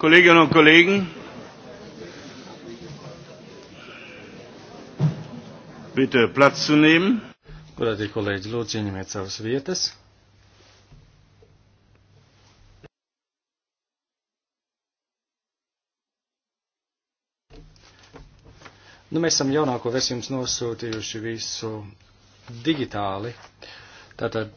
Kolleginnen und Kollegen, bitte Platz zu nehmen. Godātie kolēģi, lūdzu, ieņemiet savas vietas. Nu, mēs esam jaunāko versiju jums nosūtījuši visu digitāli. Tātad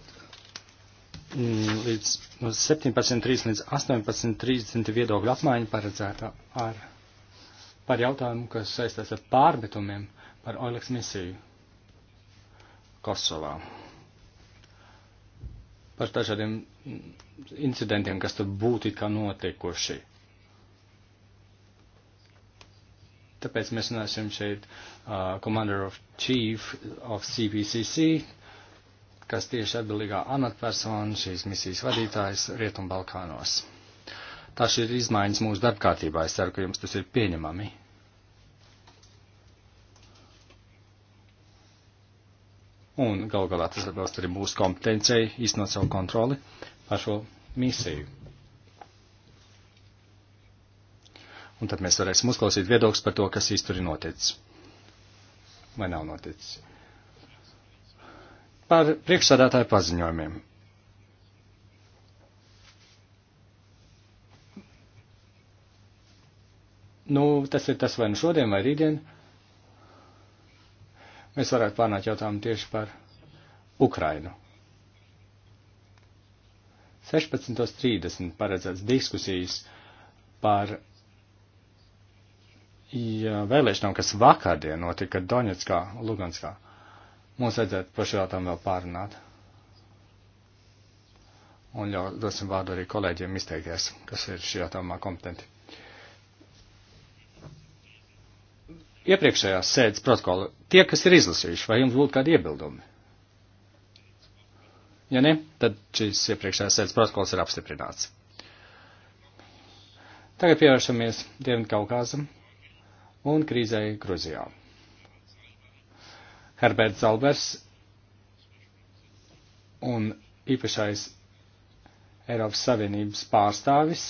Mm, līdz 17.30 līdz 18.30 viedokļu apmaiņa paredzēta ar, par jautājumu, kas saistās ar pārmetumiem par Oileks misiju Kosovā. Par dažādiem incidentiem, kas tur būtu kā notikuši. Tāpēc mēs runāsim šeit uh, Commander of Chief of CPCC, kas tieši atbildīgā amatpersona šīs misijas vadītājs Rietumbalkānos. Tas ir izmaiņas mūsu darbkārtībā. Es ceru, ka jums tas ir pieņemami. Un gal galā tas atbilst arī mūsu kompetencijai īstenot savu kontroli par šo misiju. Un tad mēs varēsim uzklausīt viedokļus par to, kas īsti tur ir noticis. Vai nav noticis? par priekšsādātāju paziņojumiem. Nu, tas ir tas vai nu šodien vai rītdien. Mēs varētu pārnāt jautājumu tieši par Ukrainu. 16.30 paredzēts diskusijas par ja, vēlēšanām, kas vakardien notika Doņetskā, Luganskā. Uh, Mums vajadzētu par šo jautājumu vēl pārunāt. Un jau dosim vārdu arī kolēģiem izteikties, kas ir šī jautājumā kompetenti. Iepriekšējās sēdes protokola, tie, kas ir izlasījuši, vai jums būtu kādi iebildumi? Ja ne, tad šīs iepriekšējās sēdes protokols ir apstiprināts. Tagad pievēršamies Dienvidkaukāzam un krīzai Gruzijā. Herberts Zalbers un īpašais Eiropas Savienības pārstāvis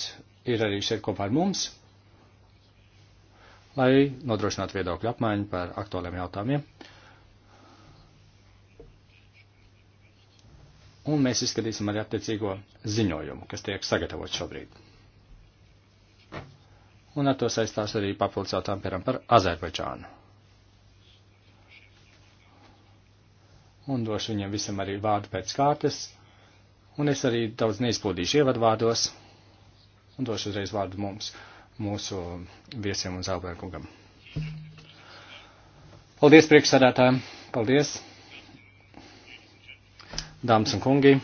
ir arī šeit kopā ar mums, lai nodrošinātu viedokļu apmaiņu par aktuāliem jautājumiem. Un mēs izskatīsim arī attiecīgo ziņojumu, kas tiek sagatavots šobrīd. Un ar to saistās arī papildus jautājumu par Azerbaidžānu. un došu viņiem visam arī vārdu pēc kārtas, un es arī daudz neizpildīšu ievadvārdos, un došu uzreiz vārdu mums, mūsu viesiem un zālbērkungam. Paldies priekšsādātājiem, paldies, dāmas un kungi.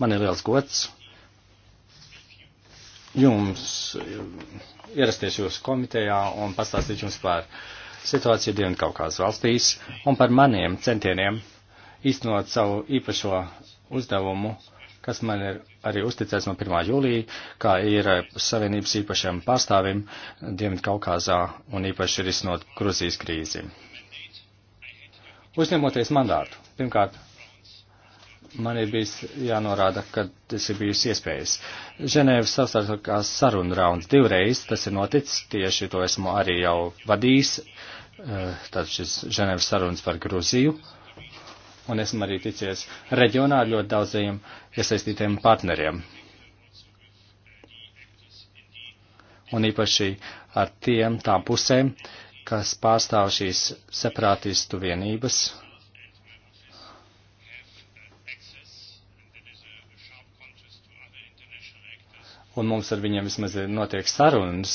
Man ir liels gods jums ierasties jūsu komitejā un pastāstīt jums par uh, situāciju Dienvidkaukās valstīs un par maniem centieniem īstenot savu īpašo uzdevumu, kas man ir arī uzticēts no 1. jūlija, kā ir Savienības īpašiem pārstāvim Dienvidkaukāzā un īpaši risinot Gruzijas krīzi. Uzņemoties mandātu, pirmkārt, man ir bijis jānorāda, ka tas ir bijis iespējas. Ženēvas savstarpējās saruna rauns divreiz, tas ir noticis, tieši to esmu arī jau vadījis, eh, tad šis Ženēvas sarunas par Gruziju, un esmu arī ticies reģionā ar ļoti daudziem iesaistītiem partneriem. Un īpaši ar tiem tām pusēm, kas pārstāv šīs separātistu vienības un mums ar viņiem vismaz notiek sarunas.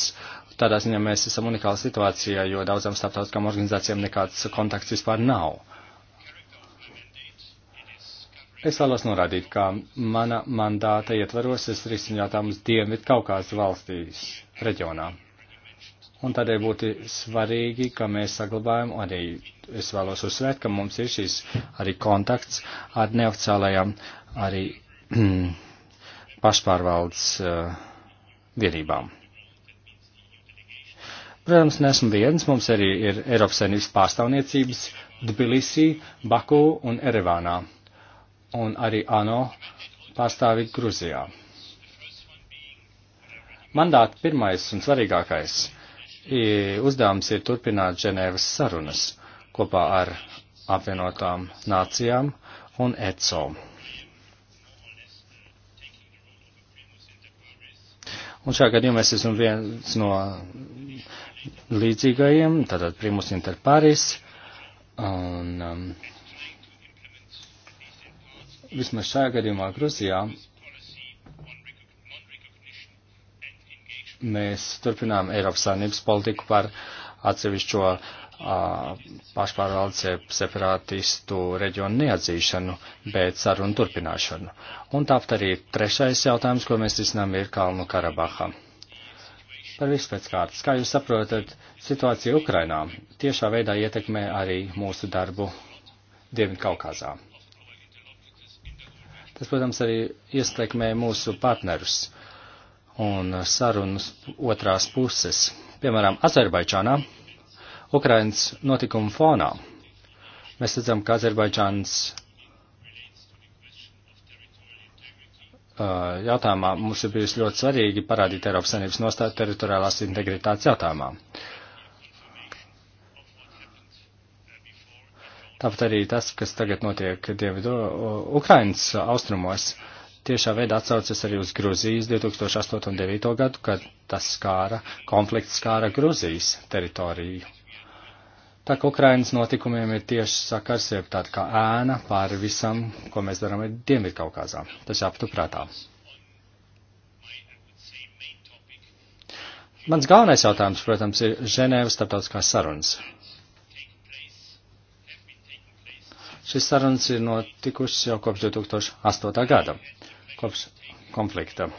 Tādā ziņā mēs esam unikāla situācijā, jo daudzām starptautiskām organizācijām nekāds kontakts vispār nav. Es vēlos norādīt, ka mana mandāta ietvaros es risinu jautājumus Dienvidu Kaukās valstīs reģionā. Un tādēļ būtu svarīgi, ka mēs saglabājam arī, es vēlos uzsvērt, ka mums ir šīs arī kontakts ar neoficiālajām arī pašpārvaldes uh, vienībām. Protams, nesmu viens, mums arī ir Eiropas Savienības pārstāvniecības Tbilisī, Baku un Erevānā, un arī ANO pārstāvi Gruzijā. Mandāta pirmais un svarīgākais uzdevums ir turpināt Ženēvas sarunas kopā ar apvienotām nācijām un ECO. Un šā gadījumā es esmu viens no līdzīgajiem, tātad primus inter paris. Un, um, vismaz šajā gadījumā Gruzijā mēs turpinām Eiropas saimnības politiku par atsevišķo pašpārvaldes separātistu reģionu neatzīšanu, bet sarunu turpināšanu. Un tāpat arī trešais jautājums, ko mēs risinām, ir Kalnu Karabahā. Par visu pēc kārtas. Kā jūs saprotat, situācija Ukrainā tiešā veidā ietekmē arī mūsu darbu Dienvidkaukazā. Tas, protams, arī ietekmē mūsu partnerus un sarunas otrās puses. Piemēram, Azerbaidžānā Ukrainas notikumu fonā mēs redzam, ka Azerbaidžāns uh, jautājumā mums ir bijusi ļoti svarīgi parādīt Eiropas Savienības nostāju teritoriālās integritātes jautājumā. Tāpat arī tas, kas tagad notiek Dievidu uh, Ukrainas austrumos, tiešā veidā atsaucas arī uz Gruzijas 2008 un 2009 gadu, kad tas skāra, konflikts skāra Gruzijas teritoriju. Tā kā Ukrainas notikumiem ir tieši sakars, jeb tāda kā ēna pāri visam, ko mēs darām Dienvidkaukāzā. Tas jāpaturprātā. Mans galvenais jautājums, protams, ir Ženēvas starptautiskās sarunas. Šis sarunas ir notikušas jau kopš 2008. gada, kopš konflikta.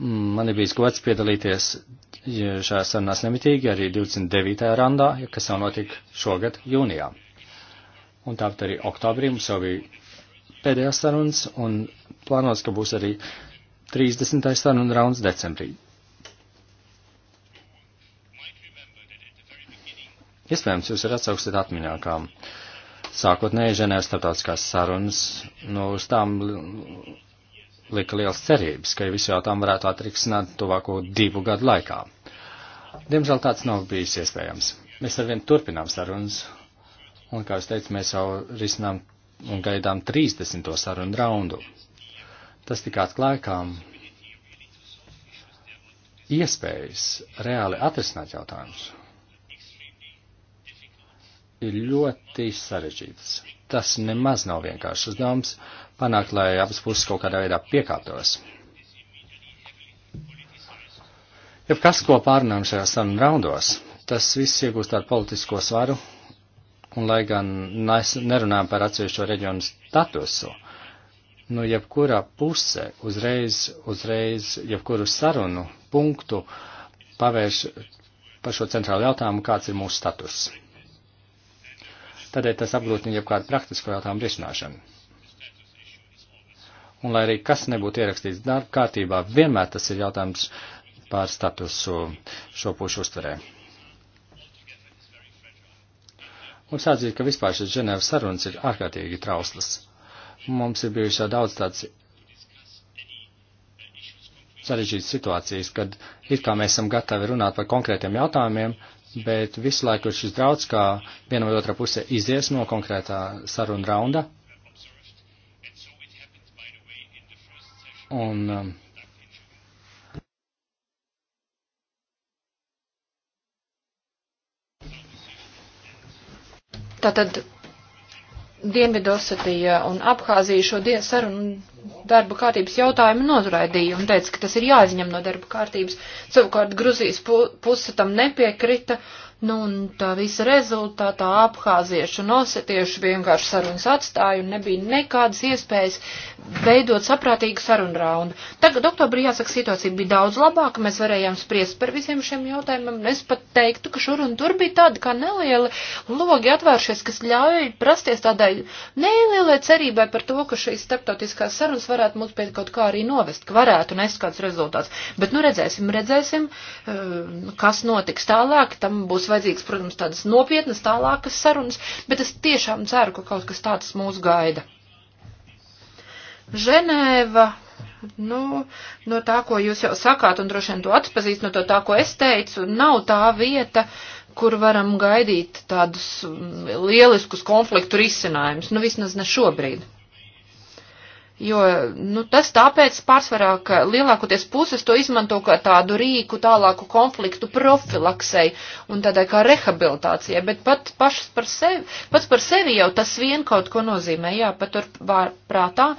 Mm, Man ir bijis gods piedalīties ja šajās sarunās nemitīgi arī 29. randā, kas jau notika šogad jūnijā. Un tāpat arī oktobrī mums jau bija pēdējās sarunas un plānos, ka būs arī 30. saruna rauns decembrī. Iespējams, jūs varat atsauksiet atmiņā, kā sākotnēji Ženēvas starptautiskās sarunas, nu, uz tām lika liels cerības, ka visu jautājumu varētu atrisināt tuvāko divu gadu laikā. Diemžēl tāds nav bijis iespējams. Mēs arvien turpinām sarunas, un, kā es teicu, mēs jau risinām un gaidām 30. sarunu raundu. Tas tik atklāja, kā iespējas reāli atrisināt jautājumus ir ļoti sarežģītas. Tas nemaz nav vienkāršs uzdevums panākt, lai abas puses kaut kādā veidā piekāptos. Ja kas, ko pārunām šajā sarunu raundos, tas viss iegūst ar politisko svaru, un lai gan mēs nerunājam par atsevišķo reģionu statusu, nu, jebkurā puse uzreiz, uzreiz, jebkuru sarunu punktu pavērš par šo centrālu jautājumu, kāds ir mūsu status. Tādēļ tas apgrūtina jebkādu praktisko jautājumu risināšanu. Un lai arī kas nebūtu ierakstīts darba kārtībā, vienmēr tas ir jautājums, uh, pār statusu šo pušu uztverē. Mums jāatzīst, ka vispār šis Ženēvas sarunas ir ārkārtīgi trauslas. Mums ir bijuši jau daudz tāds sarežģītas situācijas, kad it kā mēs esam gatavi runāt par konkrētiem jautājumiem, bet visu laiku ir šis draudz, kā viena vai otra puse izies no konkrētā saruna raunda. Un um, Tātad Dienvidosetija un Abhāzija šo dienu sarunu darba kārtības jautājumu nozraidīja un teica, ka tas ir jāizņem no darba kārtības. Savukārt Gruzijas puse tam nepiekrita Nu, un tā visa rezultātā abhāzieši un osetieši vienkārši sarunas atstāja un nebija nekādas iespējas veidot saprātīgu sarunu raundu. Tagad oktobrī, jāsaka, situācija bija daudz labāka, mēs varējām spriest par visiem šiem jautājumiem, un es pat teiktu, ka šur un tur bija tāda kā neliela logi atvēršies, kas ļauj prasties tādai nelielai cerībai par to, ka šīs starptautiskās sarunas varētu mums pēc kaut kā arī novest, ka varētu nest kāds rezultāts. Bet nu redzēsim, redzēsim, eh, kas notiks tālāk, tam būs būs vajadzīgs, protams, tādas nopietnas, tālākas sarunas, bet es tiešām ceru, ka kaut kas tāds mūs gaida. Ženēva nu, no tā, ko jūs jau sakāt, un droši vien to atpazīst no to tā, ko es teicu, nav tā vieta, kur varam gaidīt tādus lieliskus konfliktu risinājumus, nu vismaz ne šobrīd. Jo, nu, tas tāpēc pārsvarā, ka lielākoties puses to izmanto kā tādu rīku tālāku konfliktu profilaksei un tādai kā rehabilitācijai, bet pat pašas par sevi, pats par sevi jau tas vien kaut ko nozīmē, jā, pat tur prātā,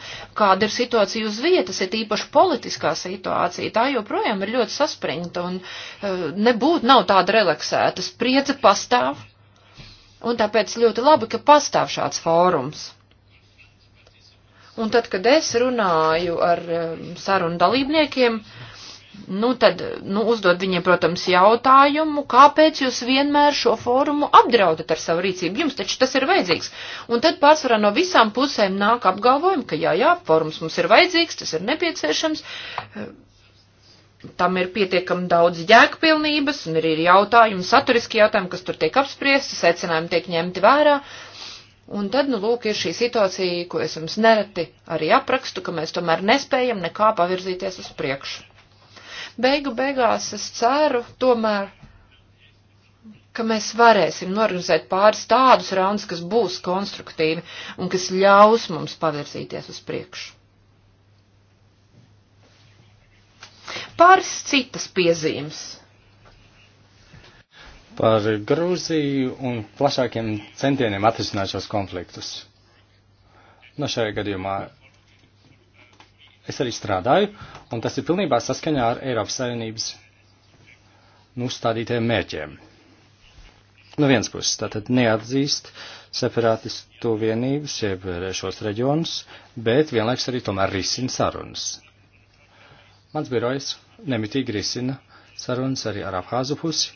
kāda ir situācija uz vietas, ir īpaši politiskā situācija, tā joprojām ir ļoti saspringta un uh, eh, nebūt nav tāda relaksēta, spriedze pastāv, un tāpēc ļoti labi, ka pastāv šāds fórums. Un tad, kad es runāju ar um, sarunu dalībniekiem, nu tad, nu, uzdod viņiem, protams, jautājumu, kāpēc jūs vienmēr šo fórumu apdraudat ar savu rīcību, jums taču tas ir vajadzīgs. Un tad pārsvarā no visām pusēm nāk apgalvojumi, ka jā, jā, fórums mums ir vajadzīgs, tas ir nepieciešams, tam ir pietiekami daudz jēgpilnības un ir, ir jautājumi, saturiski jautājumi, kas tur tiek apspriesti, secinājumi tiek ņemti vērā. Uh, Un tad, nu, lūk, ir šī situācija, ko es jums nereti arī aprakstu, ka mēs tomēr nespējam nekā pavirzīties uz priekšu. Beigu beigās es ceru tomēr, ka mēs varēsim norganizēt pāris tādus raundus, kas būs konstruktīvi un kas ļaus mums pavirzīties uz priekšu. Pāris citas piezīmes par Grūziju un plašākiem centieniem atrisināt šos konfliktus. No nu, šajā gadījumā es arī strādāju, un tas ir pilnībā saskaņā ar Eiropas Savienības nustādītajiem mērķiem. No vienas puses, tātad neatzīst separātistu vienības, jeb šos reģionus, bet vienlaiks arī tomēr risina sarunas. Mans birojs nemitīgi risina sarunas arī ar Abhāzu pusi,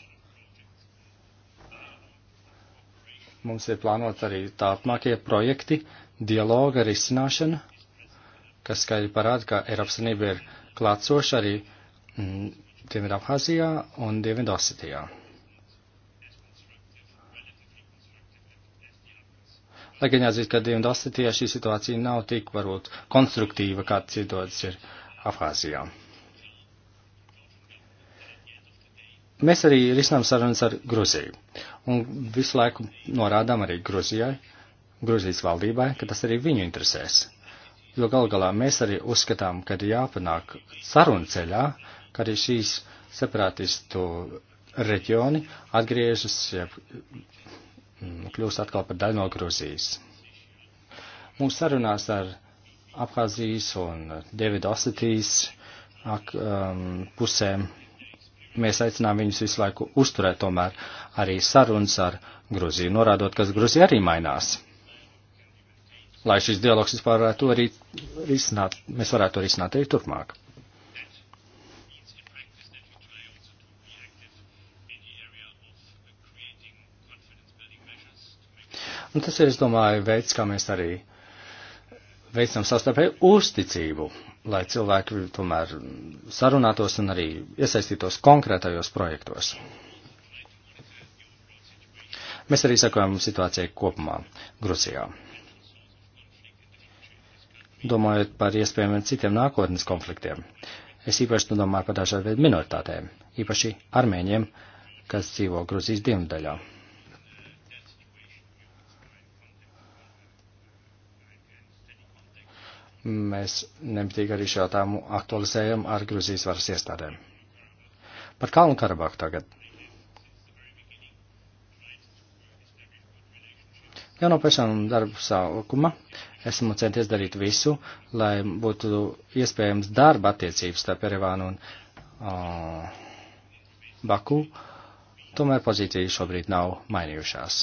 Mums ir plānot arī tāpmākie projekti, dialoga risināšana, kas skaidri parāda, ka Eiropas Unība ir klātsoša arī mm, Dienvidabhāzijā un Dienvidosetijā. Lai gan jāatzīst, ka Dienvidosetijā šī situācija nav tik varbūt konstruktīva, kā citos ir Abhāzijā. Mēs arī risinām sarunas ar Gruziju. Un visu laiku norādām arī Gruzijai, Gruzijas valdībai, ka tas arī viņu interesēs. Jo gal galā mēs arī uzskatām, ka ir jāpanāk sarunu ceļā, ka arī šīs separātistu reģioni atgriežas, ja mm, kļūst atkal par daļu no Gruzijas. Mums sarunās ar Abhāzijas un Dievidu Osetijas ak, um, pusēm mēs aicinām viņus visu laiku uzturēt tomēr arī sarunas ar Gruziju, norādot, ka Gruzija arī mainās. Lai šis dialogs vispār varētu arī risināt, mēs varētu to risināt arī turpmāk. Un tas ir, es domāju, veids, kā mēs arī veicam sastarpēju uzticību lai cilvēki tomēr sarunātos un arī iesaistītos konkrētajos projektos. Mēs arī sakojam situācijai kopumā Gruzijā. Domājot par iespējamiem citiem nākotnes konfliktiem, es īpaši domāju par dažādiem minoritātēm, īpaši armēņiem, kas dzīvo Gruzijas dienvidaļā. Mēs nemitīgi arī šo jautājumu aktualizējam ar Gruzijas varas iestādēm. Par Kalnu Karabahu tagad. Jau no pašām darba sākuma esmu centies darīt visu, lai būtu iespējams darba attiecības starp Erevānu un uh, Baku. Tomēr pozīcijas šobrīd nav mainījušās.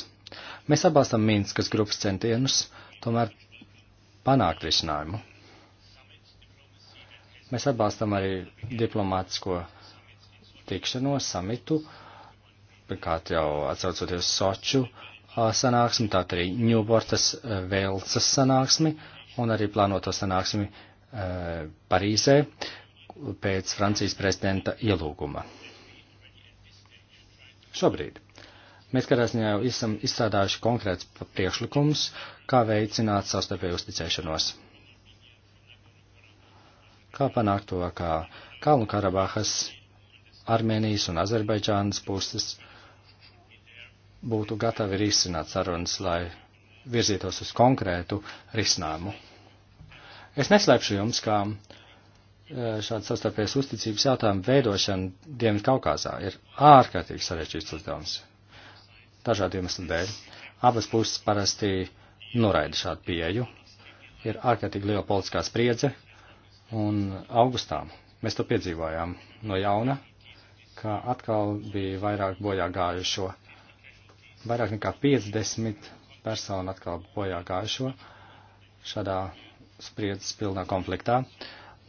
Mēs atbalstam Minskas grupas centienus tomēr panākt risinājumu. Mēs atbalstam arī diplomātisko tikšanos samitu, pirmkārt jau atsaucoties Soču sanāksmi, tātad arī Ņūbortas Vēlcas sanāksmi un arī plānoto sanāksmi Parīzē pēc Francijas prezidenta ielūguma. Šobrīd mēs katrā ziņā jau esam izstrādājuši konkrēts priekšlikums, kā veicināt savstarpēju uzticēšanos kā panākt to, ka Kalnu Karabahas, Armēnijas un Azerbaidžānas puses būtu gatavi risināt sarunas, lai virzītos uz konkrētu risinājumu. Es neslēpšu jums, ka e, šāds sastarpējas uzticības jautājumu veidošana Dienvidu Kaukāzā ir ārkārtīgi sarežģīts uzdevums. Dažādu iemeslu dēļ. Abas puses parasti noraida šādu pieeju. Ir ārkārtīgi liela politiskā spriedze, Un augustā mēs to piedzīvojām no jauna, kā atkal bija vairāk bojā gājušo. Vairāk nekā 50 personu atkal bojā gājušo šādā spriedzes pilnā konfliktā.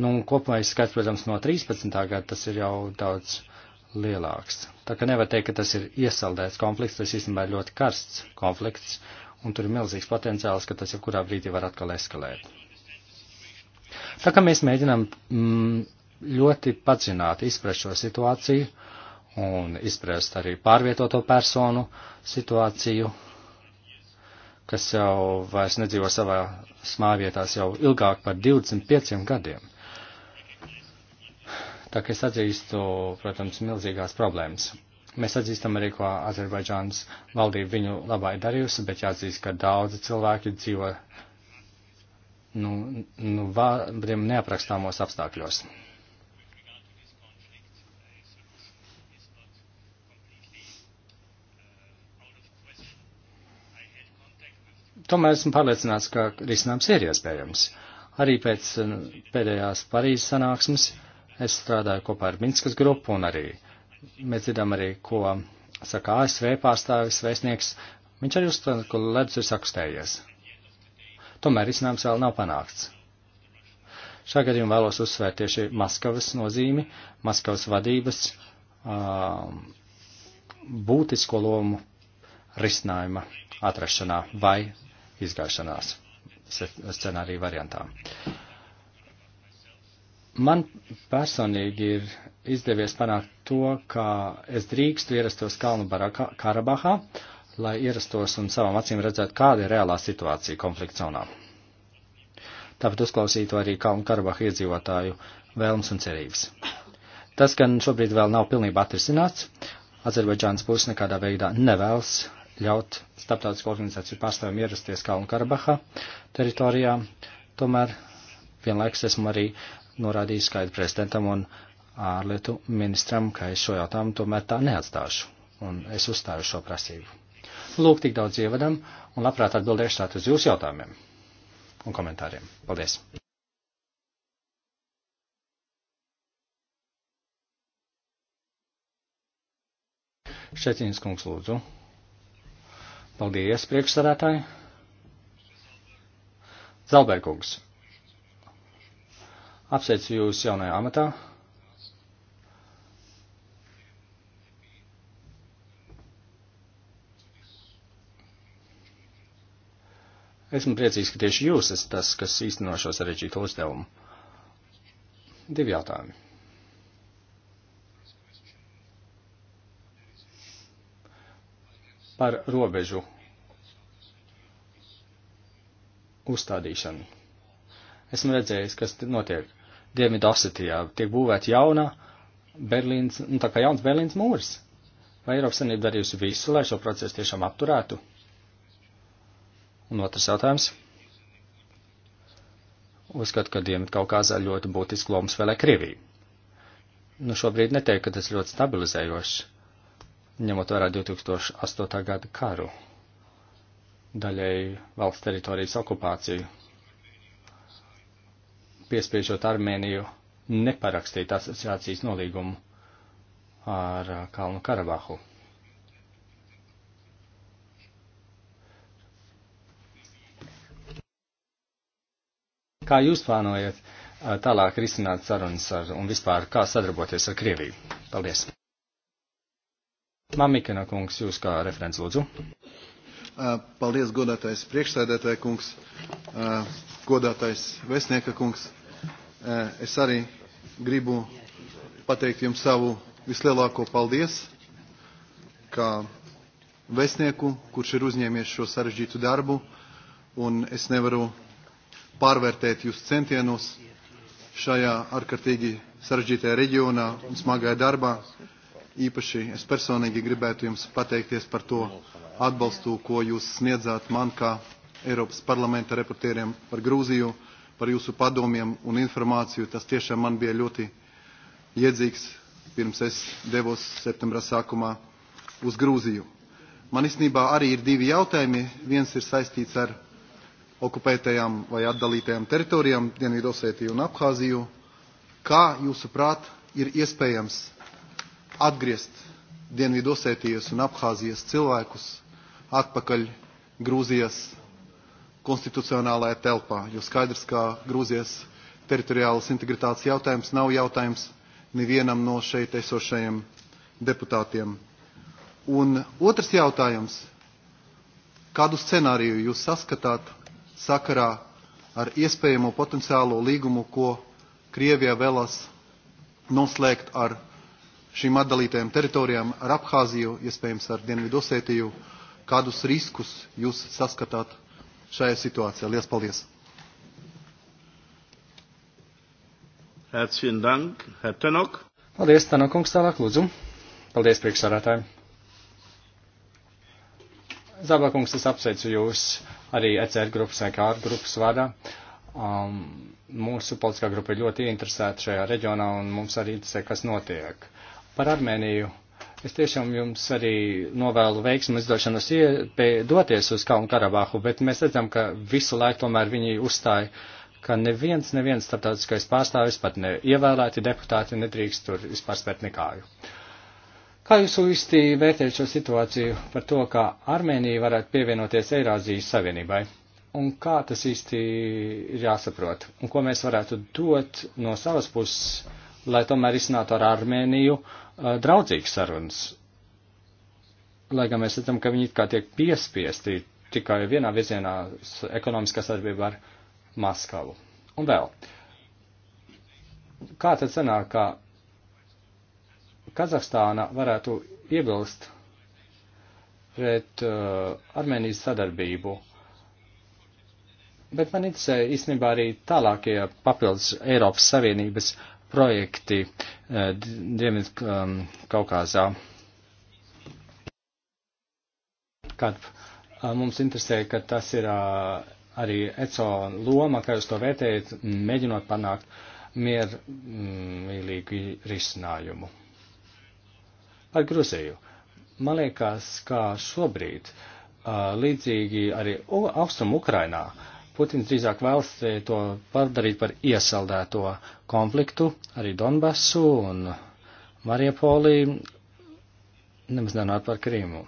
Nu, kopējais skaits, protams, no 13. gada tas ir jau daudz lielāks. Tā ka nevar teikt, ka tas ir iesaldēts konflikts, tas īstenībā ir ļoti karsts konflikts, un tur ir milzīgs potenciāls, ka tas jebkurā brīdī var atkal eskalēt. Tā kā mēs mēģinām mm, ļoti padziļināti izprast šo situāciju un izprast arī pārvietoto personu situāciju, kas jau vairs nedzīvo savā smāvietās jau ilgāk par 25 gadiem. Tā kā es atzīstu, protams, milzīgās problēmas. Mēs atzīstam arī, ko Azerbaidžānas valdība viņu labā ir darījusi, bet jāatzīst, ka daudzi cilvēki dzīvo nu, nu vārdiem neaprakstāmos apstākļos. Tomēr esmu pārliecināts, ka risinājums ir iespējams. Arī pēc pēdējās Parīzes sanāksmes es strādāju kopā ar Minskas grupu un arī mēs dzirdam arī, ko saka ASV pārstāvis, vēstnieks. Viņš arī uzskata, ka ledus ir sakustējies. Tomēr risinājums vēl nav panākts. Šā gadījumā vēlos uzsvērt tieši Maskavas nozīmi, Maskavas vadības uh, būtisko lomu risinājuma atrašanā vai izgāšanās scenāriju variantā. Man personīgi ir izdevies panākt to, ka es drīkstu ierastos Kalnu Karabahā lai ierastos un savām acīm redzētu, kāda ir reālā situācija konflikta zonā. Tāpat uzklausītu arī Kalnu Karabahu iedzīvotāju vēlmes un cerības. Tas gan šobrīd vēl nav pilnībā atrisināts. Azerbaidžānas puses nekādā veidā nevēlas ļaut starptautisko organizāciju pārstāvjiem ierasties Kalnu Karabaha teritorijā. Tomēr vienlaikus esmu arī norādījis skaidri prezidentam un ārlietu ministram, ka es šo jautājumu tomēr tā neatstāšu. Un es uzstāju šo prasību. Lūk, tik daudz ievadam un labprāt atbildēšu tātad uz jūsu jautājumiem un komentāriem. Paldies! Šeķiņas kungs lūdzu. Paldies, priekšsādātāji. Zalbērkungs. Apsveicu jūs jaunajā amatā. Esmu priecīgs, ka tieši jūs esat tas, kas īsteno šo sarežģīto uzdevumu. Divi jautājumi. Par robežu uzstādīšanu. Esmu redzējis, kas notiek Dienvidu Osetijā. Tiek būvēta jauna Berlīns, nu tā kā jauns Berlīns mūris. Vai Eiropas Savienība darījusi visu, lai šo procesu tiešām apturētu? Un otrs jautājums. Uzskatu, ka Dienvidkaukāzā ļoti būtisku lomu spēlē Krievija. Nu, šobrīd neteiktu, ka tas ļoti stabilizējošs, ņemot vērā 2008. gada karu, daļēji valsts teritorijas okupāciju, piespiežot Armēniju neparakstīt asociācijas nolīgumu ar uh, Kalnu Karabahu. Kā jūs plānojat uh, tālāk risināt sarunas ar, un vispār kā sadarboties ar Krieviju? Paldies. Mamikina kungs, jūs kā referents lūdzu. Uh, paldies, godātais priekšsēdētāja kungs, uh, godātais vēstnieka kungs. Es arī gribu pateikt jums savu vislielāko paldies, kā vēstnieku, kurš ir uzņēmies šo sarežģītu darbu, un es nevaru pārvērtēt jūsu centienus šajā ārkārtīgi sarežģītajā reģionā un smagajā darbā. Īpaši es personīgi gribētu jums pateikties par to atbalstu, ko jūs sniedzāt man kā Eiropas parlamenta reportieriem par Grūziju, par jūsu padomiem un informāciju. Tas tiešām man bija ļoti iedzīgs, pirms es devos septembra sākumā uz Grūziju. Man īstenībā arī ir divi jautājumi. Viens ir saistīts ar okupētajām vai atdalītajām teritorijām, Dienvidosetiju un Abhāziju, kā jūsuprāt ir iespējams atgriezt Dienvidosetijas un Abhāzijas cilvēkus atpakaļ Grūzijas konstitucionālajā telpā, jo skaidrs, ka Grūzijas teritoriālas integritātes jautājums nav jautājums nevienam no šeit esošajiem deputātiem. Un otrs jautājums, kādu scenāriju jūs saskatāt sakarā ar iespējamo potenciālo līgumu, ko Krievija vēlas noslēgt ar šīm atdalītajām teritorijām, ar Abhāziju, iespējams ar Dienvidosetiju, kādus riskus jūs saskatāt šajā situācijā. Lielas paldies! Herzlichen Dank, Herr Tenok. Paldies, Tenokungs, tālāk lūdzu. Paldies, priekšsādātāji. Zabakungs, es apsveicu jūs arī ECR grupas, EKR grupas vada. Um, mūsu politiskā grupa ir ļoti interesēta šajā reģionā un mums arī interesē, kas notiek. Par Armēniju. Es tiešām jums arī novēlu veiksmu izdošanos doties uz Kaunu Karabāhu, bet mēs redzam, ka visu laiku tomēr viņi uzstāja, ka neviens, neviens starptautiskais pārstāvis, pat neievēlēti deputāti nedrīkst tur vispār spērt nekāju. Uh, Kā jūs īsti vērtējat šo situāciju par to, kā Armēnija varētu pievienoties Eirāzijas Savienībai? Un kā tas īsti ir jāsaprot? Un ko mēs varētu dot no savas puses, lai tomēr izsinātu ar Armēniju uh, draudzīgas sarunas? Lai gan mēs redzam, ka viņi it kā tiek piespiesti tikai vienā virzienā ekonomiskā sadarbībā ar Maskavu. Un vēl. Kā tad sanāk, ka Kazahstāna varētu iebilst pret uh, Armēnijas sadarbību. Bet man interesē īstenībā arī tālākie papildus Eiropas Savienības projekti uh, Dienvidu um, Kaukāzā. Kad uh, mums interesē, ka tas ir uh, arī ECO loma, kā jūs to vērtējat, mēģinot panākt miermīlīgu mm, risinājumu. Par Gruziju. Man liekas, kā šobrīd, līdzīgi arī austrum Ukrainā, Putins drīzāk vēlas to padarīt par iesaldēto konfliktu, arī Donbasu un Mariupolī, nemaz nenāk par Krīmu.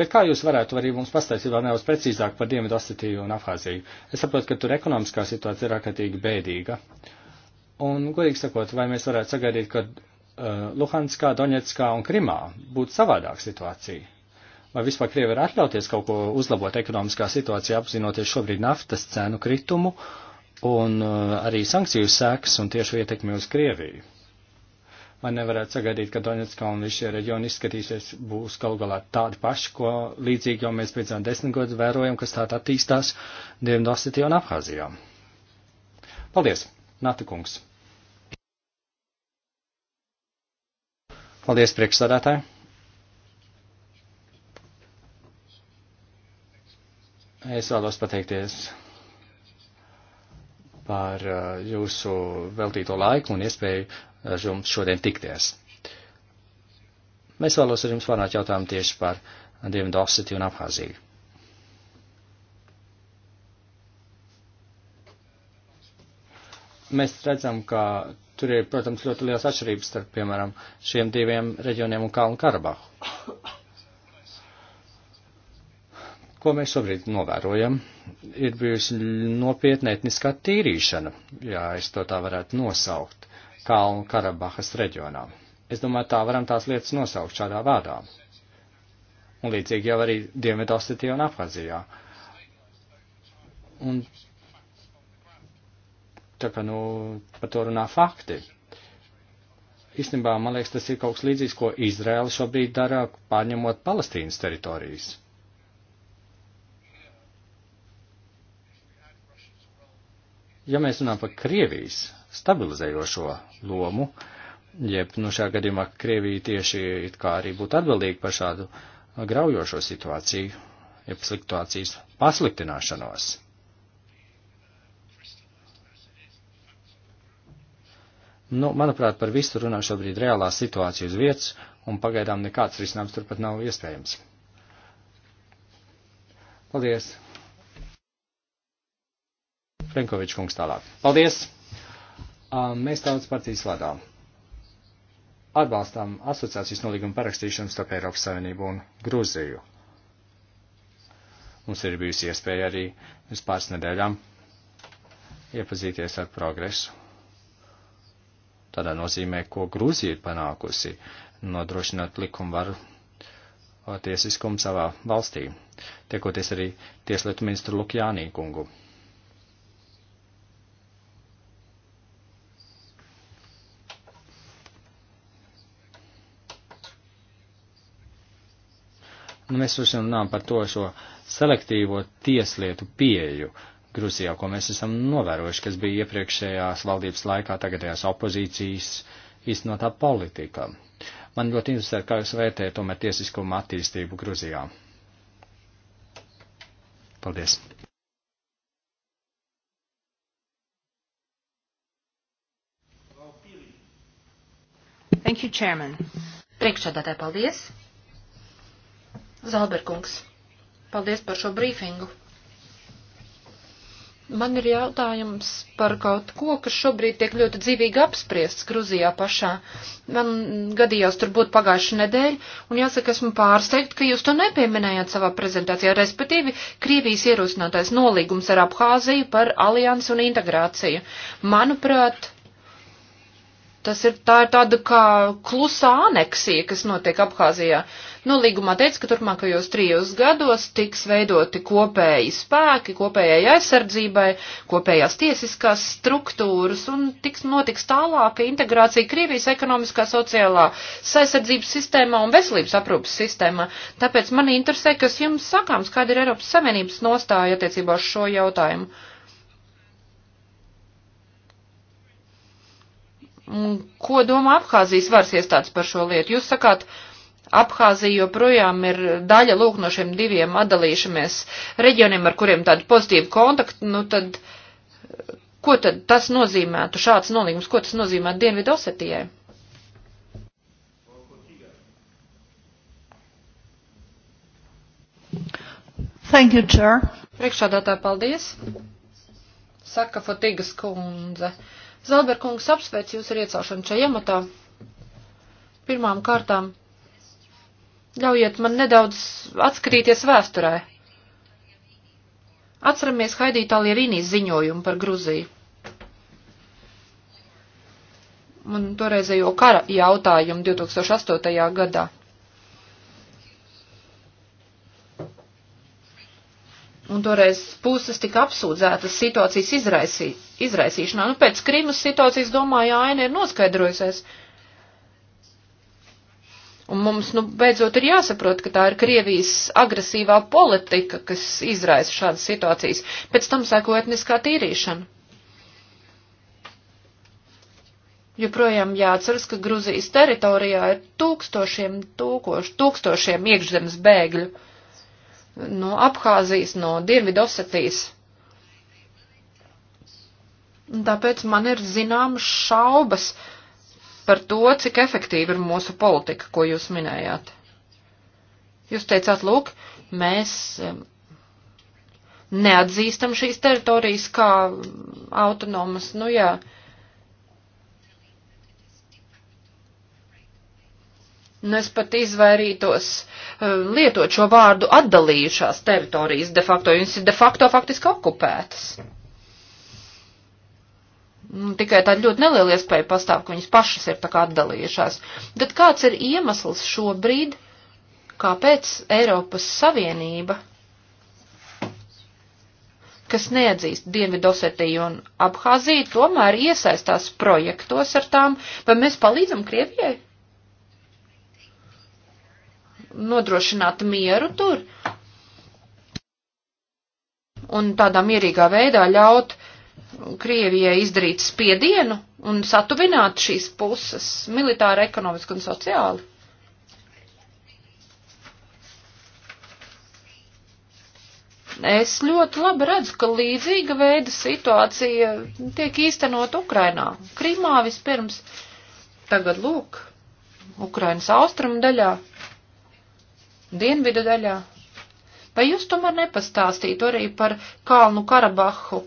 Bet kā jūs varētu arī mums pastāstīt vēl nedaudz precīzāk par Dienvidu Osetiju un Afāziju? Es saprotu, ka tur ekonomiskā situācija ir ārkārtīgi bēdīga. Uh, Un, godīgi sakot, vai mēs varētu sagaidīt, ka uh, Luhanskā, Donetskā un Krimā būtu savādāka situācija? Vai vispār Krievi var atļauties kaut ko uzlabot ekonomiskā situācijā, apzinoties šobrīd naftas cenu kritumu un uh, arī sankciju sekas un tiešu ietekmi uz Krieviju? Vai nevarētu sagaidīt, ka Donetskā un visi šie reģioni izskatīsies būs kaut galā tādi paši, ko līdzīgi jau mēs pēc desmit gadus vērojam, kas tā attīstās Dienvidosetijā un Abhāzijā? Paldies! Nata kungs! Paldies, priekšsādātāji! Es vēlos pateikties par uh, jūsu veltīto laiku un iespēju ar uh, jums šodien tikties. Mēs vēlos ar jums pārnāt jautājumu tieši par Dienvidu Osetiju un Abhāziju. Mēs redzam, ka tur ir, protams, ļoti liels atšķirības starp, piemēram, šiem diviem reģioniem un Kalnu Karabahu. Ko mēs šobrīd novērojam? Ir bijusi nopietna etniskā tīrīšana, ja es to tā varētu nosaukt, Kalnu Karabahas reģionā. Es domāju, tā varam tās lietas nosaukt šādā vārdā. Un līdzīgi jau arī Dienvidosetijā un Abhazijā. Un tā kā, nu, par to runā fakti. Īstenībā, man liekas, tas ir kaut kas līdzīgs, ko Izraela šobrīd dara, pārņemot Palestīnas teritorijas. Ja mēs runājam par Krievijas stabilizējošo lomu, jeb, nu, šajā gadījumā Krievija tieši it kā arī būtu atbildīga par šādu graujošo situāciju, jeb situācijas pasliktināšanos. Nu, manuprāt, par visu runā šobrīd reālā situācija uz vietas, un pagaidām nekāds risinājums turpat nav iespējams. Paldies! Frenkovičs kungs tālāk. Paldies! Mēs tautas partijas vadā atbalstām asociācijas nolīguma parakstīšanu starp Eiropas Savienību un Grūziju. Mums ir bijusi iespēja arī uz pāris nedēļām iepazīties ar progresu tādā nozīmē, ko Grūzija ir panākusi, nodrošinot likumvaru tiesiskumu savā valstī, tiekoties arī tieslietu ministru Lukjānī kungu. Nu, mēs runājam par to šo selektīvo tieslietu pieeju, uh, Grūzijā, ko mēs esam novērojuši, kas bija iepriekšējās valdības laikā, tagadējās opozīcijas īstenotā politika. Man ļoti interesē, kā jūs vērtējat tomēr tiesiskumu attīstību Grūzijā. Paldies! Thank you, Chairman. Priekšsādātāji, paldies! Zalberkungs, paldies par šo brīfingu. Man ir jautājums par kaut ko, kas šobrīd tiek ļoti dzīvīgi apspriests Gruzijā pašā. Man gadījās tur būt pagājuši nedēļa, un jāsaka, esmu pārsteigta, ka jūs to nepieminējāt savā prezentācijā, respektīvi Krievijas ierosinātais nolīgums ar Abhāziju par aliansi un integrāciju. Manuprāt, Tas ir, tā ir tāda kā klusā aneksija, kas notiek Abhāzijā. Nu, līgumā teica, ka turpmākajos trijos gados tiks veidoti kopēji spēki, kopējai aizsardzībai, kopējās tiesiskās struktūras un tiks notiks tālāka integrācija Krievijas ekonomiskā, sociālā aizsardzības sistēmā un veselības aprūpas sistēmā. Tāpēc mani interesē, kas jums sakāms, kāda ir Eiropas Savienības nostāja attiecībā uz šo jautājumu. Ko domā Abhāzijas varas iestādes par šo lietu? Jūs sakāt, Abhāzija joprojām ir daļa lūk no šiem diviem atdalīšamies reģioniem, ar kuriem tāda pozitīva kontakta, nu tad, ko tad tas nozīmētu, šāds nolīgums, ko tas nozīmētu Dienvidu Osetijai? Thank you, Chair. Priekšādātā paldies. Saka Fotigas kundze. Uh, Zelberkungs apsveic jūs ar iecelšanu šajā amatā. Pirmām kārtām ļaujiet man nedaudz atskrīties vēsturē. Atceramies Haidītā Lievīnijas ziņojumu par Gruziju. Un toreizējo kara jautājumu 2008. gadā. Un toreiz puses tika apsūdzētas situācijas izraisī, izraisīšanā. Nu, pēc Krimas situācijas, domāju, aina ir noskaidrojusies. Un mums, nu, beidzot ir jāsaprot, ka tā ir Krievijas agresīvā politika, kas izraisa šādas situācijas. Pēc tam sēko etniskā tīrīšana. Joprojām jāatceras, ka Gruzijas teritorijā ir tūkstošiem, tūkoši, tūkstošiem iekšzemes bēgļu no Abhāzijas, no Dienvidosetijas. Tāpēc man ir zināmas šaubas par to, cik efektīva ir mūsu politika, ko jūs minējāt. Jūs teicāt, lūk, mēs neatzīstam šīs teritorijas kā autonomas, nu jā. Ja, Nu, es pat izvairītos uh, lietot šo vārdu atdalījušās teritorijas de facto, viņas ir de facto faktiski okupētas. Nu, tikai tāda ļoti neliela iespēja pastāv, ka viņas pašas ir tā kā atdalījušās. Tad kāds ir iemesls šobrīd, kāpēc Eiropas Savienība, kas neatzīst Dienvidosetiju un Abhāziju, tomēr iesaistās projektos ar tām, vai mēs palīdzam Krievijai? nodrošināt mieru tur un tādā mierīgā veidā ļaut Krievijai izdarīt spiedienu un satuvināt šīs puses militāri, ekonomiski un sociāli. Es ļoti labi redzu, ka līdzīga veida situācija tiek īstenot Ukrainā. Krimā vispirms, tagad lūk, Ukrainas austrumu daļā dienvidu daļā. Vai jūs tomēr nepastāstītu arī par Kalnu Karabahu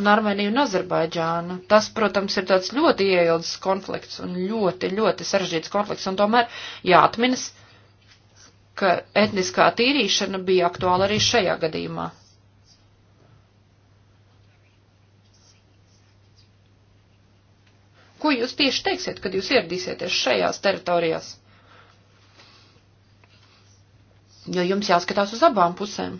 un Armēniju un Azerbaidžānu? Tas, protams, ir tāds ļoti ieildzis konflikts un ļoti, ļoti sarežģīts konflikts, un tomēr jāatminas, ka etniskā tīrīšana bija aktuāla arī šajā gadījumā. Ko jūs tieši teiksiet, kad jūs ieradīsieties šajās teritorijās? jo jums jāskatās uz abām pusēm.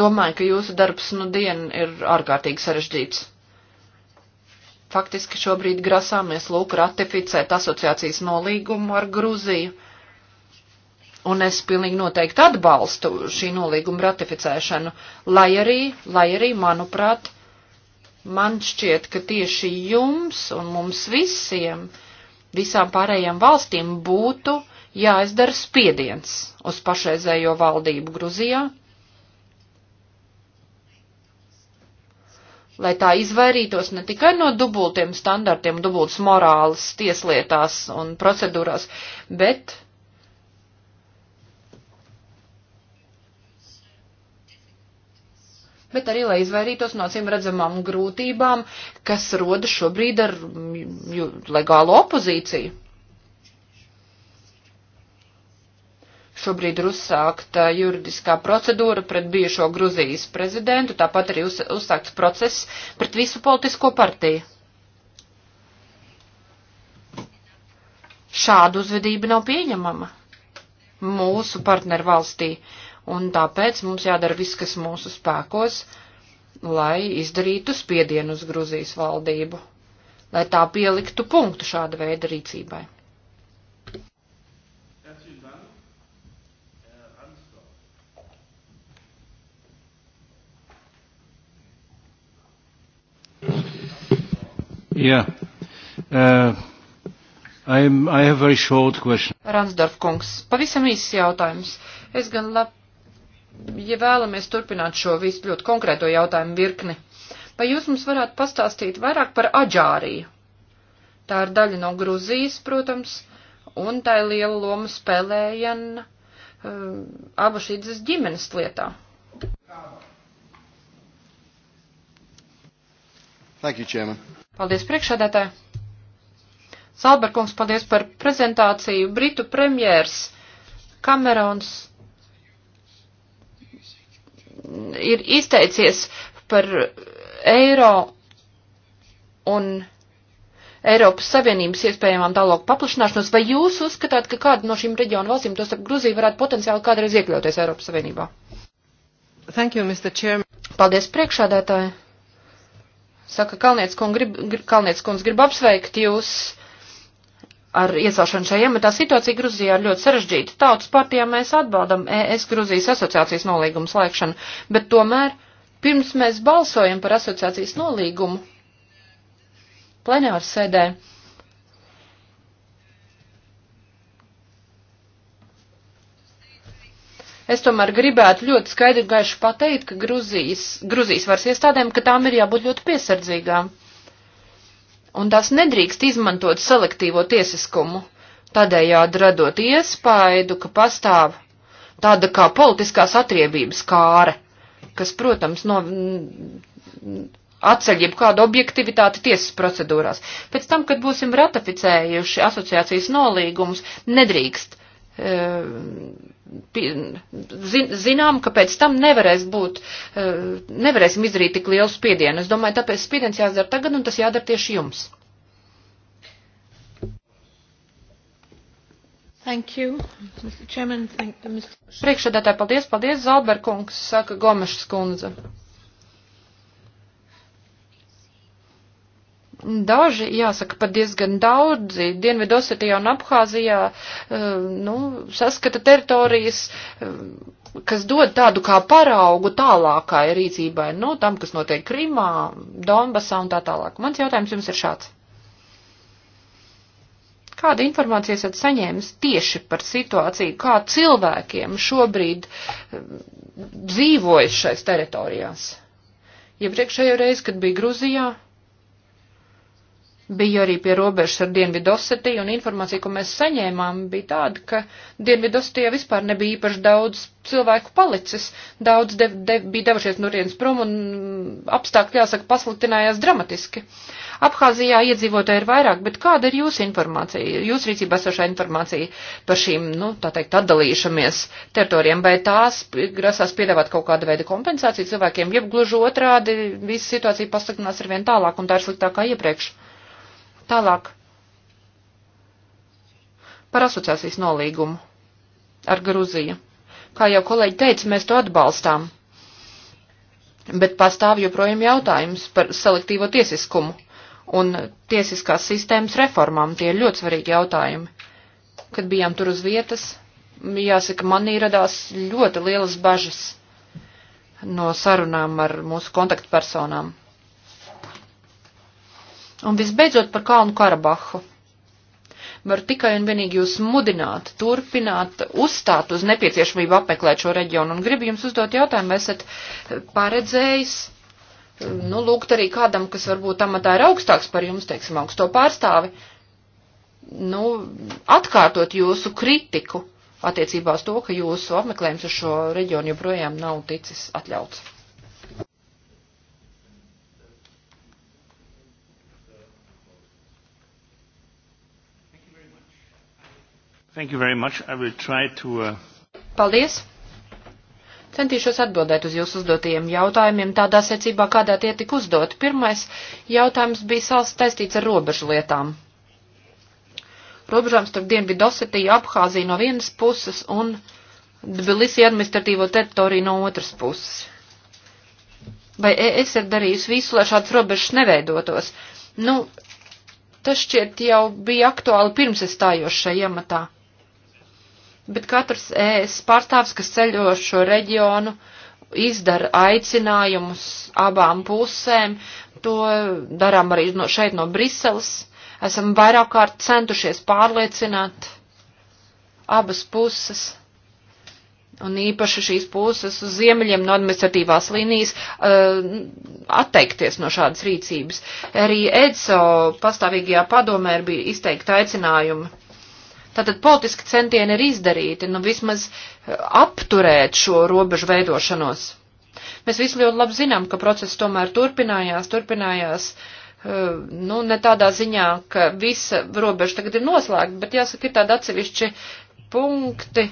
Domāju, ka jūsu darbs nu dien ir ārkārtīgi sarežģīts. Faktiski šobrīd grasāmies lūk ratificēt asociācijas nolīgumu ar Gruziju. Un es pilnīgi noteikti atbalstu šī nolīguma ratificēšanu, lai arī, lai arī, manuprāt, man šķiet, ka tieši jums un mums visiem uh, visām pārējām valstīm būtu jāizdara spiediens uz pašreizējo valdību Gruzijā, lai tā izvairītos ne tikai no dubultiem standartiem, dubultas morāles tieslietās un procedūrās, bet bet arī, lai izvairītos no acīm redzamām grūtībām, kas rodas šobrīd ar legālo opozīciju. Šobrīd ir uzsākta juridiskā procedūra pret bijušo Gruzijas prezidentu, tāpat arī uz, uzsākts process pret visu politisko partiju. Šāda uzvedība nav pieņemama mūsu partneru valstī. Uh, un tāpēc mums jādara viss, kas mūsu spēkos, lai izdarītu spiedienu uz Gruzijas valdību, lai tā pieliktu punktu šāda veida rīcībai. Yeah. Uh, I have very short question. Ransdorf kungs, pavisam īsts jautājums. Es gan lab, ja vēlamies turpināt šo visu ļoti konkrēto jautājumu virkni, vai jūs mums varētu pastāstīt vairāk par Aģāriju? Tā ir daļa no Gruzijas, protams, un tā ir liela loma spēlējana um, eh, abu šīs ģimenes lietā. Thank you, Chairman. Paldies priekšādētāji. Salberkungs, paldies par prezentāciju. Britu premjērs Kamerons ir izteicies par eiro un Eiropas Savienības iespējamām tālāku paplašināšanos, vai jūs uzskatāt, ka kāda no šīm reģionu valstīm, tos ap Gruziju, varētu potenciāli kādreiz iekļauties Eiropas Savienībā? Thank you, Mr. Chairman. Paldies, priekšādātāji. Saka, Kalniec kundz grib, grib, Kalniec kundz grib apsveikt jūs ar iesaušanu šajā iemetā situācija Gruzijā ir ļoti sarežģīta. Tautas partijā mēs atbaldam ES Gruzijas asociācijas nolīgumu slēgšanu, bet tomēr pirms mēs balsojam par asociācijas nolīgumu plenāru sēdē. Es tomēr gribētu ļoti skaidri gaiši pateikt, ka Gruzijas, Gruzijas varas iestādēm, ka tām ir jābūt ļoti piesardzīgām un tās nedrīkst izmantot selektīvo tiesiskumu, tādējādi radot iespaidu, ka pastāv tāda kā politiskās atriebības kāre, kas, protams, no, atceļ jebkādu objektivitāti tiesas procedūrās. Pēc tam, kad būsim ratificējuši asociācijas nolīgumus, nedrīkst e, zinām, ka pēc tam nevarēs būt, eh, nevarēsim izdarīt tik lielu spiedienu. Es domāju, tāpēc spiediens jāizdara tagad, un tas jādara tieši jums. Thank you, Mr. Chairman. Thank you, Mr. Priekšsēdētāji, paldies, paldies, Zalberkungs, saka Gomešs kundze. Daži, jāsaka, pat diezgan daudzi Dienvidosetijā un Abhāzijā, eh, nu, saskata teritorijas, eh, kas dod tādu kā paraugu tālākai rīcībai, nu, tam, kas notiek Krimā, Donbasā un tā tālāk. Mans jautājums jums ir šāds. Kāda informācija esat saņēmis tieši par situāciju, kā cilvēkiem šobrīd eh, dzīvojas šais teritorijās? Iepriekšējo reizi, kad bija Gruzijā, biju arī pie robežas ar Dienvidosetiju, un informācija, ko mēs saņēmām, bija tāda, ka Dienvidosetijā vispār nebija īpaši daudz cilvēku palicis. Daudz de, de, bija devušies no rienas prom, un apstākļi, jāsaka, pasliktinājās dramatiski. Abhāzijā iedzīvotāji ir vairāk, bet kāda ir jūsu informācija, jūsu rīcībā esošā informācija par šīm, nu, tā teikt, atdalīšamies teritorijām, vai tās grasās piedāvāt kaut kādu veidu kompensāciju cilvēkiem, jeb gluži otrādi, visa situācija pasliktinās ar vien tālāk, un tā ir sliktākā iepriekš. Tālāk par asociācijas nolīgumu ar Gruziju. Kā jau kolēģi teica, mēs to atbalstām, bet pastāv joprojām jautājums par selektīvo tiesiskumu un tiesiskās sistēmas reformām. Tie ir ļoti svarīgi jautājumi. Kad bijām tur uz vietas, jāsaka, manī radās ļoti lielas bažas no sarunām ar mūsu kontaktpersonām. Un visbeidzot par Kalnu Karabahu. Var tikai un vienīgi jūs mudināt, turpināt, uzstāt uz nepieciešamību apmeklēt šo reģionu. Un gribu jums uzdot jautājumu, esat paredzējis, nu, lūgt arī kādam, kas varbūt amatā ir augstāks par jums, teiksim, augsto pārstāvi, nu, atkārtot jūsu kritiku attiecībā uz to, ka jūsu apmeklējums uz šo reģionu joprojām nav ticis atļauts. Thank you very much. I will try to. Uh... Paldies. Centīšos atbildēt uz jūsu uzdotajiem jautājumiem tādā secībā, kādā tie tika uzdoti. Pirmais jautājums bija saistīts ar robežu lietām. Robežām starp Dienvidu Osetiju, Abhāziju no vienas puses un Tbilisi administratīvo teritoriju no otras puses. Vai es ir darījusi visu, lai šāds robežas neveidotos? Nu, tas šķiet jau bija aktuāli pirms es stājos šajā amatā bet katrs ES pārstāvs, kas ceļo šo reģionu, izdara aicinājumus abām pusēm. To darām arī no, šeit no Briseles. Esam vairāk kārt centušies pārliecināt abas puses. Un īpaši šīs puses uz ziemeļiem no administratīvās līnijas uh, atteikties no šādas rīcības. Arī EDSO pastāvīgajā padomē ir bija izteikta aicinājuma Tātad politiski centieni ir izdarīti, nu vismaz eh, apturēt šo robežu veidošanos. Mēs visi ļoti labi zinām, ka process tomēr turpinājās, turpinājās, eh, nu ne tādā ziņā, ka visa robeža tagad ir noslēgta, bet jāsaka, ir tādi atsevišķi punkti,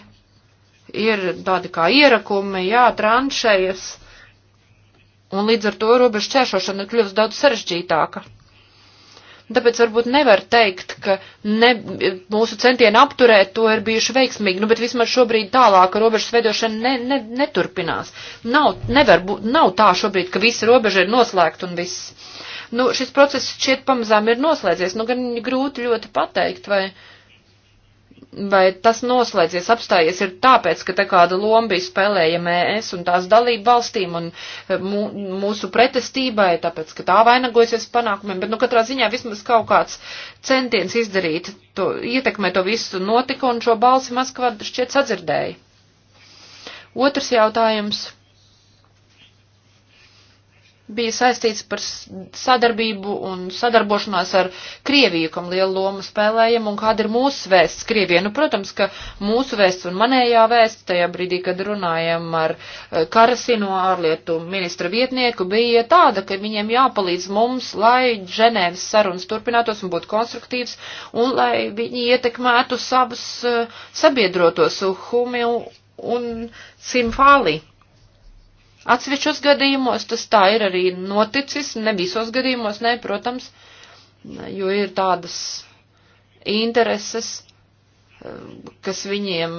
ir tādi kā ierakumi, jā, tranšējas, un līdz ar to robežu čēšošana ir kļuvusi daudz sarežģītāka. Tāpēc varbūt nevar teikt, ka ne, mūsu centieni apturēt to ir bijuši veiksmīgi, nu, bet vismaz šobrīd tālāka robežas veidošana ne, ne, neturpinās. Nav, nevar būt, nav tā šobrīd, ka visi robeža ir noslēgta un viss. Nu, šis process šķiet pamazām ir noslēdzies, nu, gan grūti ļoti pateikt, vai. Uh, vai tas noslēdzies, apstājies ir tāpēc, ka tā kāda loma bija spēlējama ES un tās dalību valstīm un e, mūsu pretestībai, tāpēc, ka tā vainagojasies panākumiem, bet, nu, katrā ziņā vismaz kaut kāds centiens izdarīt to, ietekmē to visu notika un šo balsi Maskavā šķiet sadzirdēja. Otrs jautājums bija saistīts par sadarbību un sadarbošanās ar Krieviju, kam lielu lomu spēlējam, un kāda ir mūsu vēsts Krievijai. Nu, protams, ka mūsu vēsts un manējā vēsts, tajā brīdī, kad runājam ar eh, Karasino ārlietu ministra vietnieku, bija tāda, ka viņiem jāpalīdz mums, lai Ženēvas sarunas turpinātos un būtu konstruktīvs, un lai viņi ietekmētu savus eh, sabiedrotos Humi un Simfāliju Atsevišķos gadījumos tas tā ir arī noticis, ne visos gadījumos, ne, protams, jo ir tādas intereses, kas viņiem,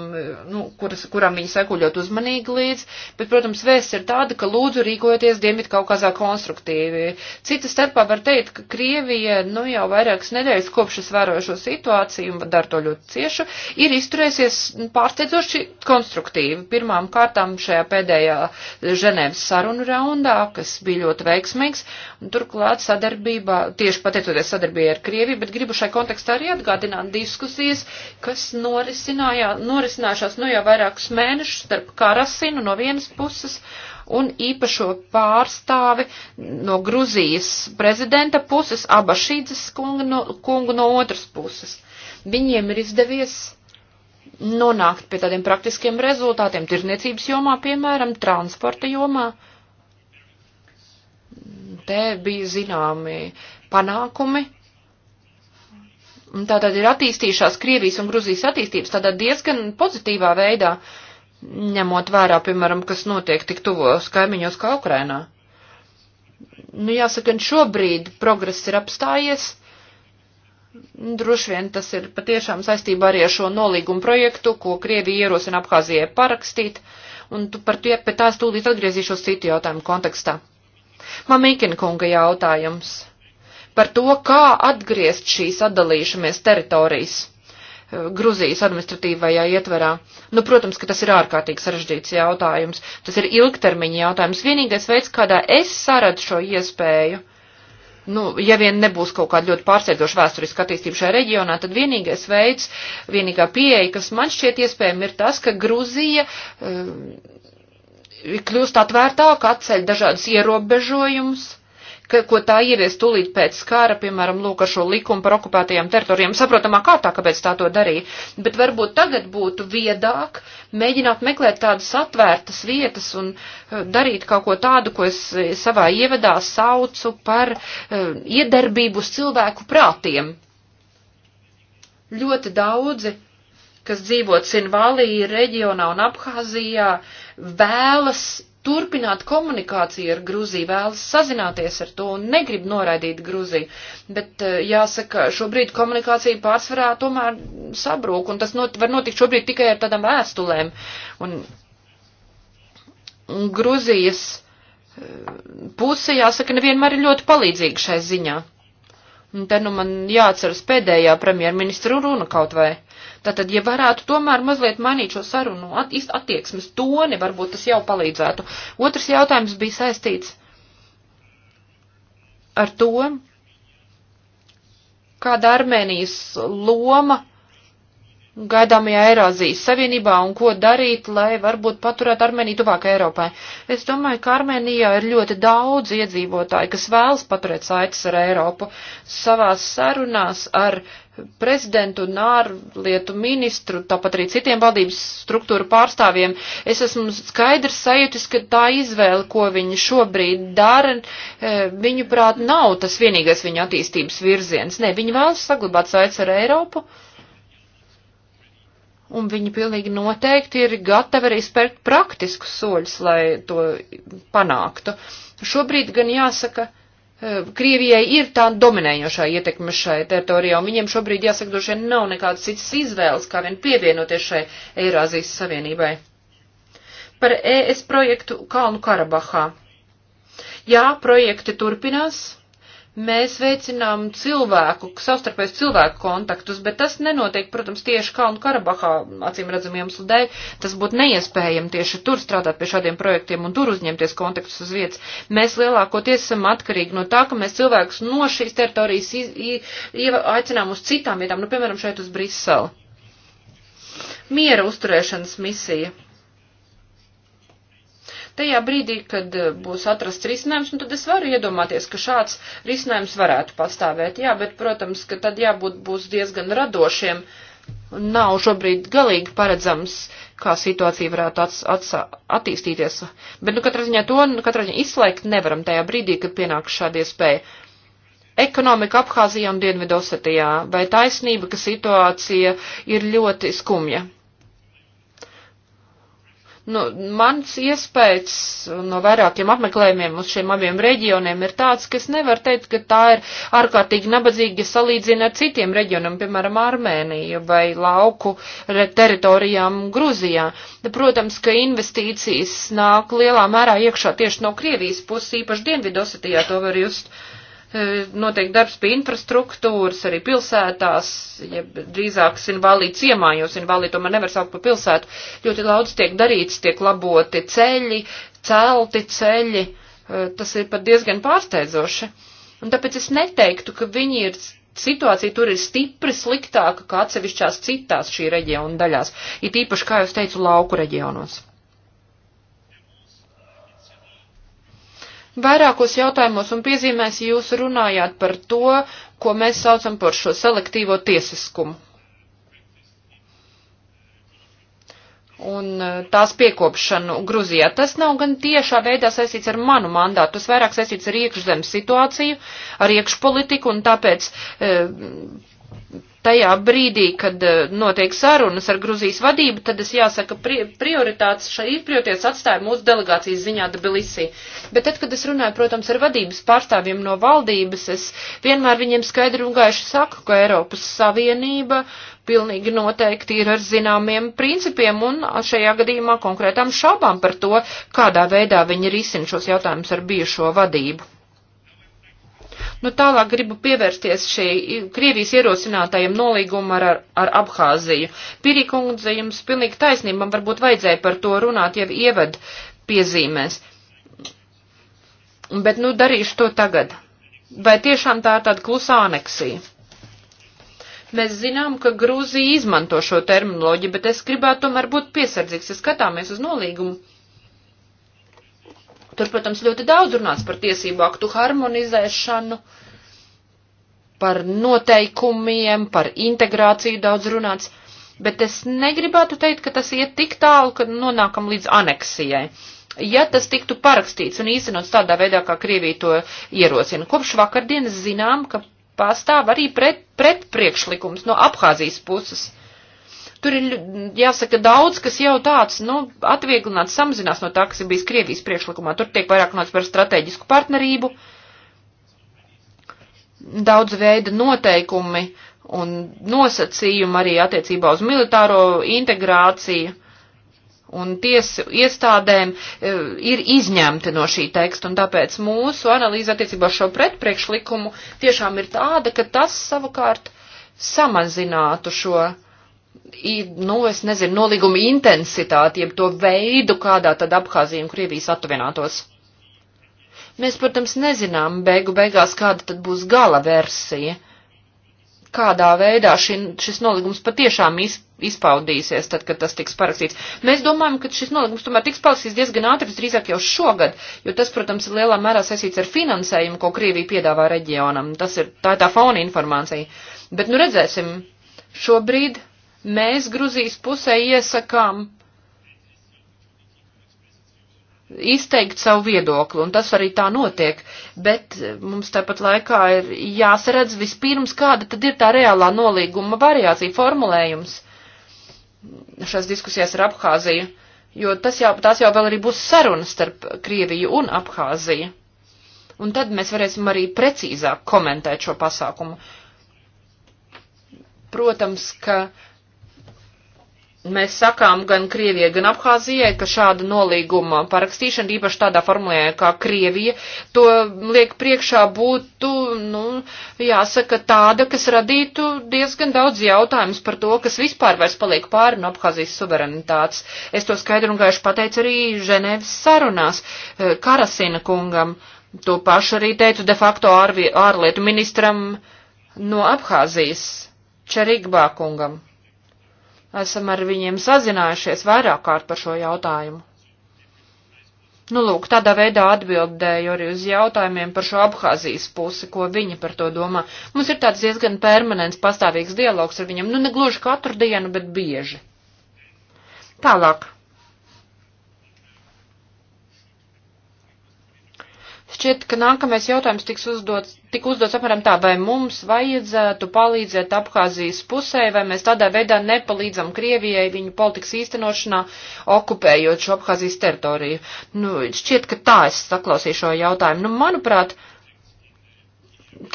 nu, kuras, kuram viņi seko ļoti uzmanīgi līdz, bet, protams, vēsts ir tāda, ka lūdzu rīkojoties Dienvidu Kaukazā konstruktīvi. Cita starpā var teikt, ka Krievija, nu, jau vairākas nedēļas kopš es vēroju šo situāciju, un dar to ļoti ciešu, ir izturēsies pārsteidzoši konstruktīvi. Pirmām kārtām šajā pēdējā Ženēvas sarunu raundā, kas bija ļoti veiksmīgs, un turklāt sadarbība, tieši pateicoties sadarbībai ar Krieviju, bet gribu šai kontekstā arī atgādināt diskusijas, kas kas norisinājušās nu jau vairākus mēnešus starp Karasinu no vienas puses un īpašo pārstāvi no Gruzijas prezidenta puses, Abašīdzes kungu no, kungu no otras puses. Viņiem ir izdevies nonākt pie tādiem praktiskiem rezultātiem tirniecības jomā, piemēram, transporta jomā. Te bija zināmi panākumi, tātad ir attīstījušās Krievijas un Gruzijas attīstības tādā diezgan pozitīvā veidā, ņemot vērā, piemēram, kas notiek tik tuvos kaimiņos kā Ukrainā. Nu, jāsaka, šobrīd progress ir apstājies. Droši vien tas ir patiešām saistībā arī ar šo nolīgumu projektu, ko Krievija ierosina Abhāzijai parakstīt, un tu par tie, pie tās tūlīt atgriezīšos citu jautājumu kontekstā. Mamīkina kunga jautājums par to, kā atgriezt šīs atdalīšamies teritorijas. Eh, Gruzijas administratīvajā ietverā. Nu, protams, ka tas ir ārkārtīgi sarežģīts jautājums. Tas ir ilgtermiņa jautājums. Vienīgais veids, kādā es saradu šo iespēju, nu, ja vien nebūs kaut kāda ļoti pārsteidzoša vēsturiska attīstība šajā reģionā, tad vienīgais veids, vienīgā pieeja, kas man šķiet iespējama, ir tas, ka Gruzija um, kļūst atvērtāk, atceļ dažādas ierobežojumus ka, ko tā ievies tūlīt pēc kara, piemēram, lūk ar šo likumu par okupētajām teritorijām, saprotamā kārtā, kāpēc tā to darīja. Bet varbūt tagad būtu viedāk mēģināt meklēt tādas atvērtas vietas un eh, darīt kaut ko tādu, ko es eh, savā ievadā saucu par uh, iedarbību uz cilvēku prātiem. Ļoti daudzi kas dzīvo Cinvalī reģionā un Abhāzijā, vēlas turpināt komunikāciju ar Gruziju, vēlas sazināties ar to un negrib noraidīt Gruziju. Bet eh, jāsaka, šobrīd komunikācija pārsvarā tomēr sabrūk, un tas not, var notikt šobrīd tikai ar tādām vēstulēm. Un, un Gruzijas eh, puse, jāsaka, nevienmēr ir ļoti palīdzīga šai ziņā. Un te nu man jāatceras pēdējā premjerministra runa kaut vai. Tātad, ja varētu tomēr mazliet mainīt šo sarunu at, attieksmes toni, varbūt tas jau palīdzētu. Otrs jautājums bija saistīts ar to, kāda Armēnijas loma gaidāmajā Eirāzijas Savienībā un ko darīt, lai varbūt paturētu Armēniju tuvāk Eiropai. Es domāju, ka Armēnijā ir ļoti daudz iedzīvotāji, kas vēlas paturēt saites ar Eiropu. Savās sarunās ar prezidentu un ārlietu ministru, tāpat arī citiem valdības struktūru pārstāvjiem, es esmu skaidrs sajūtis, ka tā izvēle, ko viņi šobrīd dara, eh, viņuprāt, nav tas vienīgais viņa attīstības virziens. Nē, viņi vēlas saglabāt saites ar Eiropu. Uh, un viņi pilnīgi noteikti ir gatavi arī spērt praktiskus soļus, lai to panāktu. Šobrīd gan jāsaka, e, Krievijai ir tā dominējošā ietekme šai teritorijā, un viņiem šobrīd jāsaka, droši vien nav nekādas citas izvēles, kā vien pievienoties šai Eirāzijas Savienībai. Par ES projektu Kalnu Karabahā. Jā, projekti turpinās mēs veicinām cilvēku, savstarpējas cilvēku kontaktus, bet tas nenotiek, protams, tieši Kalnu Karabahā, acīm redzam iemeslu dēļ, tas būtu neiespējami tieši tur strādāt pie šādiem projektiem un tur uzņemties kontaktus uz vietas. Mēs lielākoties esam atkarīgi no tā, ka mēs cilvēkus no šīs teritorijas iz, i, aicinām uz citām vietām, nu, piemēram, šeit uz Briselu. Miera uzturēšanas misija Tajā brīdī, kad eh, būs atrasts risinājums, nu tad es varu iedomāties, ka šāds risinājums varētu pastāvēt. Jā, bet, protams, ka tad jābūt būs diezgan radošiem. Nav šobrīd galīgi paredzams, kā situācija varētu ats, ats, attīstīties. Bet, nu, katrā ziņā to, nu, katrā ziņā izslēgt nevaram tajā brīdī, kad pienāk šāda iespēja ekonomika Abhāzijā un Dienvidosetijā, vai taisnība, ka situācija ir ļoti skumja? Nu, mans iespējas no vairākiem apmeklējumiem uz šiem abiem reģioniem ir tāds, ka es nevaru teikt, ka tā ir ārkārtīgi nabadzīga salīdzina ar citiem reģionam, piemēram, Armēniju vai lauku teritorijām Gruzijā. Protams, ka investīcijas nāk lielā mērā iekšā tieši no Krievijas puses, īpaši Dienvidosetijā to var just. Uh, E, notiek darbs pie infrastruktūras, arī pilsētās, ja drīzāk Sinvalī ciemā, jo Sinvalī tomēr nevar saukt par pilsētu, ļoti daudz tiek darīts, tiek laboti ceļi, celti ceļi, e, tas ir pat diezgan pārsteidzoši. Un tāpēc es neteiktu, ka viņi ir situācija tur ir stipri sliktāka kā atsevišķās citās šī reģiona daļās, it īpaši, kā jau es teicu, lauku reģionos. Vairākos jautājumos un piezīmēs jūs runājāt par to, ko mēs saucam par šo selektīvo tiesiskumu. Un eh, tās piekopšanu Gruzijā. Tas nav gan tiešā veidā saistīts ar manu mandātu, tas vairāk saistīts ar iekšzemes situāciju, ar iekšpolitiku, un tāpēc e, tajā brīdī, kad eh, notiek sarunas ar Gruzijas vadību, tad es jāsaka, pri prioritātes šai prioritātes atstāja mūsu delegācijas ziņā Tbilisī. Bet tad, kad es runāju, protams, ar vadības pārstāvjiem no valdības, es vienmēr viņiem skaidri un gaiši saku, ka Eiropas Savienība pilnīgi noteikti ir ar zināmiem principiem un šajā gadījumā konkrētām šaubām par to, kādā veidā viņi risina šos jautājumus ar bijušo vadību. Nu, tālāk gribu pievērsties šī Krievijas ierosinātajiem nolīgumam ar, ar, ar Abhāziju. Pirīkundze, jums pilnīgi taisnība, man varbūt vajadzēja par to runāt jau ievad piezīmēs. Bet, nu, darīšu to tagad. Vai tiešām tā ir tāda klusā aneksija? Mēs zinām, ka Grūzija izmanto šo terminoloģiju, bet es gribētu tomēr būt piesardzīgs. Ja skatāmies uz nolīgumu, Tur, protams, ļoti daudz runāts par tiesību aktu harmonizēšanu, par noteikumiem, par integrāciju daudz runāts, bet es negribētu teikt, ka tas iet tik tālu, ka nonākam līdz aneksijai ja tas tiktu parakstīts un īstenots tādā veidā, kā Krievija to ierosina. Kopš vakardienas zinām, ka pastāv arī pret, pret priekšlikums no Abhāzijas puses. Tur ir, jāsaka, daudz, kas jau tāds, nu, atvieglināts, samazinās no tā, kas ir bijis Krievijas priekšlikumā. Tur tiek vairāk runāts par strateģisku partnerību, daudz veida noteikumi un nosacījumi arī attiecībā uz militāro integrāciju un tiesu iestādēm e, ir izņemti no šī teksta, un tāpēc mūsu analīze attiecībā šo pretpriekšlikumu tiešām ir tāda, ka tas savukārt samazinātu šo nu, es nezinu, nolīguma intensitāti, jeb to veidu, kādā tad Abhāzija un Krievijas atvinātos. Mēs, protams, nezinām beigu beigās, kāda tad būs gala versija, kādā veidā šī, šis nolīgums patiešām iz, izpaudīsies, tad, kad tas tiks parakstīts. Mēs domājam, ka šis nolīgums tomēr tiks parakstīts diezgan ātri, drīzāk jau šogad, jo tas, protams, ir lielā mērā saistīts ar finansējumu, ko Krievija piedāvā reģionam. Tas ir tā, ir tā fauna informācija. Bet, nu, redzēsim, šobrīd Mēs Gruzijas pusē iesakām izteikt savu viedokli, un tas arī tā notiek, bet mums tāpat laikā ir jāsaredz vispirms, kāda tad ir tā reālā nolīguma variācija formulējums šās diskusijas ar Abhāziju, jo tas jau, tās jau vēl arī būs saruna starp Krieviju un Abhāziju. Un tad mēs varēsim arī precīzāk komentēt šo pasākumu. Protams, ka uh, Mēs sakām gan Krievijai, gan Abhāzijai, ka šāda nolīguma parakstīšana, īpaši tādā formulē kā Krievija, to liek priekšā būtu, nu, jāsaka, tāda, kas radītu diezgan daudz jautājumus par to, kas vispār vairs paliek pāri no Abhāzijas suverenitātes. Es to skaidru un gaišu pateicu arī Ženēvas sarunās eh, Karasina kungam. To pašu arī teicu de facto ārvi, ārlietu ministram no Abhāzijas Čerigbā kungam. Esam ar viņiem sazinājušies vairāk kārt par šo jautājumu. Nu, lūk, tādā veidā atbildēju arī uz jautājumiem par šo Abhāzijas pusi, ko viņi par to domā. Mums ir tāds diezgan permanents, pastāvīgs dialogs ar viņiem, nu, ne gluži katru dienu, bet bieži. Tālāk. Šķiet, ka nākamais jautājums tiks uzdots, tik uzdots apmēram tā, vai mums vajadzētu palīdzēt Abhāzijas pusē, vai mēs tādā veidā nepalīdzam Krievijai viņu politikas īstenošanā, okupējot šo Abhāzijas teritoriju. Nu, šķiet, ka tā es saklausīju šo jautājumu. Nu, manuprāt,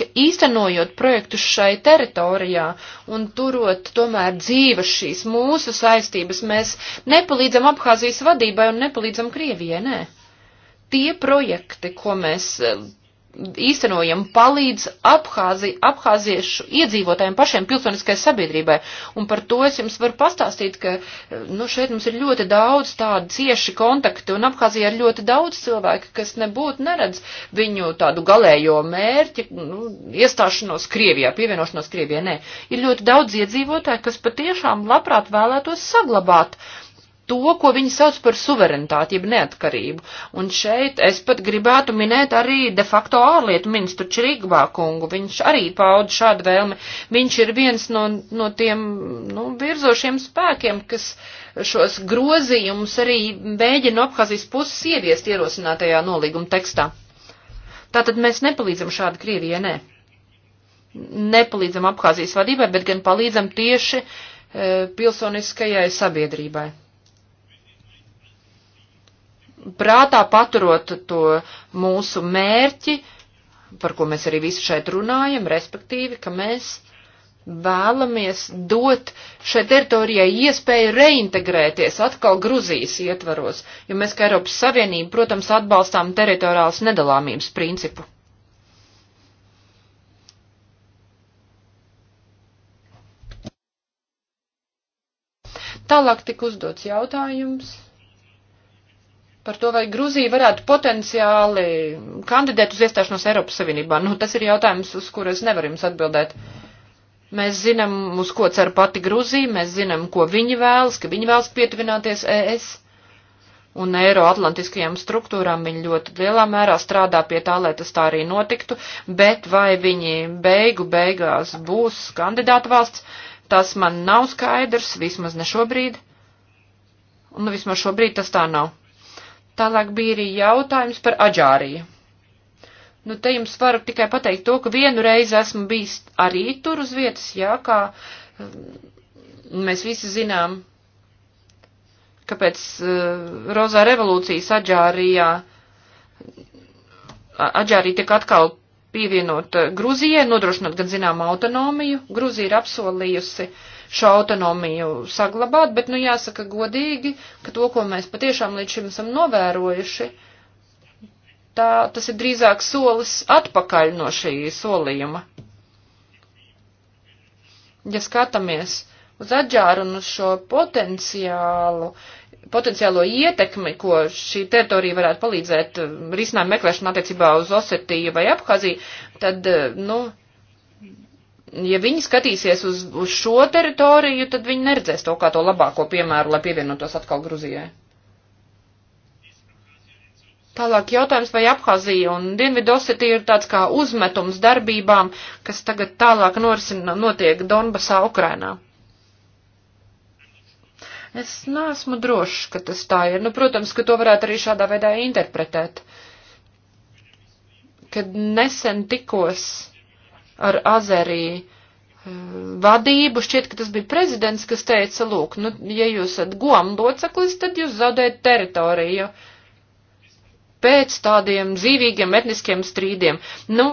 ka īstenojot projektus šai teritorijā un turot tomēr dzīves šīs mūsu saistības, mēs nepalīdzam Abhāzijas vadībai un nepalīdzam Krievijai, nē. Ne? tie projekti, ko mēs e, īstenojam, palīdz Abhāzi, abhāziešu iedzīvotājiem pašiem pilsoniskai sabiedrībai. Un par to es jums varu pastāstīt, ka e, nu, šeit mums ir ļoti daudz tādu cieši kontaktu, un Abhāzijā ir ļoti daudz cilvēku, kas nebūtu neredz viņu tādu galējo mērķi, nu, iestāšanos Krievijā, pievienošanos Krievijai. Nē, ir ļoti daudz iedzīvotāju, kas patiešām labprāt vēlētos saglabāt uh, to, ko viņi sauc par suverenitāti, jeb neatkarību. Un šeit es pat gribētu minēt arī de facto ārlietu ministru Čirīgbā kungu. Viņš arī pauda šādu vēlmi. Viņš ir viens no, no tiem nu, virzošiem spēkiem, kas šos grozījumus arī mēģina Abhazijas puses ieviest ierosinātajā nolīguma tekstā. Tātad mēs nepalīdzam šādu Krievijai, nē. Nepalīdzam Abhazijas vadībai, bet gan palīdzam tieši e, pilsoniskajai sabiedrībai prātā paturot to mūsu mērķi, par ko mēs arī visi šeit runājam, respektīvi, ka mēs vēlamies dot šai teritorijai iespēju reintegrēties atkal Gruzijas ietvaros, jo mēs kā Eiropas Savienība, protams, atbalstām teritoriālas nedalāmības principu. Tālāk tika uzdots jautājums par to, vai Gruzija varētu potenciāli kandidēt uz iestāšanos Eiropas Savienībā. Nu, tas ir jautājums, uz kuru es nevaru jums atbildēt. Mēs zinām, uz ko cer pati Gruzija, mēs zinām, ko viņi vēlas, ka viņi vēlas pietuvināties ES un eiroatlantiskajām struktūrām viņi ļoti lielā mērā strādā pie tā, lai tas tā arī notiktu, bet vai viņi beigu beigās būs kandidāta valsts, tas man nav skaidrs, vismaz ne šobrīd. Un nu, vismaz šobrīd tas tā nav. Tālāk bija arī jautājums par Aģāriju. Nu, te jums varu tikai pateikt to, ka vienu reizi esmu bijis arī tur uz vietas, jā, kā um, mēs visi zinām, ka pēc uh, Rozā revolūcijas Aģārijā, Aģārija tika atkal pievienot Gruzijai, nodrošinot gan zinām autonomiju. Gruzija ir apsolījusi uh, šo autonomiju saglabāt, bet, nu, jāsaka godīgi, ka to, ko mēs patiešām līdz šim esam novērojuši, tā, tas ir drīzāk solis atpakaļ no šī solījuma. Ja skatāmies uz atģāru un uz šo potenciālu, potenciālo ietekmi, ko šī teritorija varētu palīdzēt um, risinājumu meklēšanā attiecībā uz Osetiju vai Abhaziju, tad, uh, nu, ja viņi skatīsies uz, uz šo teritoriju, tad viņi neredzēs to kā to labāko piemēru, lai pievienotos atkal Gruzijai. Tālāk jautājums, vai Abhazija un Dienvidosetija ir tāds kā uzmetums darbībām, kas tagad tālāk norisina, notiek Donbasā, Ukrainā. Es neesmu drošs, ka tas tā ir. Nu, protams, ka to varētu arī šādā veidā interpretēt. Kad nesen tikos ar Azerī eh, vadību. Šķiet, ka tas bija prezidents, kas teica, lūk, nu, ja jūs esat gom loceklis, tad jūs zaudējat teritoriju pēc tādiem dzīvīgiem etniskiem strīdiem. Nu,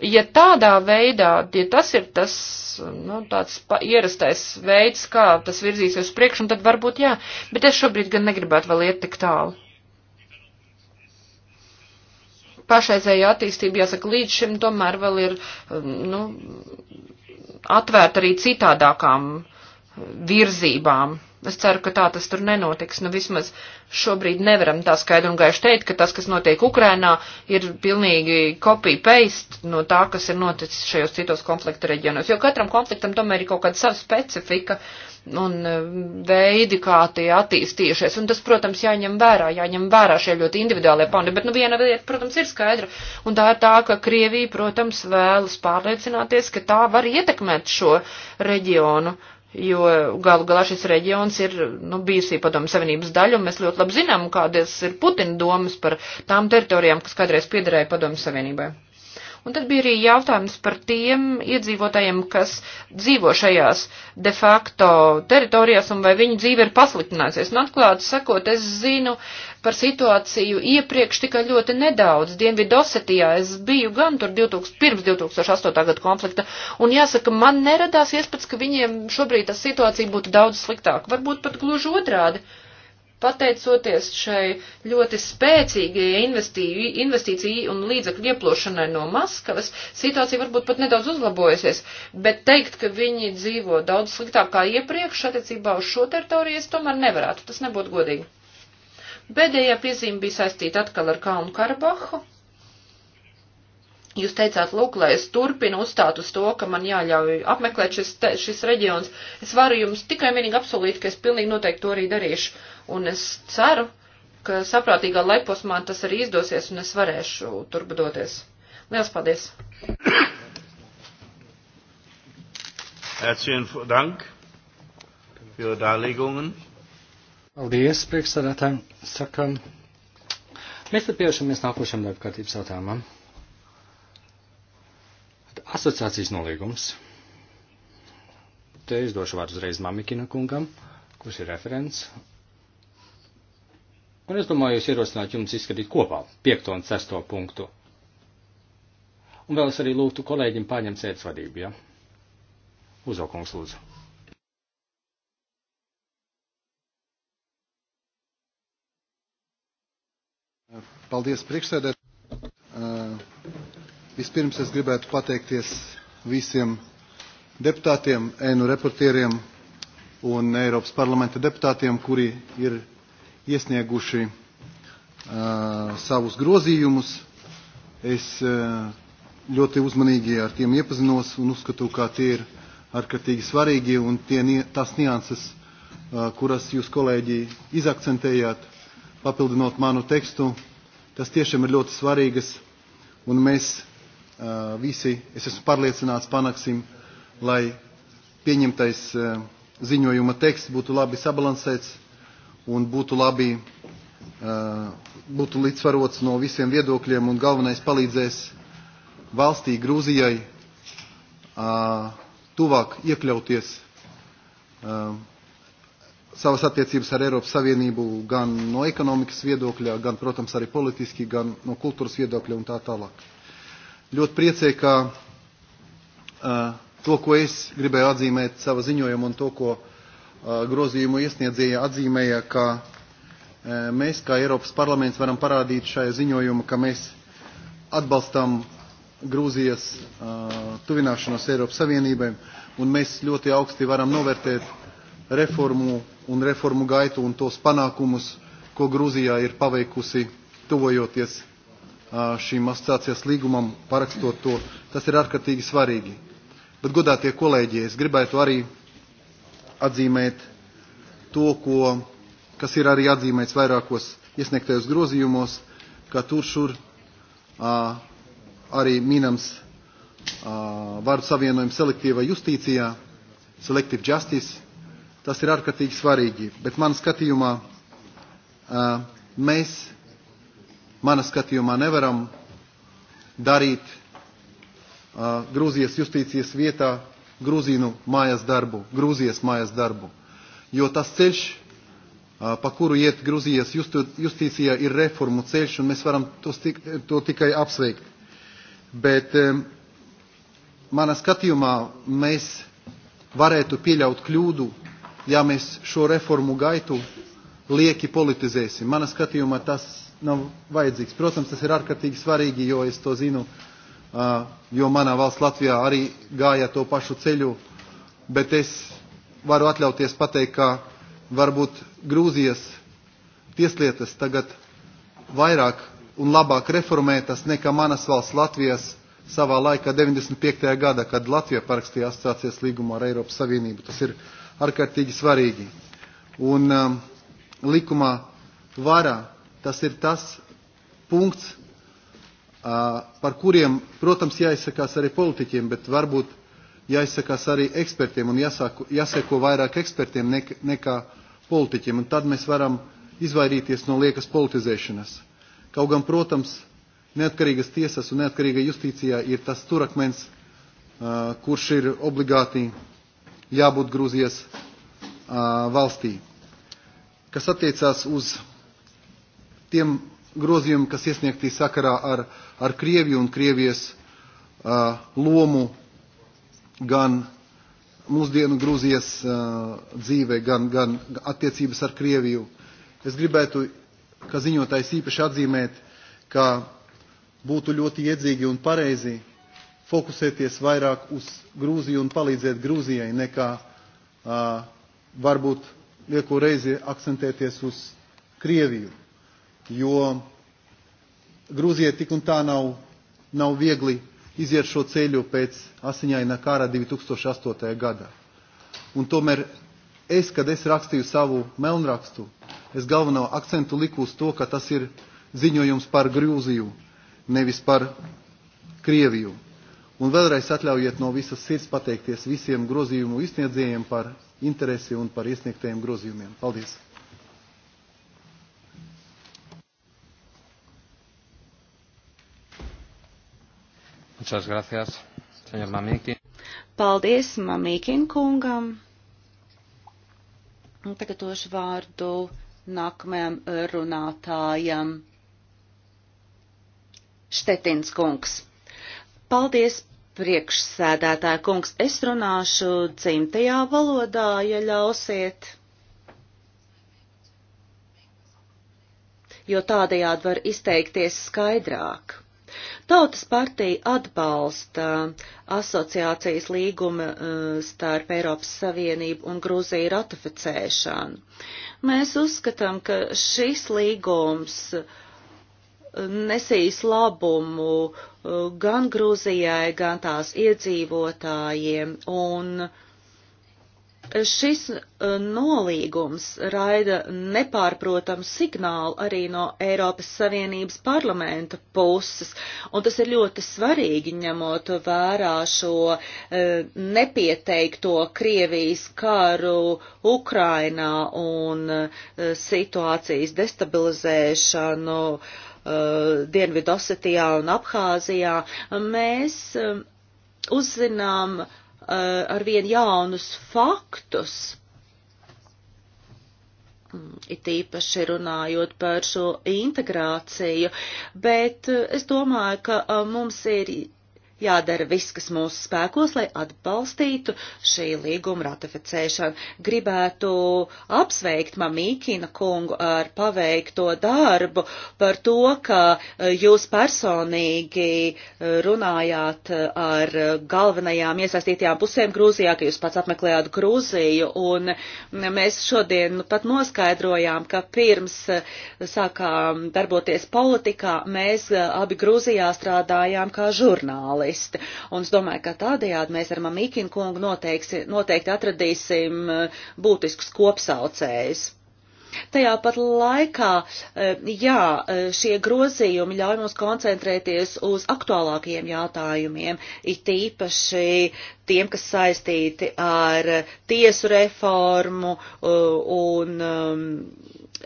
ja tādā veidā, ja tas ir tas, nu, tāds ierastais veids, kā tas virzīsies uz priekšu, tad varbūt jā, bet es šobrīd gan negribētu vēl iet tik tālu pašreizējo attīstību, jāsaka, līdz šim tomēr vēl ir, um, nu, atvērta arī citādākām virzībām. Es ceru, ka tā tas tur nenotiks. Nu, vismaz šobrīd nevaram tā skaidri un gaiši teikt, ka tas, kas notiek Ukrainā, ir pilnīgi copy-paste no tā, kas ir noticis šajos citos konflikta reģionos. Jo katram konfliktam tomēr ir kaut kāda sava specifika un e, veidi, kā tie attīstījušies. Un tas, protams, jāņem vērā, jāņem vērā šie ļoti individuālie pauni. Bet, nu, viena lieta, protams, ir skaidra. Un tā ir tā, ka Krievija, protams, vēlas pārliecināties, ka tā var ietekmēt šo reģionu. Uh, jo galu galā šis reģions ir nu, bijusī padomu savienības daļa, un mēs ļoti labi zinām, kādas ir Putina domas par tām teritorijām, kas kādreiz piederēja padomu savienībai. Un tad bija arī jautājums par tiem iedzīvotājiem, kas dzīvo šajās de facto teritorijās un vai viņu dzīve ir pasliktinājusies. Un nu, atklāti sakot, es zinu par situāciju iepriekš tikai ļoti nedaudz. Dienvidosetijā es biju gan tur 2000, pirms 2008. gada konflikta, un jāsaka, man neradās iespējas, ka viņiem šobrīd tā situācija būtu daudz sliktāka. Varbūt pat gluži otrādi. Uh, pateicoties šai ļoti spēcīgajai investīciju un līdzekļu ieplošanai no Maskavas, situācija varbūt pat nedaudz uzlabojusies, bet teikt, ka viņi dzīvo daudz sliktāk kā iepriekš attiecībā uz šo teritoriju, es tomēr nevarētu, tas nebūtu godīgi. Pēdējā piezīme bija saistīta atkal ar Kalnu Karabahu. Jūs teicāt, lūk, lai es turpinu uzstāt uz to, ka man jāļauj apmeklēt šis, te, šis reģions. Es varu jums tikai vienīgi apsolīt, ka es pilnīgi noteikti to arī darīšu. Un es ceru, ka saprātīgā laikposmā tas arī izdosies un es varēšu turpdoties. Lielas paldies! Herzlichen Dank für Darlegungen. Paldies, priekšsādātājiem. Sakam, mēs tad pievēršamies nākošam darbkārtības jautājumam. Asociācijas noliegums. Te es došu vārdu uzreiz Mamikina kungam, kurš ir referents. Un es domāju, es ierosinātu jums izskatīt kopā 5 un 6 punktu. Un vēl es arī lūgtu kolēģim pārņemt sēdes vadību, ja? Uzaukungs lūdzu. Paldies, priekšsēdētāji. Vispirms es gribētu pateikties visiem deputātiem, ēnu reportieriem un Eiropas parlamenta deputātiem, kuri ir iesnieguši uh, savus grozījumus. Es uh, ļoti uzmanīgi ar tiem iepazinos un uzskatu, ka tie ir ārkārtīgi svarīgi un tie, tās nianses, uh, kuras jūs kolēģi izakcentējāt, papildinot manu tekstu, tas tiešām ir ļoti svarīgas un mēs visi, es esmu pārliecināts, panāksim, lai pieņemtais ziņojuma teksts būtu labi sabalansēts un būtu labi, būtu līdzsvarots no visiem viedokļiem un galvenais palīdzēs valstī Grūzijai tuvāk iekļauties savas attiecības ar Eiropas Savienību gan no ekonomikas viedokļa, gan, protams, arī politiski, gan no kultūras viedokļa un tā tālāk. Ļoti priecē, ka uh, to, ko es gribēju atzīmēt sava ziņojuma un to, ko uh, grozījumu iesniedzēja atzīmēja, ka uh, mēs kā Eiropas parlaments varam parādīt šajā ziņojumā, ka mēs atbalstam Grūzijas uh, tuvināšanos Eiropas Savienībai, un mēs ļoti augsti varam novērtēt reformu un reformu gaitu un tos panākumus, ko Grūzijā ir paveikusi tuvojoties šīm asociācijas līgumam parakstot to. Tas ir ārkārtīgi svarīgi. Bet, godātie kolēģi, es gribētu arī atzīmēt to, ko, kas ir arī atzīmēts vairākos iesniegtajos grozījumos, ka tur šur arī minams varu savienojums selektīvā justīcijā, selective justice. Tas ir ārkārtīgi svarīgi, bet man skatījumā mēs Mana skatījumā nevaram darīt uh, Grūzijas justīcijas vietā Grūzīnu mājas darbu, Grūzijas mājas darbu, jo tas ceļš, uh, pa kuru iet Grūzijas justu, justīcijā, ir reformu ceļš, un mēs varam to, stik, to tikai apsveikt. Bet um, manā skatījumā mēs varētu pieļaut kļūdu, ja mēs šo reformu gaitu lieki politizēsim. Manā skatījumā tas nav vajadzīgs. Protams, tas ir ārkārtīgi svarīgi, jo es to zinu, uh, jo manā valsts Latvijā arī gāja to pašu ceļu, bet es varu atļauties pateikt, ka varbūt Grūzijas tieslietas tagad vairāk un labāk reformētas nekā manas valsts Latvijas savā laikā 95. gada, kad Latvija parakstīja asociācijas līgumu ar Eiropas Savienību. Tas ir ārkārtīgi svarīgi. Un um, likumā vara tas ir tas punkts, par kuriem, protams, jāizsakās arī politiķiem, bet varbūt jāizsakās arī ekspertiem un jāsako, jāseko vairāk ekspertiem nekā, nekā politiķiem. Un tad mēs varam izvairīties no liekas politizēšanas. Kaut gan, protams, neatkarīgas tiesas un neatkarīga justīcijā ir tas turakmens, kurš ir obligāti jābūt Grūzijas valstī. Kas attiecās uz tiem grozījumiem, kas iesniegtī sakarā ar, ar Krieviju un Krievijas uh, lomu gan mūsdienu Grūzijas uh, dzīvē, gan, gan attiecības ar Krieviju. Es gribētu, kā ziņotājs īpaši atzīmēt, ka būtu ļoti iedzīgi un pareizi fokusēties vairāk uz Grūziju un palīdzēt Grūzijai, nekā uh, varbūt lieko reizi akcentēties uz Krieviju jo Grūzijai tik un tā nav, nav viegli iziet šo ceļu pēc asiņaina kara 2008. gadā. Un tomēr es, kad es rakstīju savu melnrakstu, es galveno akcentu liku uz to, ka tas ir ziņojums par Grūziju, nevis par Krieviju. Un vēlreiz atļaujiet no visas sirds pateikties visiem grozījumu izsniedzējiem par interesi un par iesniegtajiem grozījumiem. Paldies! Muchas gracias, señor Mamīkin. Paldies Mamīkin kungam. Un tagad došu vārdu nākamajam runātājam. Štetins kungs. Paldies, priekšsēdētāja kungs. Es runāšu dzimtajā valodā, ja ļausiet. Jo tādējādi var izteikties skaidrāk. Tautas partija atbalsta asociācijas līguma eh, starp Eiropas Savienību un Grūziju ratificēšanu. Mēs uzskatām, ka šis līgums eh, nesīs labumu eh, gan Grūzijai, gan tās iedzīvotājiem un uh, Šis e, nolīgums raida nepārprotams signālu arī no Eiropas Savienības parlamenta puses, un tas ir ļoti svarīgi ņemot vērā šo e, nepieteikto Krievijas karu Ukrainā un e, situācijas destabilizēšanu. Dienvidosetijā un Abhāzijā mēs uzzinām uh, Eh, ar vien jaunus faktus, mm, it īpaši runājot par šo integrāciju, bet eh, es domāju, ka eh, mums ir jādara viss, kas mūsu spēkos, lai atbalstītu šī līguma ratificēšanu. Gribētu apsveikt Mamīkina kungu ar paveikto darbu par to, ka e, jūs personīgi e, runājāt e, ar galvenajām iesaistītajām pusēm Grūzijā, ka jūs pats apmeklējāt Grūziju, un mēs šodien pat noskaidrojām, ka pirms sākām darboties politikā, mēs abi Grūzijā strādājām kā žurnāli iesaiste. Un es domāju, ka tādējādi mēs ar Mamīkinu kungu noteikti, noteikti atradīsim eh, būtiskus kopsaucējus. Tajā pat laikā, eh, jā, eh, šie grozījumi ļauj mums koncentrēties uz aktuālākajiem jautājumiem, it īpaši tiem, kas saistīti ar tiesu reformu un um,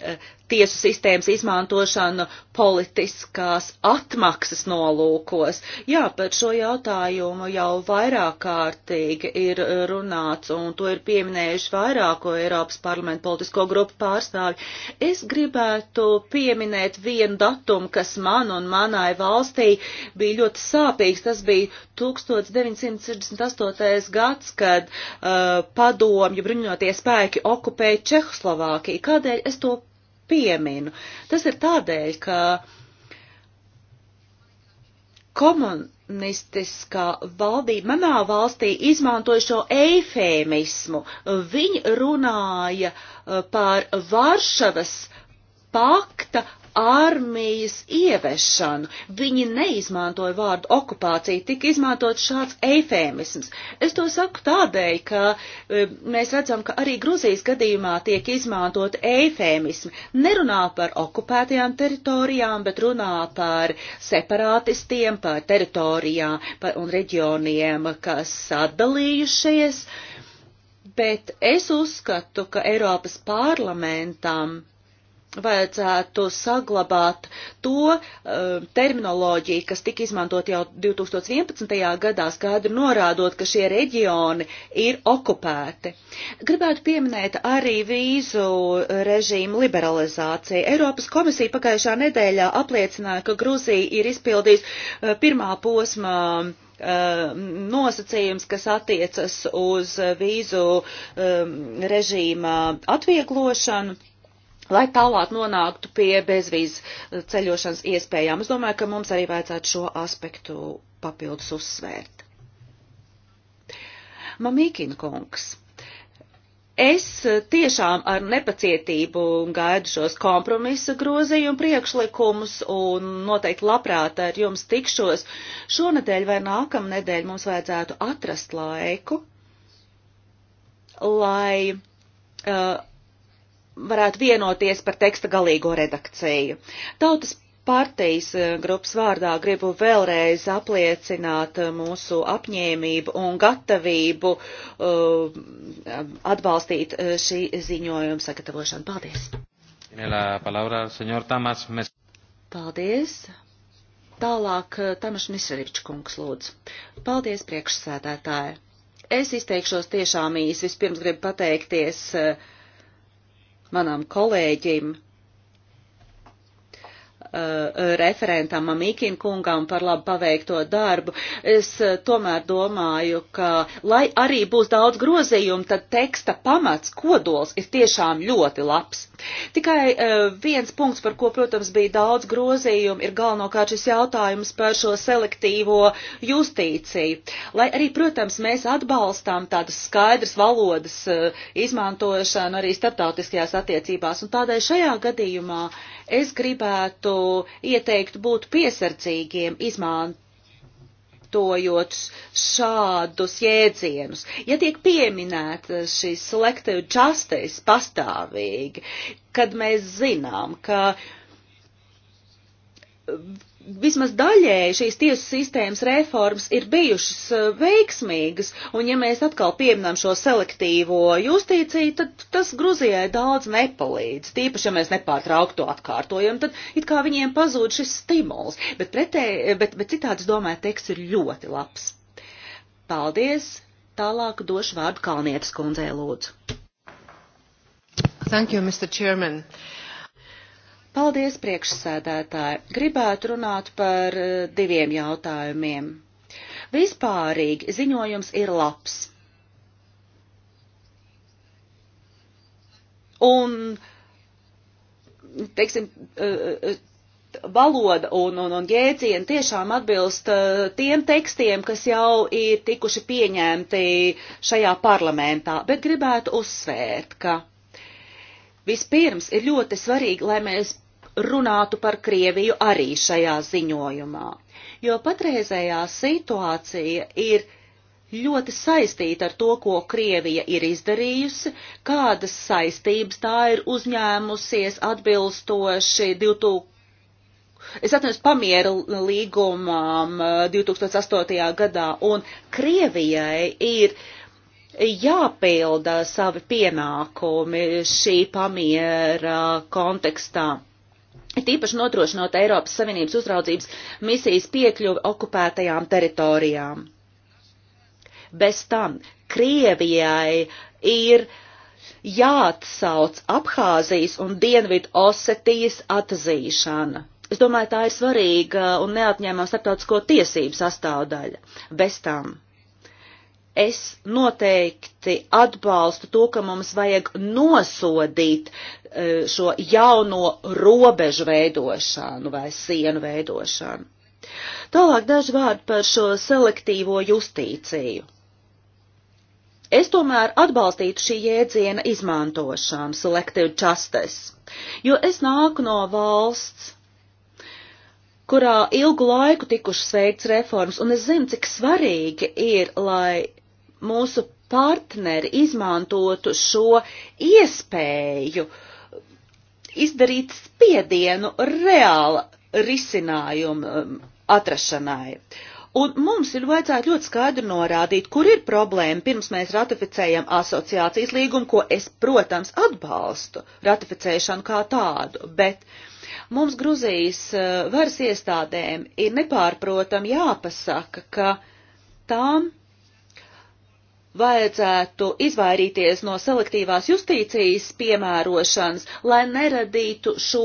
Eh, tiesu sistēmas izmantošanu politiskās atmaksas nolūkos. Jā, par šo jautājumu jau vairāk kārtīgi ir runāts, un to ir pieminējuši vairāko Eiropas parlamentu politisko grupu pārstāvi. Es gribētu pieminēt vienu datumu, kas man un manai valstī bija ļoti sāpīgs. Tas bija 1968. gads, kad uh, padomju bruņoties spēki okupēja Čehoslovākiju. Kādēļ es to pieminu. Tas ir tādēļ, ka komunistiskā valdība manā valstī izmantoja šo eifēmismu. Viņi runāja uh, par Varšavas pakta armijas ievešanu. Viņi neizmantoja vārdu okupācija, tika izmantot šāds eifēmisms. Es to saku tādēļ, ka e, mēs redzam, ka arī Gruzijas gadījumā tiek izmantot eifēmismi. Nerunā par okupētajām teritorijām, bet runā par separātistiem, par teritorijām par, un reģioniem, kas atdalījušies. Bet es uzskatu, ka Eiropas parlamentam vajadzētu saglabāt to uh, terminoloģiju, kas tika izmantot jau 2011. gadā, skaidri norādot, ka šie reģioni ir okupēti. Gribētu pieminēt arī vīzu režīmu liberalizāciju. Eiropas komisija pagājušā nedēļā apliecināja, ka Gruzija ir izpildījis uh, pirmā posma uh, nosacījums, kas attiecas uz vīzu um, režīma atvieglošanu lai tālāk nonāktu pie bezvīzu eh, ceļošanas iespējām. Es domāju, ka mums arī vajadzētu šo aspektu papildus uzsvērt. Mamīkina kungs. Es eh, tiešām ar nepacietību gaidu šos kompromisa grozījumu priekšlikumus un noteikti labprāt ar jums tikšos. Šonadēļ vai nākamnedēļ mums vajadzētu atrast laiku, lai uh, varētu vienoties par teksta galīgo redakciju. Tautas partijas eh, grupas vārdā gribu vēlreiz apliecināt eh, mūsu apņēmību un gatavību uh, atbalstīt šī ziņojuma sagatavošanu. Paldies! Paldies! Tālāk Tamaš Misevičs kungs lūdzu. Paldies priekšsēdētāji! Es izteikšos tiešām īsi. Vispirms gribu pateikties uh, manam kolēģim Eh, referentam Amikin kungam par labu paveikto darbu. Es eh, tomēr domāju, ka, lai arī būs daudz grozījumu, tad teksta pamats kodols ir tiešām ļoti labs. Tikai eh, viens punkts, par ko, protams, bija daudz grozījumu, ir galvenokārt šis jautājums par šo selektīvo justīciju. Lai arī, protams, mēs atbalstām tādas skaidras valodas izmantošanu arī starptautiskajās attiecībās, un tādēļ šajā gadījumā uh, Es gribētu ieteikt būt piesardzīgiem, izmantojot šādus jēdzienus. Ja tiek pieminēta šī selective justice pastāvīgi, kad mēs zinām, ka vismaz daļēji šīs tiesu sistēmas reformas ir bijušas eh, veiksmīgas, un ja mēs atkal pieminam šo selektīvo justīciju, tad tas Gruzijai daudz nepalīdz. Tīpaši, ja mēs nepārtraukti to atkārtojam, tad it kā viņiem pazūd šis stimuls, bet, pretē, bet, bet citādi, es domāju, teksts ir ļoti labs. Paldies! Tālāk došu vārdu Kalnietes kundzei lūdzu. Thank you, Mr. Chairman. Uh, Paldies, priekšsēdētāji. Gribētu runāt par eh, diviem jautājumiem. Vispārīgi ziņojums ir labs. Un, teiksim, eh, eh, valoda un, un, un jēdzieni tiešām atbilst tiem tekstiem, kas jau ir tikuši pieņemti šajā parlamentā, bet gribētu uzsvērt, ka vispirms ir ļoti svarīgi, lai mēs runātu par Krieviju arī šajā ziņojumā, jo patreizējā situācija ir ļoti saistīta ar to, ko Krievija ir izdarījusi, kādas saistības tā ir uzņēmusies atbilstoši 2000. Es atceros pamiera līgumām 2008. gadā, un Krievijai ir jāpilda savi pienākumi šī pamiera kontekstā tīpaši nodrošinot Eiropas Savienības uzraudzības misijas piekļuvi okupētajām teritorijām. Bez tam Krievijai ir jāatsauc Abhāzijas un Dienvidu Osetijas atzīšana. Es domāju, tā ir svarīga un neatņēmama starptautisko tiesību sastāvdaļa. Bez tam es noteikti atbalstu to, ka mums vajag nosodīt e, šo jauno robežu veidošanu vai sienu veidošanu. Tālāk daži vārdi par šo selektīvo justīciju. Es tomēr atbalstītu šī jēdziena izmantošanu, selective justice, jo es nāku no valsts, kurā ilgu laiku tikušas veikts reformas, un es zinu, cik svarīgi ir, lai mūsu partneri izmantotu šo iespēju izdarīt spiedienu reāla risinājuma um, atrašanai. Un mums ir vajadzētu ļoti skaidri norādīt, kur ir problēma, pirms mēs ratificējam asociācijas līgumu, ko es, protams, atbalstu ratificēšanu kā tādu, bet mums Gruzijas uh, varas iestādēm ir nepārprotam jāpasaka, ka tām vajadzētu izvairīties no selektīvās justīcijas piemērošanas, lai neradītu šo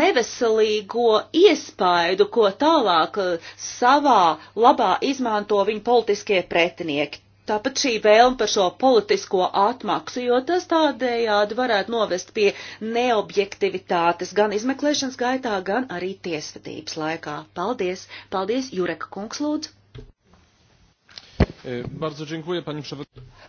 neveselīgo iespaidu, ko tālāk eh, savā labā izmanto viņa politiskie pretinieki. Tāpat šī vēlme par šo politisko atmaksu, jo tas tādējādi varētu novest pie neobjektivitātes gan izmeklēšanas gaitā, gan arī tiesvedības laikā. Paldies! Paldies, Jureka kungs lūdzu! E,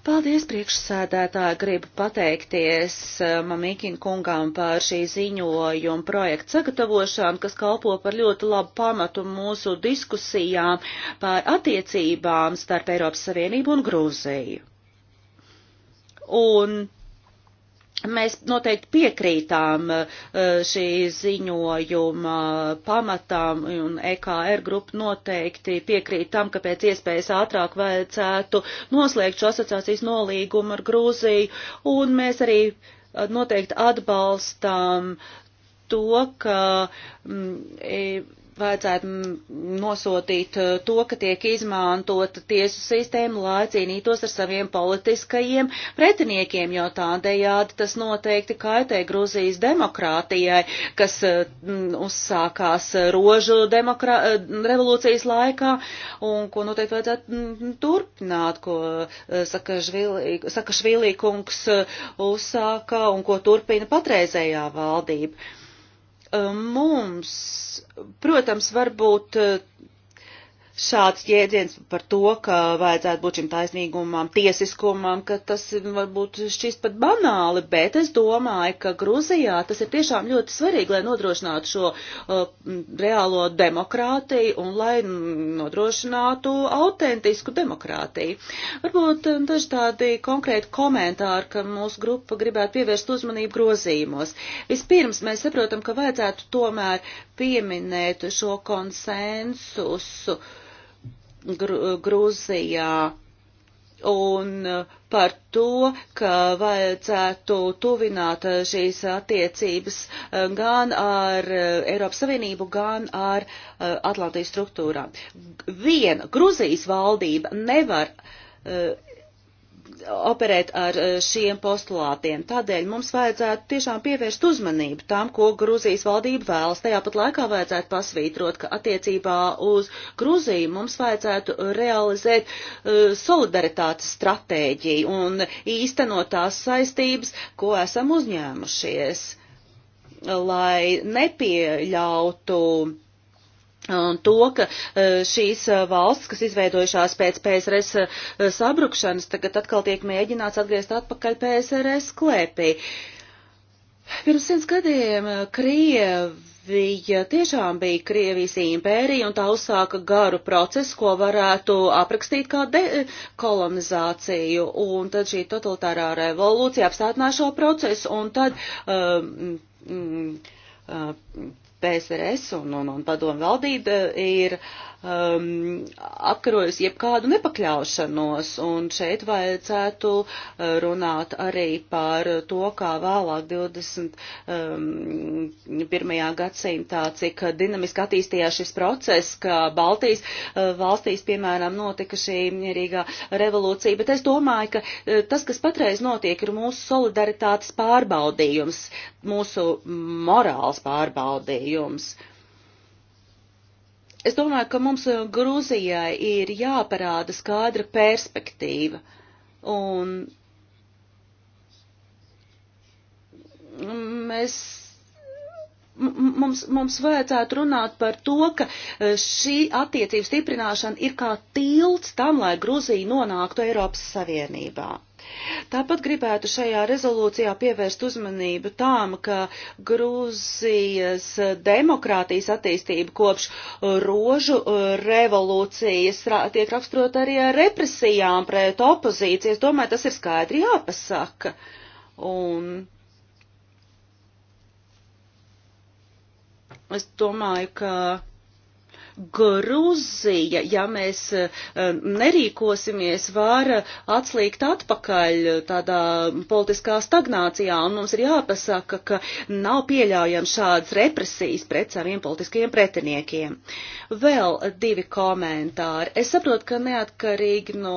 Paldies, priekšsēdētāji. Gribu pateikties e, Mamīkina kungām par šī ziņojuma projekta sagatavošanu, kas kalpo par ļoti labu pamatu mūsu diskusijām par attiecībām starp Eiropas Savienību un Grūziju. Un Mēs noteikti piekrītām eh, šī ziņojuma pamatām un EKR grupa noteikti piekrītām, ka pēc iespējas ātrāk vajadzētu noslēgt šo asociācijas nolīgumu ar Grūziju. Un mēs arī eh, noteikti atbalstām to, ka. Mm, e, vajadzētu nosodīt eh, to, ka tiek izmantota tiesu sistēma, lai cīnītos ar saviem politiskajiem pretiniekiem, jo tādējādi tas noteikti kaitē Gruzijas demokrātijai, kas eh, uzsākās rožu eh, revolūcijas laikā un ko noteikti vajadzētu turpināt, ko Sakašvili, Sakašvili kungs uzsāka un ko turpina patreizējā valdība mums, protams, varbūt šāds jēdziens par to, ka vajadzētu būt šim taisnīgumam, tiesiskumam, ka tas varbūt šķist pat banāli, bet es domāju, ka Gruzijā tas ir tiešām ļoti svarīgi, lai nodrošinātu šo uh, reālo demokrātiju un lai nodrošinātu autentisku demokrātiju. Varbūt um, daži tādi konkrēti komentāri, ka mūsu grupa gribētu pievērst uzmanību grozījumos. Vispirms mēs saprotam, ka vajadzētu tomēr pieminēt šo konsensusu, uh, Gr Grūzijā un uh, par to, ka vajadzētu tuvināt uh, šīs attiecības uh, gan ar Eiropas Savienību, gan ar Atlantijas struktūrām. Viena Gruzijas valdība nevar operēt ar eh, šiem postulātiem. Tādēļ mums vajadzētu tiešām pievērst uzmanību tam, ko Grūzijas valdība vēlas. Tajā pat laikā vajadzētu pasvītrot, ka attiecībā uz Grūziju mums vajadzētu realizēt uh, solidaritātes stratēģiju un īstenot tās saistības, ko esam uzņēmušies, lai nepieļautu Un to, ka e, šīs e, valsts, kas izveidojušās pēc PSRS e, sabrukšanas, tagad atkal tiek mēģināts atgriezt atpakaļ PSRS klēpī. Pirms simts gadiem Krievija tiešām bija Krievijas impērija un tā uzsāka garu procesu, ko varētu aprakstīt kā dekolonizāciju. Un tad šī totalitārā revolūcija apstādināja šo procesu un tad. Um, um, um PSRS un, un, un padomu valdība eh, ir uh, um, apkarojas jebkādu nepakļaušanos, un šeit vajadzētu uh, runāt arī par to, kā vēlāk 21. Um, gadsimtā, cik dinamiski attīstījās šis process, ka Baltijas uh, valstīs, piemēram, notika šī mierīgā revolūcija, bet es domāju, ka uh, tas, kas patreiz notiek, ir mūsu solidaritātes pārbaudījums, mūsu morāls pārbaudījums. Es domāju, ka mums uh, Grūzijai ir jāparāda skaidra perspektīva. Un mēs mums, mums vajadzētu runāt par to, ka uh, šī attiecību stiprināšana ir kā tilts tam, lai Gruzija nonāktu Eiropas Savienībā. Tāpat gribētu šajā rezolūcijā pievērst uzmanību tām, ka Grūzijas demokrātijas attīstība kopš rožu revolūcijas tiek raksturot arī ar represijām pret opozīcijas. Domāju, tas ir skaidri jāpasaka. Un es domāju, ka Gruzija, ja mēs eh, nerīkosimies, var atslīgt atpakaļ tādā politiskā stagnācijā, un mums ir jāpasaka, ka nav pieļaujams šādas represijas pret saviem politiskajiem pretiniekiem. Vēl divi komentāri. Es saprotu, ka neatkarīgi no,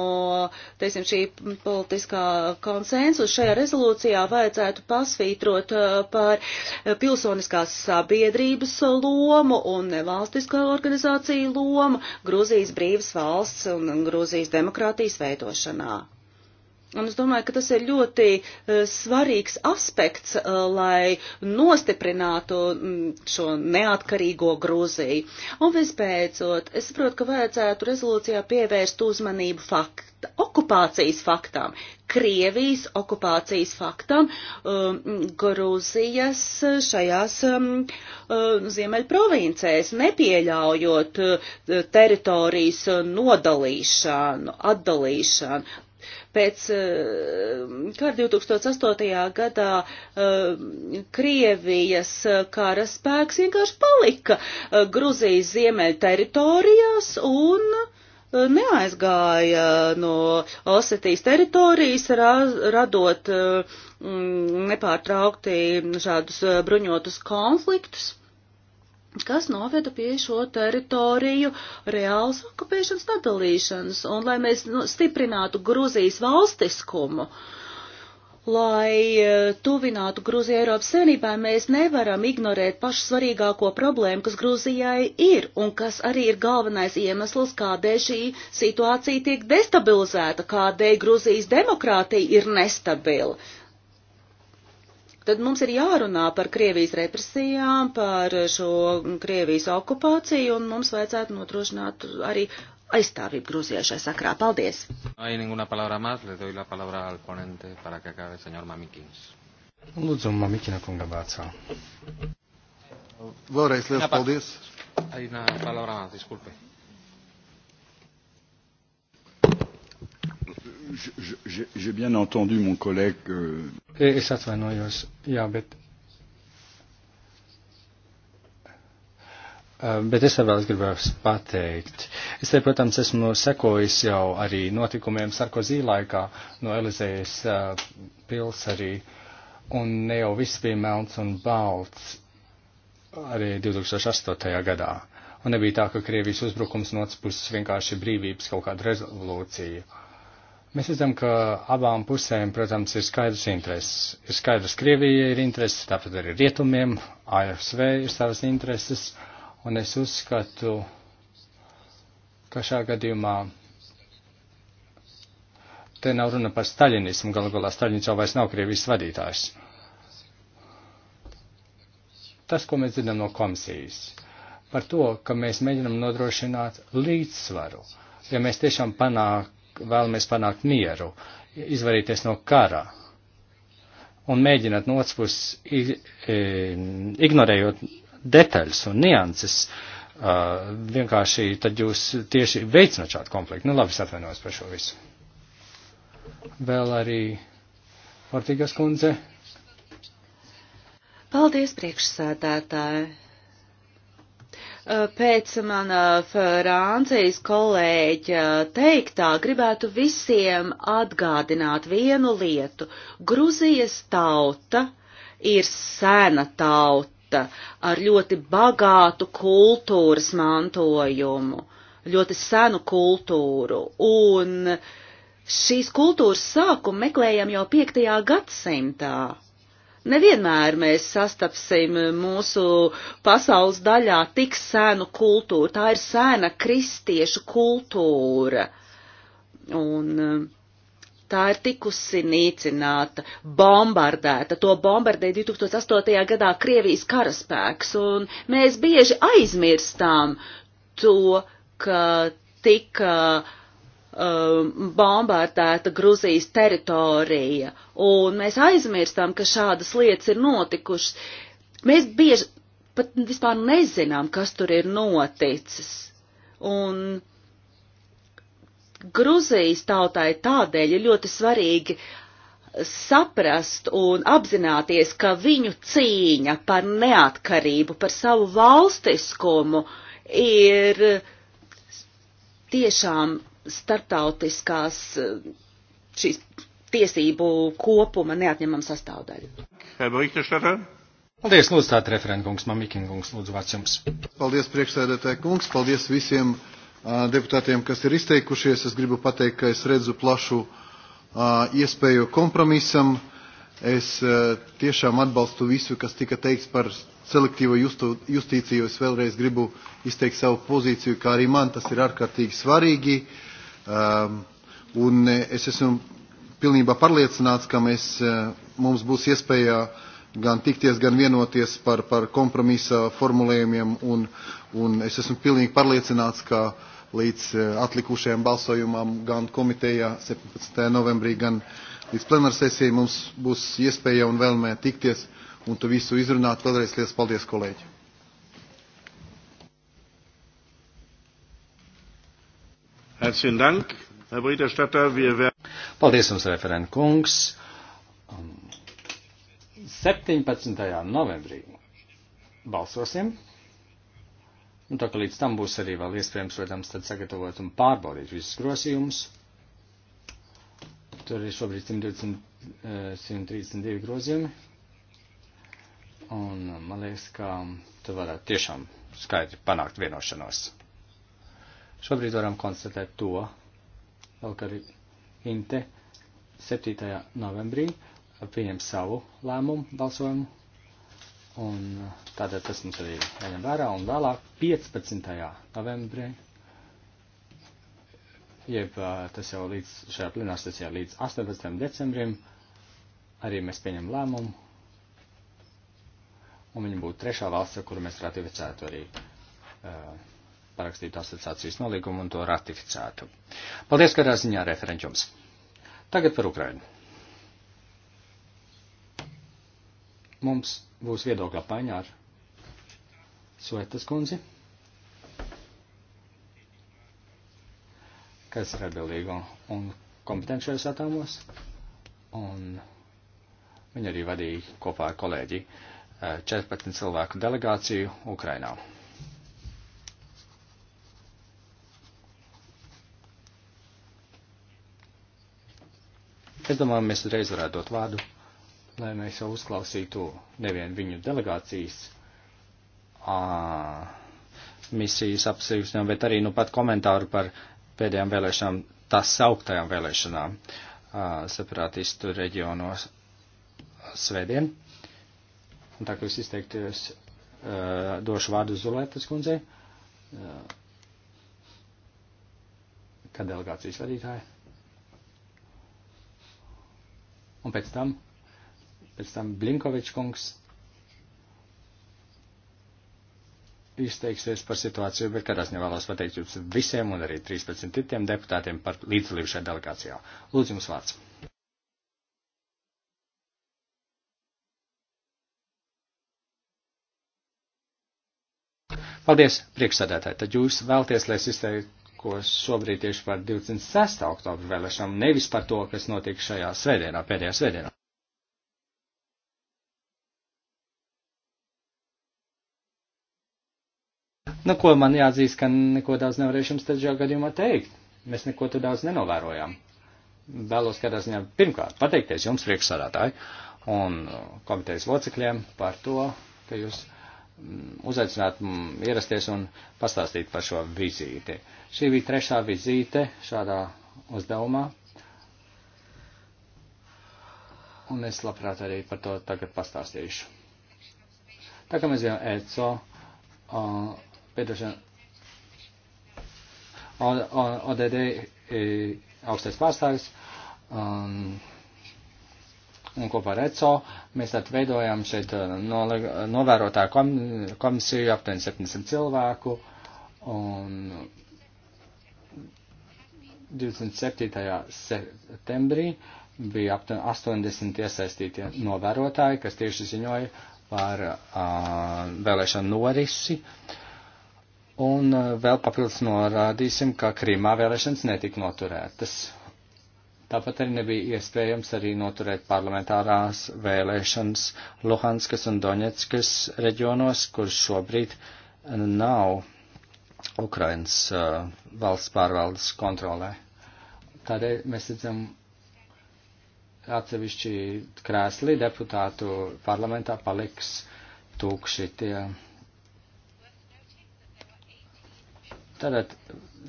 teiksim, šī politiskā konsensus šajā rezolūcijā vajadzētu pasvītrot eh, par pilsoniskās sabiedrības lomu un valstisko organizāciju organizāciju loma Grūzijas brīvas valsts un Grūzijas demokrātijas veidošanā. Un es domāju, ka tas ir ļoti eh, svarīgs aspekts, eh, lai nostiprinātu mm, šo neatkarīgo Grūziju. Un visbeidzot, es saprotu, ka vajadzētu rezolūcijā pievērst uzmanību fakta, okupācijas faktām, Krievijas okupācijas faktam um, Grūzijas eh, šajās um, ziemeļprovincēs, nepieļaujot uh, teritorijas nodalīšanu, atdalīšanu. Pēc eh, kā 2008. gadā eh, Krievijas eh, kara spēks vienkārši palika Gruzijas ziemeļ teritorijās un neaizgāja no Osetijas teritorijas, radot mm, nepārtraukti šādus bruņotus konfliktus kas noveda pie šo teritoriju reāls okupēšanas nadalīšanas, un lai mēs nu, stiprinātu Gruzijas valstiskumu, lai e, tuvinātu Gruziju Eiropas Savienībai, mēs nevaram ignorēt pašu svarīgāko problēmu, kas Gruzijai ir, un kas arī ir galvenais iemesls, kādēļ šī situācija tiek destabilizēta, kādēļ Gruzijas demokrātija ir nestabila tad mums ir jārunā par Krievijas represijām, par šo Krievijas okupāciju, un mums vajadzētu nodrošināt arī aizstāvību Grūzijā šai sakrā. Paldies! Lūdzu, Mamikina kunga vārdsā. Vēlreiz liels paldies. Hay una palabra más, disculpe. J'ai bien entendu mon collègue. Euh... Eh, es atvainojos, jā, bet. Eh, bet es vēl es gribēju pateikt. Es te, protams, esmu sekojis jau arī notikumiem Sarkozī laikā no Elizējas uh, eh, pils arī, un ne jau viss bija melns un balts arī 2008. gadā. Un nebija tā, ka Krievijas uzbrukums no otras puses vienkārši brīvības kaut kāda rezolūcija. Uh, Mēs redzam, ka abām pusēm, protams, ir skaidrs intereses. Ir skaidrs, Krievija ir intereses, tāpat arī rietumiem, ASV ir savas intereses, un es uzskatu, ka šā gadījumā te nav runa par staļinismu, galu galā staļins jau vairs nav Krievijas vadītājs. Tas, ko mēs dzirdam no komisijas, par to, ka mēs mēģinam nodrošināt līdzsvaru, ja mēs tiešām panāk vēlamies panākt mieru, izvairīties no kara. Un mēģināt no otras puses, e, ignorējot detaļas un nianses, vienkārši tad jūs tieši veicināt šādu konfliktu. Nu labi, es atvainojos par šo visu. Vēl arī Ortigas kundze. Paldies, priekšsēdētāji! Pēc mana Francijas kolēģa teiktā gribētu visiem atgādināt vienu lietu. Gruzijas tauta ir sena tauta ar ļoti bagātu kultūras mantojumu, ļoti senu kultūru. Un šīs kultūras sākumu meklējam jau 5. gadsimtā. Nevienmēr mēs sastapsim mūsu pasaules daļā tik sēnu kultūru. Tā ir sēna kristiešu kultūra. Un, eh, tā ir tikusi nīcināta, bombardēta. To bombardēja 2008. gadā Krievijas karaspēks, un mēs bieži aizmirstām to, ka tika uh, um, bombardēta Gruzijas teritorija, un mēs aizmirstam, ka šādas lietas ir notikušas. Mēs bieži pat vispār nezinām, kas tur ir noticis. Un Gruzijas tautai tādēļ ir ļoti svarīgi saprast un apzināties, ka viņu cīņa par neatkarību, par savu valstiskumu ir tiešām startautiskās eh, šīs tiesību kopuma neatņemama sastāvdaļa. Paldies, lūdzu, tāt referentkungs, mamikingungs, lūdzu, vārds jums. Paldies, priekšsēdētāji kungs, paldies visiem uh, deputātiem, kas ir izteikušies. Es gribu pateikt, ka es redzu plašu uh, iespēju kompromisam. Es uh, tiešām atbalstu visu, kas tika teikts par selektīvo justu, justīciju. Es vēlreiz gribu izteikt savu pozīciju, kā arī man tas ir ārkārtīgi svarīgi. Uh, Um, un e, es esmu pilnībā pārliecināts, ka mēs, e, mums būs iespēja gan tikties, gan vienoties par, par kompromisa formulējumiem, un, un es esmu pilnīgi pārliecināts, ka līdz e, atlikušajam balsojumam gan komitejā 17. novembrī, gan līdz plenārsesijai mums būs iespēja un vēlmē tikties un to visu izrunāt. Vēlreiz liels paldies, kolēģi! Herzlichen Dank, Herr Berichterstatter. Wir werden. Paldies jums, referent kungs. 17. Um, novembrī balsosim. Un tā kā līdz tam būs arī vēl iespējams, protams, tad sagatavot un pārbaudīt visus grozījumus. Tur ir šobrīd 120, 132 eh, grozījumi. Un eh, man liekas, ka tu varētu tiešām skaidri panākt vienošanos. Šobrīd varam konstatēt to, vēl ka arī Inte 7. novembrī pieņem savu lēmumu balsojumu, un tātad tas mums arī jāņem vērā, un vēlāk 15. novembrī, jeb tas jau līdz šajā plenārsesijā līdz 18. decembrim, arī mēs pieņem lēmumu, un viņa būtu trešā valsts, ar kuru mēs ratificētu arī. Uh, parakstītu asociācijas nolīgumu un to ratificētu. Paldies, kādā ziņā referenčums. Tagad par Ukrainu. Mums būs viedokļa apmaiņa ar Svetas kundzi, kas ir atbildīga un kompetenta šajos jautājumos, un viņa arī vadīja kopā ar kolēģi 14 eh, cilvēku delegāciju Ukrainā. Es domāju, mēs uzreiz varētu dot vārdu, lai mēs jau uzklausītu nevienu viņu delegācijas ā, misijas apsīvšanām, bet arī nu pat komentāru par pēdējām vēlēšanām, tās sauktajām vēlēšanām separātistu reģionos svētdien. Un tā kā jūs izteikties, došu vārdu Zulētas kundzei, kā delegācijas vadītāja. un pēc tam, pēc tam Blinkovičs kungs izteiksies par situāciju, bet kādās nevēlos pateikt jums visiem un arī 13 citiem deputātiem par līdzdalību šajā delegācijā. Lūdzu jums vārds. Paldies, priekšsādātāji. Tad jūs vēlties, lai es izteiktu ko šobrīd tieši par 26. oktobru vēlēšanām, nevis par to, kas notiek šajā svētdienā, pēdējā svētdienā. Nu, ko man jāatzīst, ka neko daudz nevarēšu jums tajā gadījumā teikt. Mēs neko te daudz nenovērojām. Vēlos kādā ziņā pirmkārt pateikties jums priekšsādātāji un komitejas locekļiem par to, ka jūs Mm, uzaicināt mm, ierasties un pastāstīt par šo vizīti. Šī bija trešā vizīte šādā uzdevumā. Un es labprāt arī par to tagad pastāstīšu. Tā kā mēs zinām ECO, uh, piedošana, ODD e, augstais pārstāvis, um, un kopā ar ECO mēs tad veidojam šeit uh, novērotāju komisiju aptuveni 700 cilvēku un 27. septembrī bija aptuveni 80 iesaistītie novērotāji, kas tieši ziņoja par uh, vēlēšanu norisi. Un uh, vēl papildus norādīsim, ka Krīmā vēlēšanas netika noturētas. Tāpat arī nebija iespējams arī noturēt parlamentārās vēlēšanas Luhanskas un Doņetskas reģionos, kur šobrīd nav Ukrainas uh, valsts pārvaldes kontrolē. Tādēļ mēs redzam atsevišķi krēsli deputātu parlamentā paliks tūkši tie. Tātad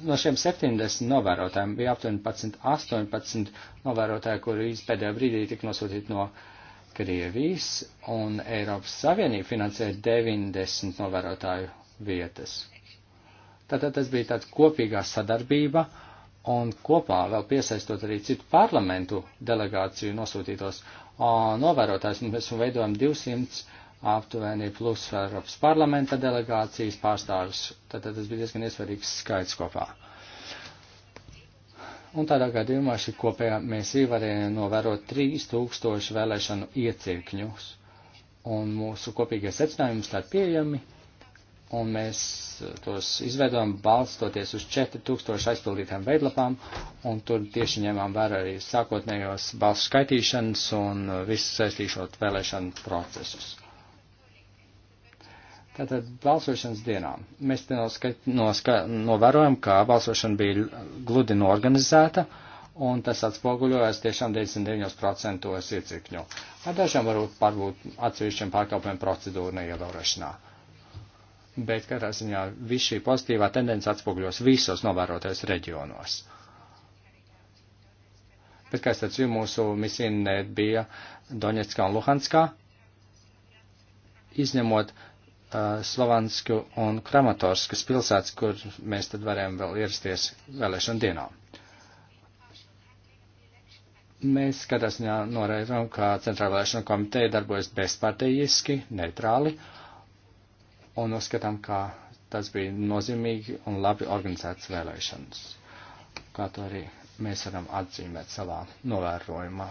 no šiem 70 novērotājiem bija aptuveni 18 novērotāji, kuri pēdējā brīdī tika nosūtīti no Krievijas, un Eiropas Savienība finansēja 90 novērotāju vietas. Tātad tas bija tāds kopīgā sadarbība, un kopā vēl piesaistot arī citu parlamentu delegāciju nosūtītos novērotājus, mēs veidojam 200 aptuveni plus Eiropas parlamenta delegācijas pārstāvis. Tātad tas bija diezgan iesvarīgs skaits kopā. Un tādā gadījumā šī kopējā mēs varējām novērot 3000 vēlēšanu iecirkņus. Un mūsu kopīgie secinājumi starp pieejami, un mēs tos izveidojam balstoties uz 4000 aizpildītām veidlapām, un tur tieši ņemām vērā arī sākotnējos balsu skaitīšanas un visus saistīšot vēlēšanu procesus. Tātad balsošanas dienām mēs te novērojam, ka balsošana bija gludi norganizēta, un tas atspoguļojas tiešām 99% iecikņu. Ar dažiem varbūt pārbūt atsevišķiem pārkāpumiem procedūru neievērošanā. Bet katrā ziņā viss šī pozitīvā tendence atspoguļos visos novērotais reģionos. Bet, kā es teicu, mūsu misija nebija Doņetskā un Luhanskā, izņemot Uh, Slovansku un Kramatorskas pilsētas, kur mēs tad varējām vēl ierasties vēlēšana dienā. Mēs katrā ziņā noraidām, ka Centrāla vēlēšana komiteja darbojas bezparteijiski, neitrāli, un uzskatām, ka tas bija nozīmīgi un labi organizēts vēlēšanas, kā to arī mēs varam atzīmēt savā novērojumā.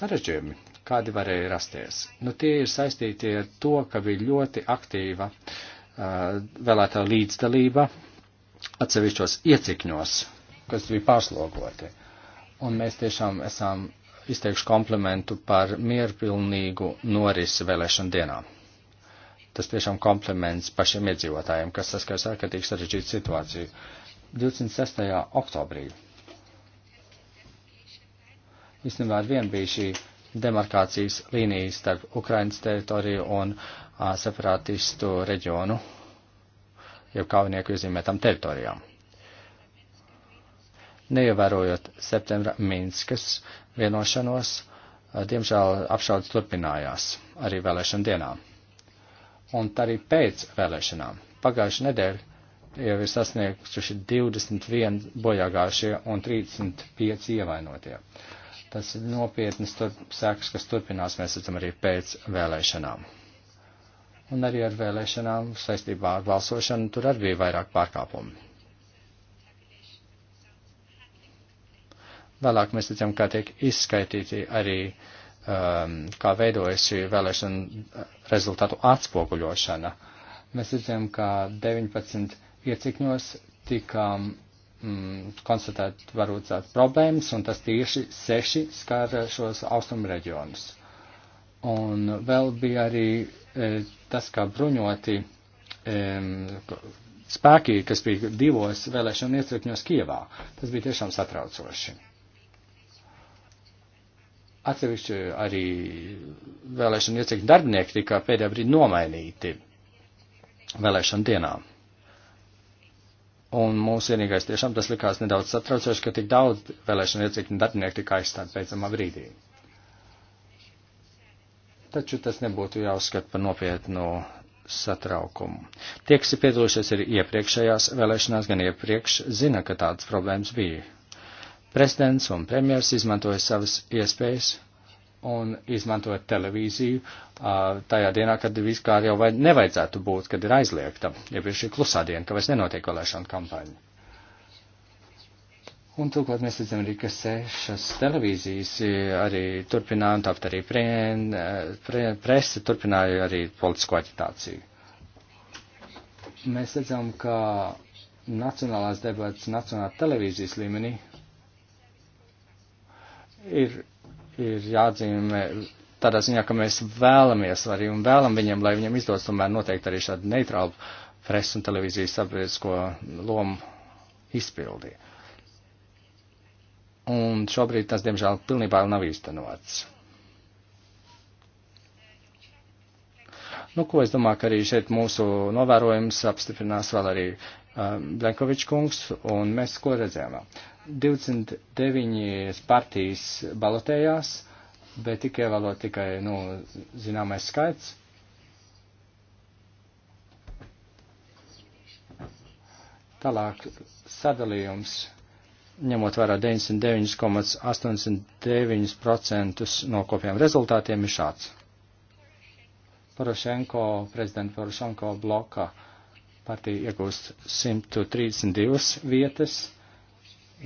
Sarežģījumi kādi varēja rasties. Nu, tie ir saistīti ar to, ka bija ļoti aktīva uh, vēlētā līdzdalība atsevišķos iecikņos, kas bija pārslogoti. Un mēs tiešām esam izteikšu komplementu par mierpilnīgu norisi vēlēšanu dienā. Tas tiešām komplements pašiem iedzīvotājiem, kas saskars ar katīgi sarežģītu situāciju. 26. oktobrī. Īstenībā ar vienu bija šī demarkācijas līnijas starp Ukrainas teritoriju un a, separātistu reģionu, jeb kaujinieku iezīmētām teritorijām. Neievērojot septembra Minskas vienošanos, a, diemžēl apšaudas turpinājās arī vēlēšana dienā. Un arī pēc vēlēšanām pagājuši nedēļu jau ir sasnieguši 21 bojāgājušie un 35 ievainotie. Uh, Tas ir nopietnas sēkas, kas turpinās, mēs redzam, arī pēc vēlēšanām. Un arī ar vēlēšanām saistībā ar balsošanu tur arī bija vairāk pārkāpumu. Vēlāk mēs redzam, kā tiek izskaitīti arī, um, kā veidojas šī vēlēšana uh, rezultātu atspoguļošana. Mēs redzam, ka 19 iecikņos tika um, mm, konstatēt varbūt tādas problēmas, un tas tieši seši skar šos austrumu reģionus. Un vēl bija arī e, tas, kā bruņoti e, spēki, kas bija divos vēlēšanu iecirkņos Kievā. Tas bija tiešām satraucoši. Atsevišķi arī vēlēšanu iecirkņu darbinieki tika pēdējā brīdī nomainīti vēlēšanu dienām. Un mūsu vienīgais tiešām tas likās nedaudz satraucoši, ka tik daudz vēlēšana iecikņu darbinieku tika aizstāti beidzamā brīdī. Taču tas nebūtu jāuzskata par nopietnu satraukumu. Tie, kas ir piedalījušies arī iepriekšējās vēlēšanās, gan iepriekš zina, ka tādas problēmas bija. Prezidents un premjers izmantoja savas iespējas un izmantojot televīziju tajā dienā, kad vispār jau vai nevajadzētu būt, kad ir aizliegta, ja ir šī klusā diena, ka vairs nenotiek vēlēšana kampaņa. Un turklāt mēs redzam arī, ka sešas televīzijas arī turpināja, un tāpat arī pre, pre, presa turpināja arī politisko aģitāciju. Mēs redzam, ka nacionālās debats nacionālā televīzijas līmenī ir ir jāatzīmē tādā ziņā, ka mēs vēlamies arī un vēlam viņiem, lai viņiem izdodas tomēr noteikti arī šādu neitrālu presu un televīzijas sabiedrisko lomu izpildi. Un šobrīd tas, diemžēl, pilnībā nav īstenots. Nu, ko es domāju, ka arī šeit mūsu novērojums apstiprinās vēl arī um, Blenkovičs kungs, un mēs ko redzējām. Uh, 29 partijas balotējās, bet tika ievēlot tikai, nu, zināmais skaits. Tālāk sadalījums, ņemot vērā 99,89% no kopiem rezultātiem, ir šāds. Porošenko, prezidenta Porošenko bloka partija iegūst 132 vietas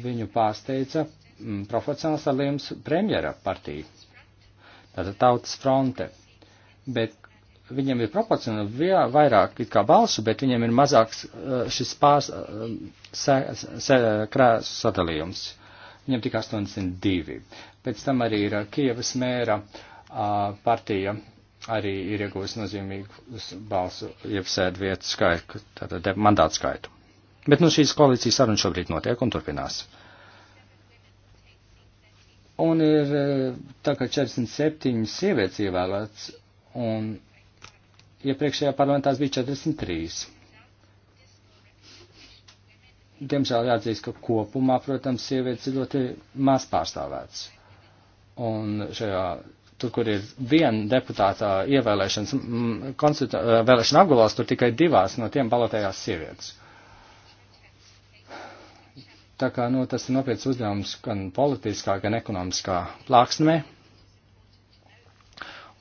viņu pārsteidza mm, profesionāls alījums premjera partija, tātad tautas fronte. Bet viņam ir proporcionāli vairāk it kā balsu, bet viņam ir mazāks eh, šis pārs eh, krēsu sadalījums. Viņam tikai 802. Pēc tam arī ir Kievas mēra partija arī ir iegūst nozīmīgu balsu, jeb sēdvietu skaitu, tātad mandātu skaitu. Bet nu šīs koalīcijas saruna šobrīd notiek un turpinās. Un ir e, tā, ka 47 sievietes ievēlēts, un iepriekšējā ja parlamentās bija 43. Diemžēl jāatzīst, ka kopumā, protams, sievietes ir ļoti maz pārstāvētas. Un šajā, tur, kur ir viena deputāta ievēlēšanas, m, e, vēlēšana apgabalās, tur tikai divās no tiem balotējās sievietes. Tā kā nu, tas ir nopietns uzdevums gan politiskā, gan ekonomiskā plāksnē.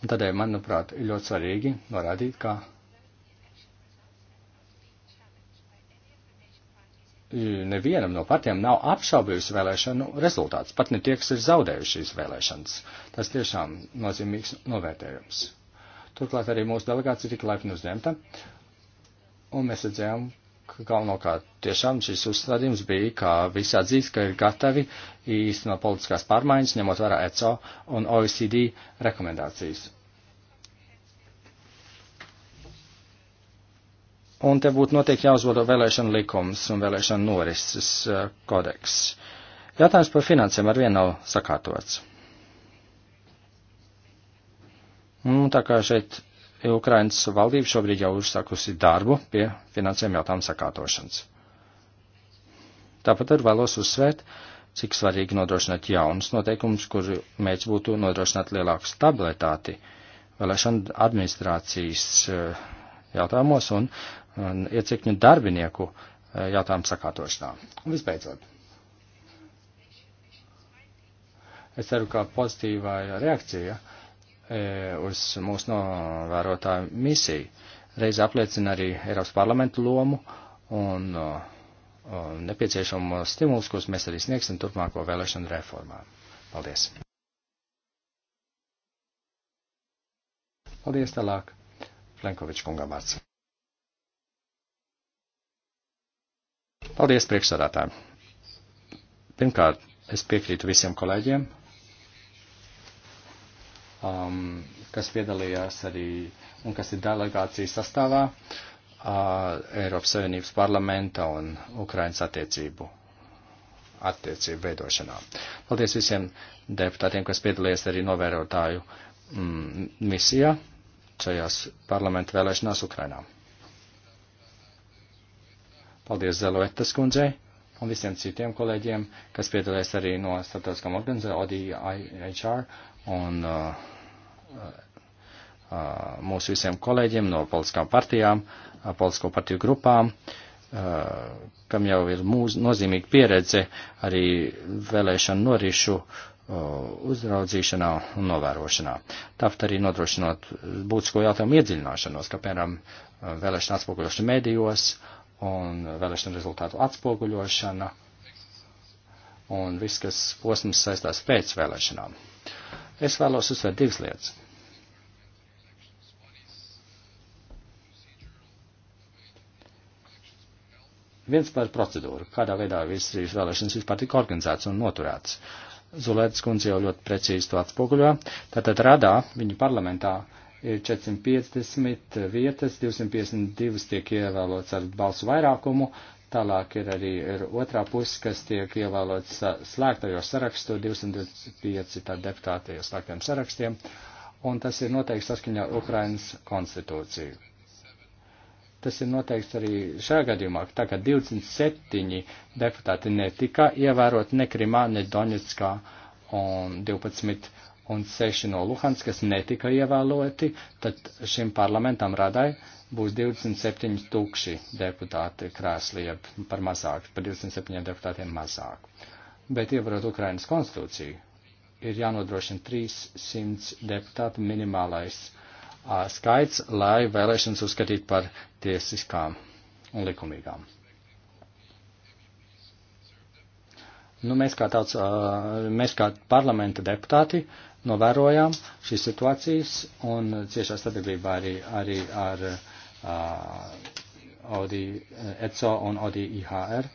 Un tādēļ, manuprāt, ir ļoti svarīgi norādīt, ka nevienam no partijām nav apšaubījusi vēlēšanu rezultāts, pat ne tie, kas ir zaudējuši šīs vēlēšanas. Tas tiešām nozīmīgs novērtējums. Turklāt arī mūsu delegācija tika laipni uzņemta, un mēs redzējām, galvenokārt tiešām šis uzstādījums bija, ka visi atzīst, ka ir gatavi īstenot politiskās pārmaiņas, ņemot vērā ECO un OECD rekomendācijas. Un te būtu noteikti jāuzvada vēlēšana likums un vēlēšana norises eh, kodeks. Jautājums par finansēm ar vienu nav sakārtots. Un nu, tā kā šeit Ukrainas valdība šobrīd jau uzsākusi darbu pie finansējuma jautājuma sakārtošanas. Tāpat arī vēlos uzsvērt, cik svarīgi nodrošināt jaunus noteikumus, kuru mērķis būtu nodrošināt lielāku stabilitāti vēlēšana administrācijas eh, jautājumos un iecikņu darbinieku eh, jautājumu sakārtošanā. Un visbeidzot. Es ceru, ka pozitīvā reakcija uh, E, uz mūsu novērotāju misiju. Reiz apliecina arī Eiropas parlamentu lomu un nepieciešamo stimulus, kurus mēs arī sniegsim turpmāko vēlēšanu reformā. Paldies! Paldies tālāk! Plenkovičs kungam vārds. Paldies priekšsādātājiem! Pirmkārt, es piekrītu visiem kolēģiem um, kas piedalījās arī un kas ir delegācijas sastāvā uh, Eiropas Savienības parlamenta un Ukrainas attiecību attiecību veidošanā. Paldies visiem deputātiem, kas piedalījās arī novērotāju mm, misijā šajās parlamenta vēlēšanās Ukrainā. Paldies Zeloetas kundzei un visiem citiem kolēģiem, kas piedalījās arī no starptautiskām organizācijām ODIHR un uh, mūsu visiem kolēģiem no politiskām partijām, politisko partiju grupām, kam jau ir mūs, nozīmīga pieredze arī vēlēšanu norīšu uzraudzīšanā un novērošanā. Tāpat arī nodrošinot būtisko jautājumu iedziļināšanos, kā piemēram vēlēšana atspoguļošana medijos un vēlēšana rezultātu atspoguļošana un viss, kas posms saistās pēc vēlēšanām. Es vēlos uzsvērt divas lietas. Viens par procedūru, kādā veidā visas šīs vēlēšanas vispār tika organizētas un noturētas. Zulētas kundze jau ļoti precīzi to atspoguļo. Tātad radā viņu parlamentā ir 450 vietas, 252 tiek ievēlots ar balsu vairākumu, tālāk ir arī ir otrā puse, kas tiek ievēlots slēgtajos sarakstos, 225 tā deputāti slēgtiem sarakstiem, un tas ir noteikti saskaņā Ukrainas konstitūciju Tas ir noteikts arī šajā gadījumā, tā kā 27 deputāti netika ievērot ne Krimā, ne Doņetskā un 12 un 6 no Luhanskas netika ievēloti, tad šim parlamentam radai būs 27 tūkši deputāti krēsli, ja par mazāk, par 27 deputātiem mazāk. Bet ievarot Ukrainas konstitūciju, ir jānodrošina 300 deputātu minimālais skaits, lai vēlēšanas uzskatītu par tiesiskām un likumīgām. Nu, mēs, kā tāds, mēs kā parlamenta deputāti novērojām šīs situācijas un ciešā sadarbībā arī, arī ar uh, ODI, ECO un ODIHR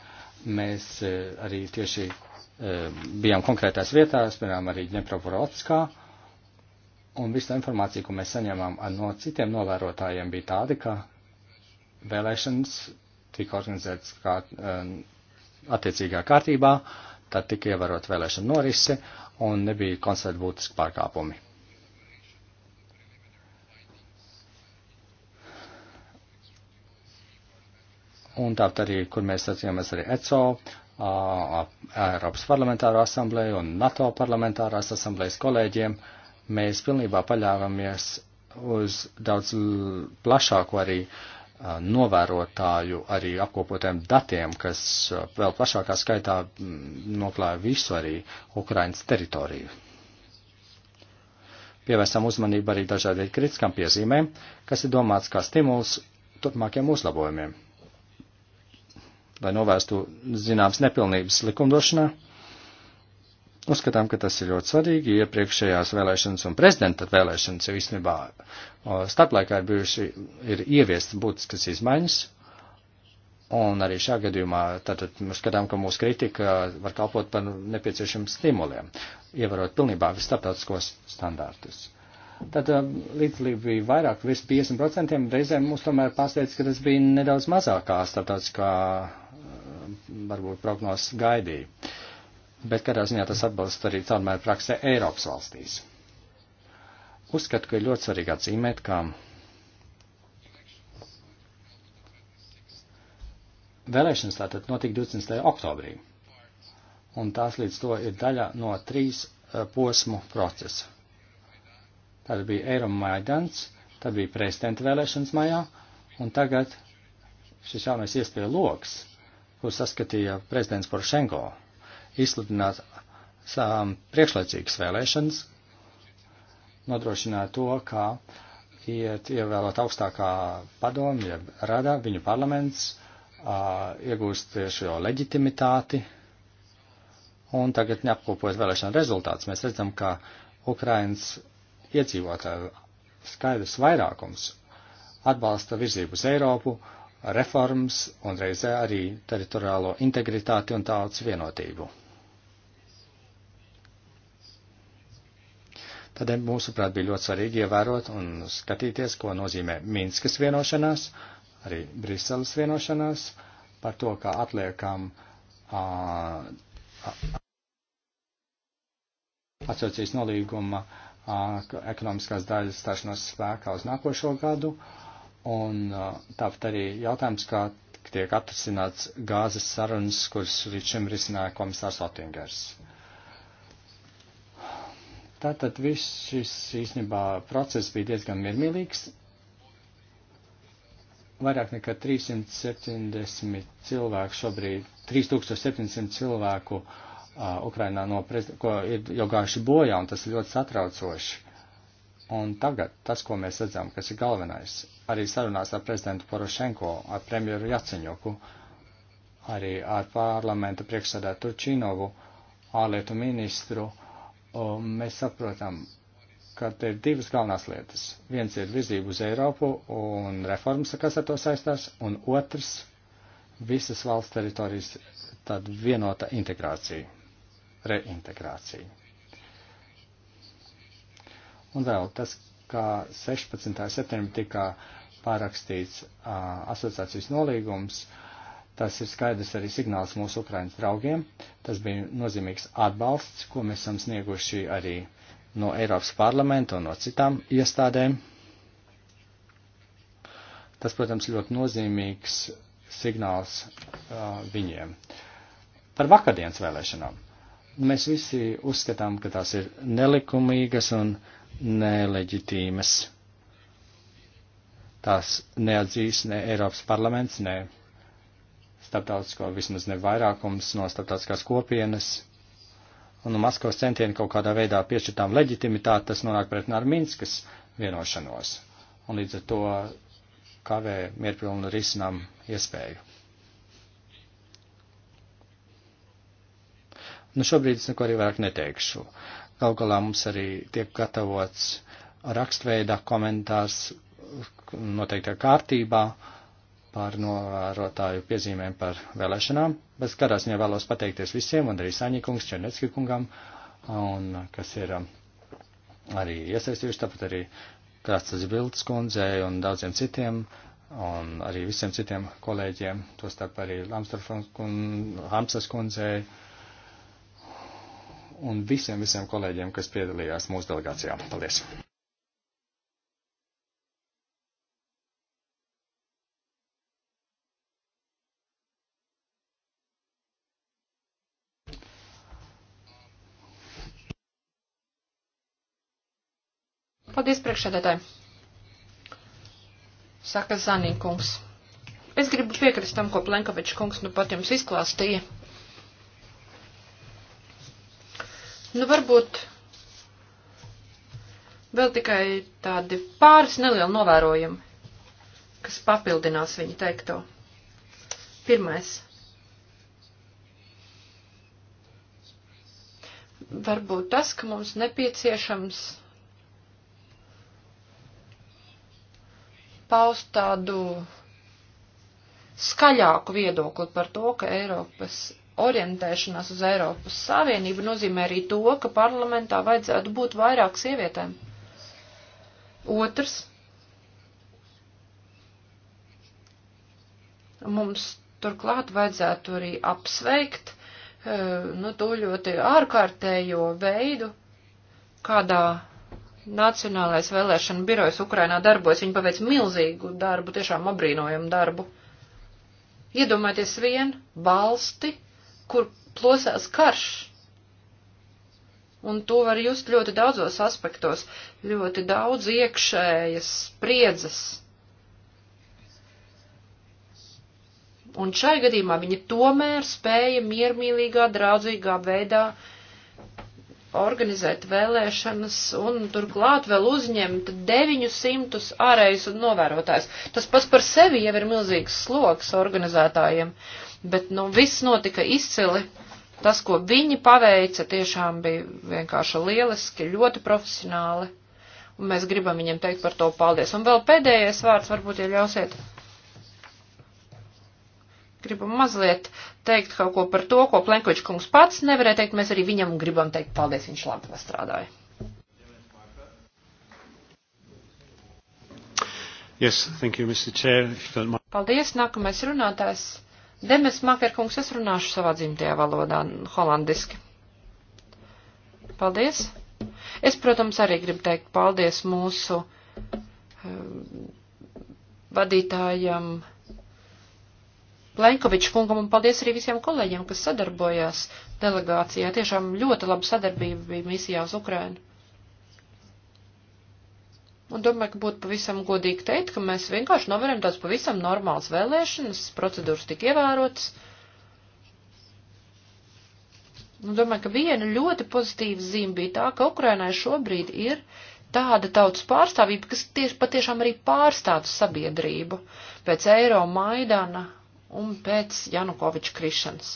mēs uh, arī tieši uh, bijām konkrētās vietās, piemēram, arī Dņeproprovotskā. Uh, Un visa informācija, ko mēs saņēmām no citiem novērotājiem, bija tāda, ka vēlēšanas tika organizētas kā, um, attiecīgā kārtībā, tad tika ievērot vēlēšana norisi un nebija konstatēti būtiski pārkāpumi. Un tāpat arī, kur mēs atcīmēs arī ECO, Eiropas parlamentāro asambleju un NATO parlamentārās asamblejas kolēģiem. Uh, mēs pilnībā paļāvāmies uz daudz plašāku arī novērotāju, arī apkopotiem datiem, kas vēl plašākā skaitā noklāja visu arī Ukrainas teritoriju. Pievērsām uzmanību arī dažādiem kritiskām piezīmēm, kas ir domāts kā stimuls turpmākiem uzlabojumiem. Lai novērstu zināmas nepilnības likumdošanā, Uzskatām, ka tas ir ļoti svarīgi. Iepriekšējās vēlēšanas un prezidenta vēlēšanas jau īstenībā starplaikā ir bijuši, ir ieviestas būtiskas izmaiņas. Un arī šā gadījumā tātad mēs skatām, ka mūsu kritika var kalpot par nepieciešamiem stimuliem, ievarot pilnībā visus starptautiskos standārtus. Tad um, līdzlība bija vairāk, virs 50%, reizēm mums tomēr pārsteidz, ka tas bija nedaudz mazākā starptautiskā, um, varbūt, prognozes gaidīja. Uh, bet kādā ziņā tas atbalsts arī caurmēr praksē Eiropas valstīs. Uzskatu, ka ir ļoti svarīgi atzīmēt, ka vēlēšanas tātad notika 20. oktobrī, un tās līdz to ir daļa no trīs eh, posmu procesa. Tad bija Eiromaidans, tad bija prezidenta vēlēšanas maijā, un tagad šis jaunais iespēja loks, kur saskatīja prezidents Poršenko izsludināt priekšlaicīgas vēlēšanas, nodrošināt to, ka iet ievēlot augstākā padomja, rada viņu parlaments, iegūst šo leģitimitāti, un tagad neapkopot vēlēšana rezultātus, mēs redzam, ka Ukrainas iedzīvotāju skaidrs vairākums atbalsta virzību uz Eiropu, reformas un reizē arī teritoriālo integritāti un tautas vienotību. Tādēļ mūsuprāt bija ļoti svarīgi ievērot un skatīties, ko nozīmē Minskas vienošanās, arī Briseles vienošanās par to, kā atliekam asociācijas nolīguma a, ekonomiskās daļas stāšanos spēkā uz nākošo gadu, un a, tāpat arī jautājums, kā tiek atrasināts gāzes sarunas, kuras līdz šim risināja komisārs Otingers. Tātad viss šis īstenībā process bija diezgan miermīlīgs. Vairāk nekā 370 cilvēku šobrīd, 3700 cilvēku uh, Ukrainā no ko ir jau gājuši bojā, un tas ir ļoti satraucoši. Un tagad tas, ko mēs redzam, kas ir galvenais, arī sarunās ar prezidentu Porošenko, ar premjeru Jaceņoku, arī ar parlamenta priekšsādātu Činovu, ārlietu ministru, uh, Un mēs saprotam, ka te ir divas galvenās lietas. Viens ir virzība uz Eiropu un reformas, kas ar to saistās, un otrs - visas valsts teritorijas tāda vienota integrācija, reintegrācija. Un vēl tas, kā 16. septembrī tika pārakstīts uh, asociācijas nolīgums, uh, Tas ir skaidrs arī signāls mūsu Ukraiņas draugiem. Tas bija nozīmīgs atbalsts, ko mēs esam snieguši arī no Eiropas parlamenta un no citām iestādēm. Tas, protams, ļoti nozīmīgs signāls uh, viņiem. Par vakardienas vēlēšanām. Mēs visi uzskatām, ka tās ir nelikumīgas un neleģitīmas. Tās neatzīs ne Eiropas parlaments, ne starptautisko, vismaz ne vairākums no starptautiskās kopienas. Un no Maskavas centieni kaut kādā veidā piešķirtām leģitimitāti, tas nonāk pretinā ar Minskas vienošanos. Un līdz ar to kavē mierpilnu risinām iespēju. Nu, šobrīd es neko arī vairāk neteikšu. Galu galā mums arī tiek gatavots rakstveida komentārs noteiktā kārtībā. Uh, par novērotāju piezīmēm par vēlēšanām, bet katrā ziņā vēlos pateikties visiem, un arī Saņikungs, Černecki kungam, un kas ir um, arī iesaistījuši, tāpat arī Krāstas Bildes kundzei un daudziem citiem, un arī visiem citiem kolēģiem, tostarp arī Lamstorfons kund, Hamsas kundzei, un visiem, visiem kolēģiem, kas piedalījās mūsu delegācijā. Paldies! Paldies priekšsēdētāji. Saka Zanīkungs. Es gribu piekrist tam, ko Plenkovičs kungs nu pat jums izklāstīja. Nu, varbūt vēl tikai tādi pāris nelieli novērojumi, kas papildinās viņa teikto. Pirmais. Varbūt tas, ka mums nepieciešams paust tādu skaļāku viedokli par to, ka Eiropas orientēšanās uz Eiropas Savienību nozīmē arī to, ka parlamentā vajadzētu būt vairāk sievietēm. Otrs. Mums turklāt vajadzētu arī apsveikt, eh, nu, to ļoti ārkārtējo veidu, kādā Nacionālais vēlēšana birojas Ukrainā darbojas, viņi paveic milzīgu darbu, tiešām abrīnojumu darbu. Iedomājieties vienu valsti, kur plosās karš. Un to var just ļoti daudzos aspektos, ļoti daudz iekšējas spriedzes. Un šai gadījumā viņi tomēr spēja miermīlīgā, draudzīgā veidā uh, organizēt vēlēšanas un turklāt vēl uzņemt 900 ārējus un novērotājus. Tas pats par sevi jau ir milzīgs sloks organizētājiem, bet nu viss notika izcili. Tas, ko viņi paveica, tiešām bija vienkārši lieliski, ļoti profesionāli. Un mēs gribam viņiem teikt par to paldies. Un vēl pēdējais vārds varbūt, ja ļausiet. Gribu mazliet teikt kaut ko par to, ko Plenkovičs kungs pats nevarēja teikt. Mēs arī viņam gribam teikt paldies, viņš labi pastrādāja. Yes, thank you, Mr. Chair. If you don't mind. Paldies, nākamais runātājs. Demes Makerkungs, es runāšu savā dzimtajā valodā, holandiski. Paldies. Es, protams, arī gribu teikt paldies mūsu uh, vadītājam. Um, Plenkoviču kungam un paldies arī visiem kolēģiem, kas sadarbojās delegācijā. Tiešām ļoti laba sadarbība bija misijā uz Ukrainu. Un domāju, ka būtu pavisam godīgi teikt, ka mēs vienkārši novērojam tādas pavisam normālas vēlēšanas, procedūras tika ievērotas. Un domāju, ka viena ļoti pozitīva zīme bija tā, ka Ukrainai šobrīd ir tāda tautas pārstāvība, kas tieši patiešām arī pārstāv sabiedrību pēc Eiro Maidana un pēc Janukoviča krišanas.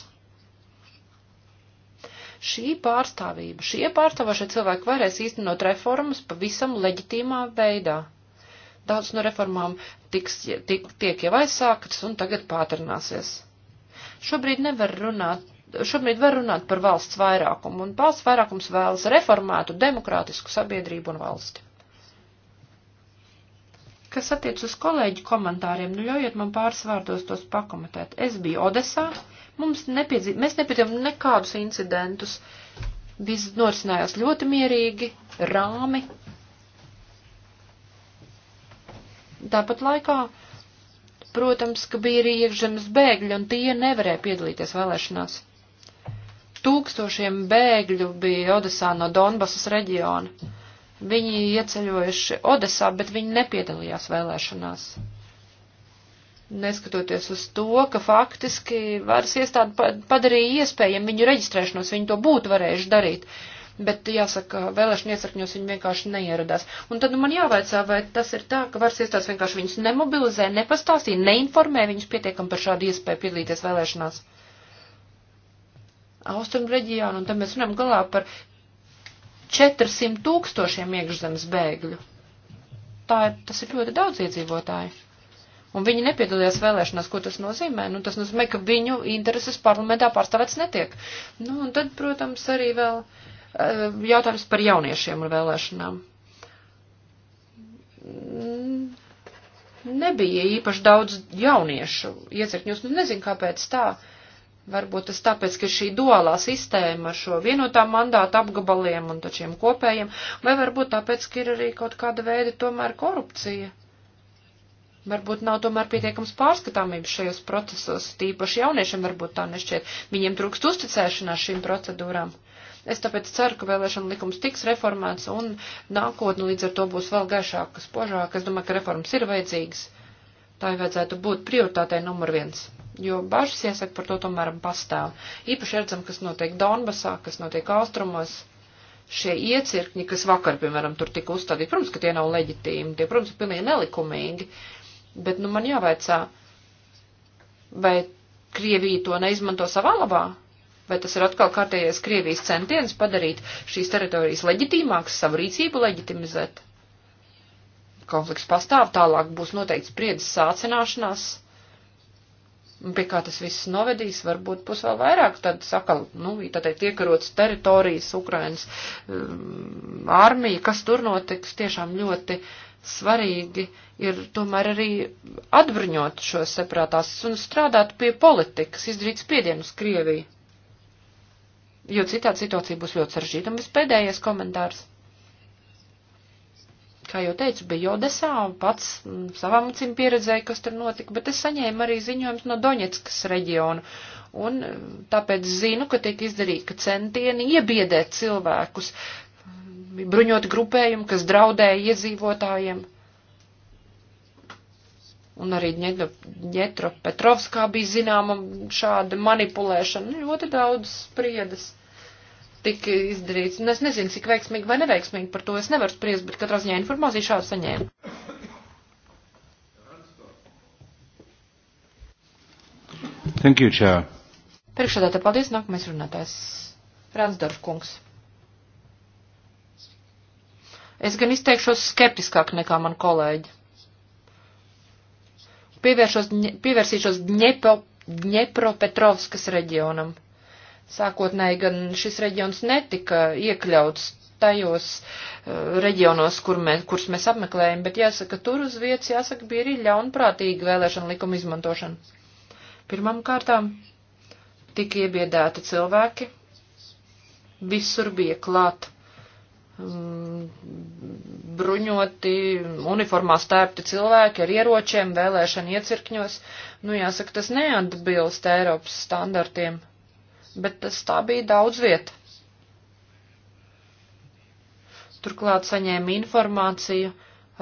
Šī pārstāvība, šie pārstāvošie cilvēki varēs īstenot reformas pavisam leģitīmā veidā. Daudz no reformām tiks, tik, tiek jau aizsāktas un tagad pātrināsies. Šobrīd nevar runāt šobrīd var runāt par valsts vairākumu, un valsts vairākums vēlas reformētu demokrātisku sabiedrību un valsti. Kas attiec uz kolēģu komentāriem, nu ļaujiet man pāris vārdos tos pakomentēt. Es biju Odesā, mums nepiedzīv, mēs nepiedzīvām nekādus incidentus. Viss norisinājās ļoti mierīgi, rāmi. Tāpat laikā, protams, ka bija arī iekšzemes bēgļi, un tie nevarēja piedalīties vēlēšanās. Tūkstošiem bēgļu bija Odesā no Donbasas reģiona Viņi ieceļojuši Odesā, bet viņi nepiedalījās vēlēšanās. Neskatoties uz to, ka faktiski varas iestāde padarīja iespējami viņu reģistrēšanos, viņi to būtu varējuši darīt. Bet, jāsaka, vēlēšana iesakņos viņi vienkārši neieradās. Un tad nu, man jāvaicā, vai tas ir tā, ka varas iestādes vienkārši viņus nemobilizē, nepastāstīja, neinformē viņus pietiekam par šādu iespēju piedalīties vēlēšanās austrumu reģionu, un tad mēs runājam galā par 400 tūkstošiem iekšzemes bēgļu. Tā ir, tas ir ļoti daudz iedzīvotāju. Un viņi nepiedalījās vēlēšanās, ko tas nozīmē. Nu, tas nozīmē, ka viņu intereses parlamentā pārstāvēts netiek. Nu, un tad, protams, arī vēl eh, jautājums par jauniešiem un vēlēšanām. Nebija īpaši daudz jauniešu iecirkņos, nu nezinu, kāpēc tā. Uh, Varbūt tas tāpēc, ka šī duālā sistēma ar šo vienotā mandāta apgabaliem un tačiem kopējiem, vai varbūt tāpēc, ka ir arī kaut kāda veida tomēr korupcija. Varbūt nav tomēr pietiekams pārskatāmības šajos procesos, tīpaši jauniešiem varbūt tā nešķiet. Viņiem trūkst uzticēšanās šīm procedūrām. Es tāpēc ceru, ka vēlēšana likums tiks reformēts un nākotne līdz ar to būs vēl gaišāka, spožāka. Es domāju, ka reformas ir vajadzīgas. Tā jau vajadzētu būt prioritātei numur viens jo bažas, iesaka, par to tomēr pastāv. Īpaši redzam, kas notiek Donbasā, kas notiek austrumos, šie iecirkņi, kas vakar, piemēram, tur tika uzstādīti, protams, ka tie nav leģitīmi, tie, protams, ir pilnīgi nelikumīgi, bet, nu, man jāvaicā, vai Krievija to neizmanto savā labā, vai tas ir atkal kārtējais Krievijas centiens padarīt šīs teritorijas leģitīmākas, savu rīcību leģitimizēt. Konflikts pastāv, tālāk būs noteikti spriedzes sācināšanās pie kā tas viss novedīs, varbūt būs vēl vairāk tad sakal, nu, tā teikt, iekarots teritorijas, Ukrainas um, armija, kas tur notiks, tiešām ļoti svarīgi ir tomēr arī atbruņot šos separātās un strādāt pie politikas, izdarīt spiedienu uz Krieviju. Jo citādi situācija būs ļoti saržģīta. Un vispēdējais komentārs kā jau teicu, bija Odesā, pats mm, savām acīm pieredzēju, kas tur notika, bet es saņēmu arī ziņojumus no Doņetskas reģiona. Un mm, tāpēc zinu, ka tiek izdarīti, ka centieni iebiedēt cilvēkus, mm, bruņot grupējumu, kas draudēja iedzīvotājiem. Un arī Ņetro Petrovskā bija zināma šāda manipulēšana, nu, ļoti daudz spriedas tika izdarīts. Un es nezinu, cik veiksmīgi vai neveiksmīgi par to es nevaru spriest, bet katrā ziņā informāciju šādu saņēmu. Thank you, Chair. Priekšādātā paldies, nākamais runātājs. Ransdorf kungs. Es gan izteikšos skeptiskāk nekā man kolēģi. Pievēršos, pievērsīšos Dņepo, Dņepropetrovskas reģionam. Sākotnēji gan šis reģions netika iekļauts tajos uh, reģionos, kur mēs, kurus mēs apmeklējam, bet jāsaka, tur uz vietas, jāsaka, bija arī ļaunprātīga vēlēšana likuma izmantošana. Pirmam kārtām tika iebiedēti cilvēki, visur bija klāt um, bruņoti, uniformā stēpti cilvēki ar ieročiem, vēlēšana iecirkņos. Nu, jāsaka, tas neatbilst Eiropas standartiem bet tas tā bija daudz vieta. Turklāt saņēma informāciju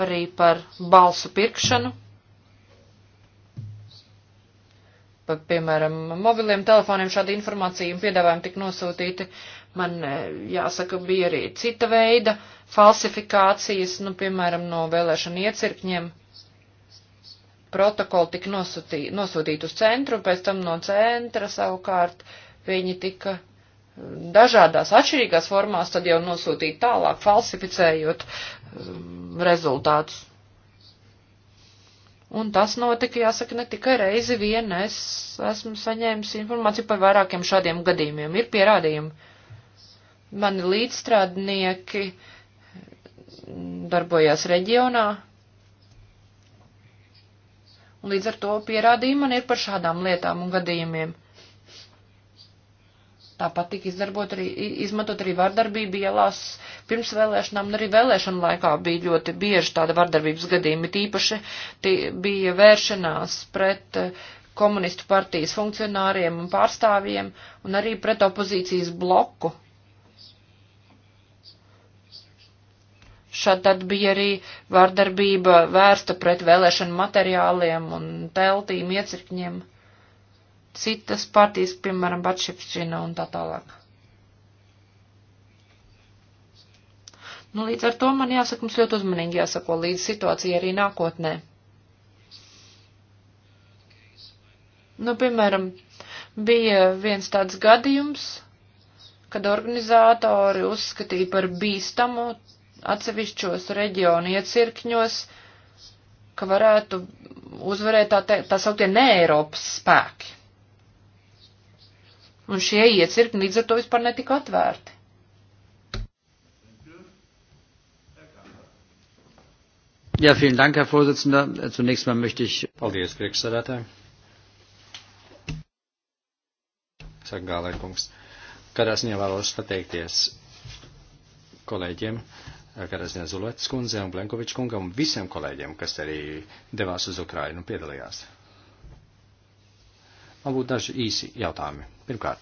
arī par balsu pirkšanu, pa, piemēram, mobiliem telefoniem šāda informācija un piedāvājumi tika nosūtīti. Man, e, jāsaka, bija arī cita veida falsifikācijas, nu, piemēram, no vēlēšana iecirkņiem. Protokoli tika nosūtīti nosūtīt uz centru, pēc tam no centra savukārt Viņi tika mm, dažādās atšķirīgās formās tad jau nosūtīt tālāk, falsificējot um, rezultātus. Un tas notika, jāsaka, ne tikai reizi vien, es esmu saņēmis informāciju par vairākiem šādiem gadījumiem, ir pierādījumi. Mani līdzstrādnieki mm, darbojās reģionā, un līdz ar to pierādījumi man ir par šādām lietām un gadījumiem. Tāpat tika izdarbūt arī, izmantot arī vardarbību ielās pirms vēlēšanām, un arī vēlēšana laikā bija ļoti bieži tāda vardarbības gadījumi, tīpaši tī bija vēršanās pret eh, komunistu partijas funkcionāriem un pārstāvjiem, un arī pret opozīcijas bloku. Šad tad bija arī vārdarbība vērsta pret vēlēšanu materiāliem un teltīm, iecirkņiem citas partijas, piemēram, Batševčina un tā tālāk. Nu, līdz ar to man jāsaka, mums ļoti uzmanīgi jāsako līdz situācijai arī nākotnē. Nu, piemēram, bija viens tāds gadījums, kad organizātori uzskatīja par bīstamu atsevišķos reģionu iecirkņos, ka varētu uzvarēt tā, te, tā sauktie ne Eiropas spēki. Un šie iecirkņi līdz ar to vispār netika atvērti. Ja, vielen Dank, Herr Vorsitzender. Zunächst mal möchte ich. Paldies, priekšsēdētāji. Saka Gālē kungs. Kādā ziņā vēlos pateikties kolēģiem, kādā ziņā Zulētas kundze un Blenkovičs kungam un visiem kolēģiem, kas arī devās uz Ukrainu un piedalījās. Man būtu daži īsi jautājumi. Pirmkārt,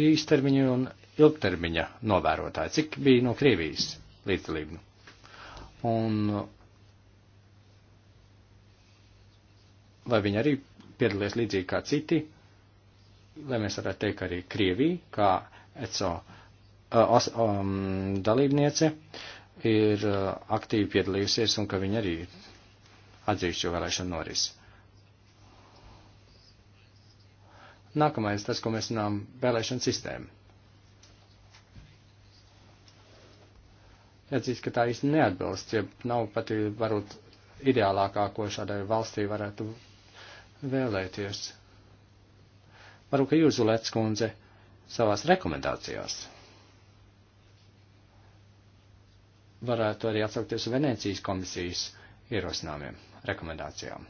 īstermiņa un ilgtermiņa novērotāji, cik bija no Krievijas līdzdalību? Un vai viņi arī piedalīties līdzīgi kā citi, lai mēs varētu teikt arī Krievija, kā ECO os, um, dalībniece, ir aktīvi piedalījusies un ka viņi arī ir atzīšķu vēlēšanu noris. Nākamais, tas, ko mēs runājam, vēlēšana sistēma. Jāatzīst, ka tā īsti neatbilst, ja nav pat varbūt ideālākā, ko šādai valstī varētu vēlēties. Varbūt, ka jūs, Lets kundze, savās rekomendācijās varētu arī atsaukties uz Venecijas komisijas ierosinājumiem rekomendācijām.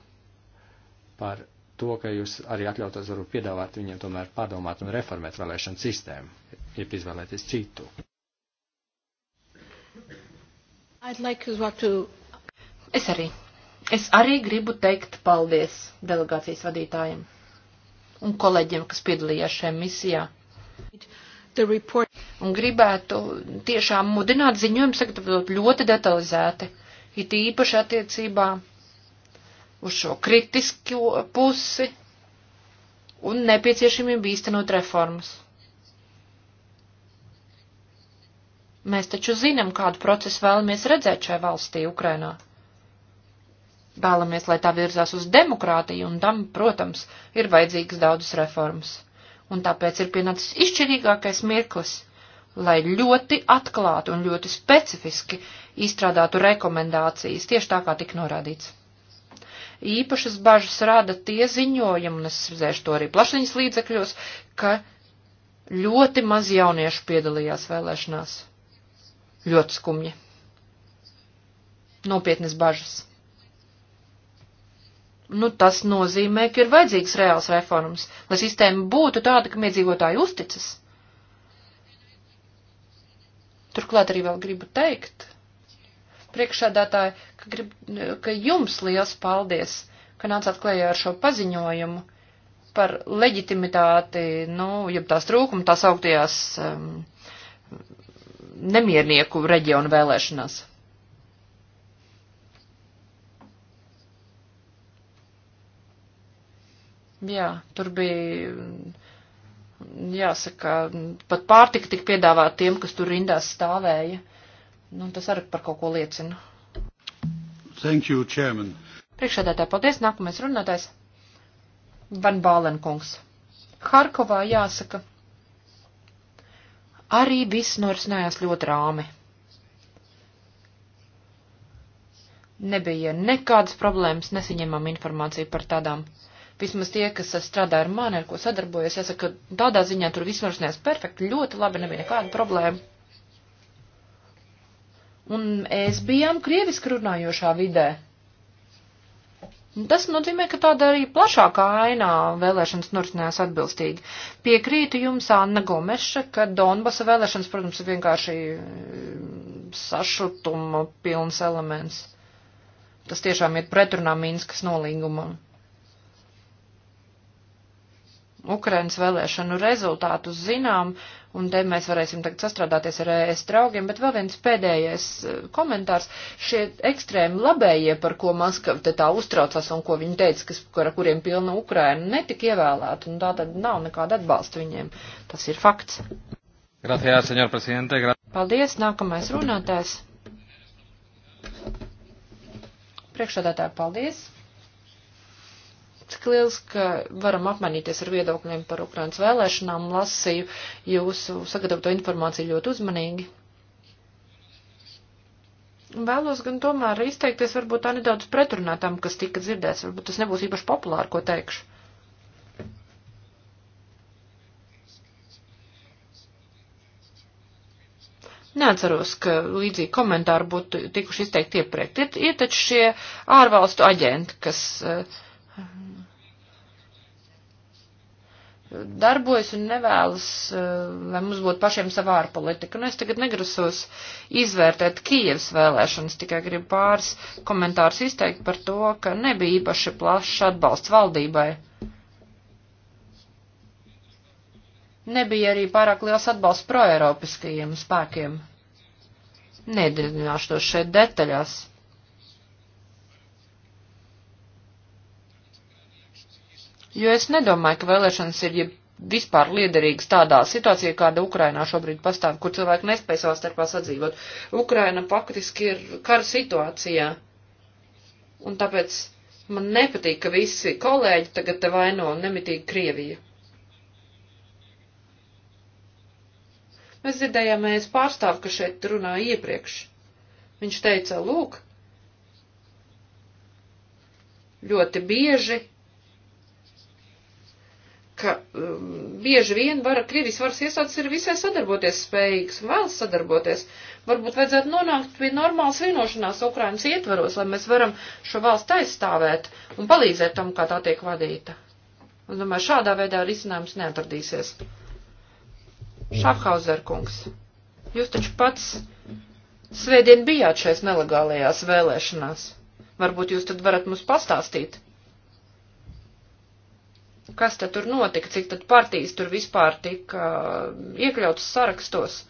Par to, ka jūs arī atļautos varbūt piedāvāt viņiem tomēr pārdomāt un reformēt vēlēšanu sistēmu, ja izvēlēties citu. I'd like to... Es arī. Es arī gribu teikt paldies delegācijas vadītājiem un kolēģiem, kas piedalījās šajā misijā. Un gribētu tiešām mudināt ziņojumu sagatavot ļoti detalizēti, it īpaši attiecībā uz šo kritisko pusi un nepieciešamību īstenot reformas. Mēs taču zinām, kādu procesu vēlamies redzēt šai valstī, Ukrainā. Vēlamies, lai tā virzās uz demokrātiju, un tam, protams, ir vajadzīgas daudzas reformas. Un tāpēc ir pienācis izšķirīgākais mirklis, lai ļoti atklāti un ļoti specifiski izstrādātu rekomendācijas, tieši tā kā tik norādīts īpašas bažas rada tie ziņojumi, un es redzēšu to arī plašiņas līdzekļos, ka ļoti maz jauniešu piedalījās vēlēšanās. Ļoti skumji. Nopietnas bažas. Nu, tas nozīmē, ka ir vajadzīgs reāls reformas, lai sistēma būtu tāda, kam iedzīvotāji uzticas. Turklāt arī vēl gribu teikt, priekšādātāji, ka, grib, ka jums liels paldies, ka nācāt klējā ar šo paziņojumu par leģitimitāti, nu, jeb tās trūkumu tās augtajās um, nemiernieku reģionu vēlēšanās. Jā, tur bija, jāsaka, pat pārtika tik piedāvāt tiem, kas tur rindās stāvēja. Uh, Nu, tas arī par kaut ko liecina. Thank you, Chairman. Priekšādātāji, paldies. Nākamais runātājs. Van Bālenkungs. Harkovā jāsaka, arī viss norisinājās ļoti rāmi. Nebija nekādas problēmas, nesaņemam informāciju par tādām. Vismaz tie, kas strādā ar mani, ar ko sadarbojos, jāsaka, tādā ziņā tur viss norisinājās perfekti, ļoti labi, nebija nekāda problēma un es bijām krieviski runājošā vidē. Tas nozīmē, ka tāda arī plašākā ainā vēlēšanas norisinājās atbilstīgi. Piekrītu jums, Anna Gomeša, ka Donbasa vēlēšanas, protams, ir vienkārši mm, sašutuma pilns elements. Tas tiešām ir pretrunā Minskas nolīgumam. Ukrainas vēlēšanu rezultātus zinām, uh, Un te mēs varēsim tagad sastrādāties ar ES draugiem, bet vēl viens pēdējais eh, komentārs. Šie ekstrēmi labējie, par ko Maskava te tā uztraucas un ko viņi teica, kas, ar kuriem pilna Ukraina, netika ievēlēta, un tā tad nav nekāda atbalsta viņiem. Tas ir fakts. Gracias, senor presidente. Gra Paldies, nākamais runātājs. Priekšādātāji, paldies cik liels, ka varam apmainīties ar viedokļiem par Ukrainas vēlēšanām. Lasīju jūsu sagatavoto informāciju ļoti uzmanīgi. Vēlos gan tomēr izteikties varbūt tā nedaudz pretrunā tam, kas tika dzirdēts. Varbūt tas nebūs īpaši populāri, ko teikšu. Neatceros, ka līdzīgi komentāri būtu tikuši izteikti iepriekš. Ir, ir taču šie ārvalstu aģenti, kas uh, darbojas un nevēlas, eh, lai mums būtu pašiem savā ārpolitika. Un nu, es tagad negrasos izvērtēt Kievas vēlēšanas, tikai gribu pāris komentārus izteikt par to, ka nebija īpaši plašs atbalsts valdībai. Nebija arī pārāk liels atbalsts proeiropiskajiem spēkiem. Nedrināšu to šeit detaļās jo es nedomāju, ka vēlēšanas ir ja vispār liederīgas tādā situācijā, kāda Ukrainā šobrīd pastāv, kur cilvēki nespēj savā starpā sadzīvot. Ukraina faktiski ir kara situācijā. Un tāpēc man nepatīk, ka visi kolēģi tagad te vaino nemitīgi Krieviju. Mēs dzirdējām, mēs pārstāv, ka šeit runāja iepriekš. Viņš teica, lūk, ļoti bieži ka um, bieži vien vara, Krievijas varas iestādes ir visai sadarboties spējīgas un vēlas sadarboties. Varbūt vajadzētu nonākt pie normālas vienošanās Ukrainas ietvaros, lai mēs varam šo valstu aizstāvēt un palīdzēt tam, kā tā tiek vadīta. Es domāju, šādā veidā risinājums neatradīsies. Šafhauser kungs, jūs taču pats svētdien bijāt šais nelegālajās vēlēšanās. Varbūt jūs tad varat mums pastāstīt? kas tad tur notika, cik tad partijas tur vispār tika uh, iekļautas sarakstos,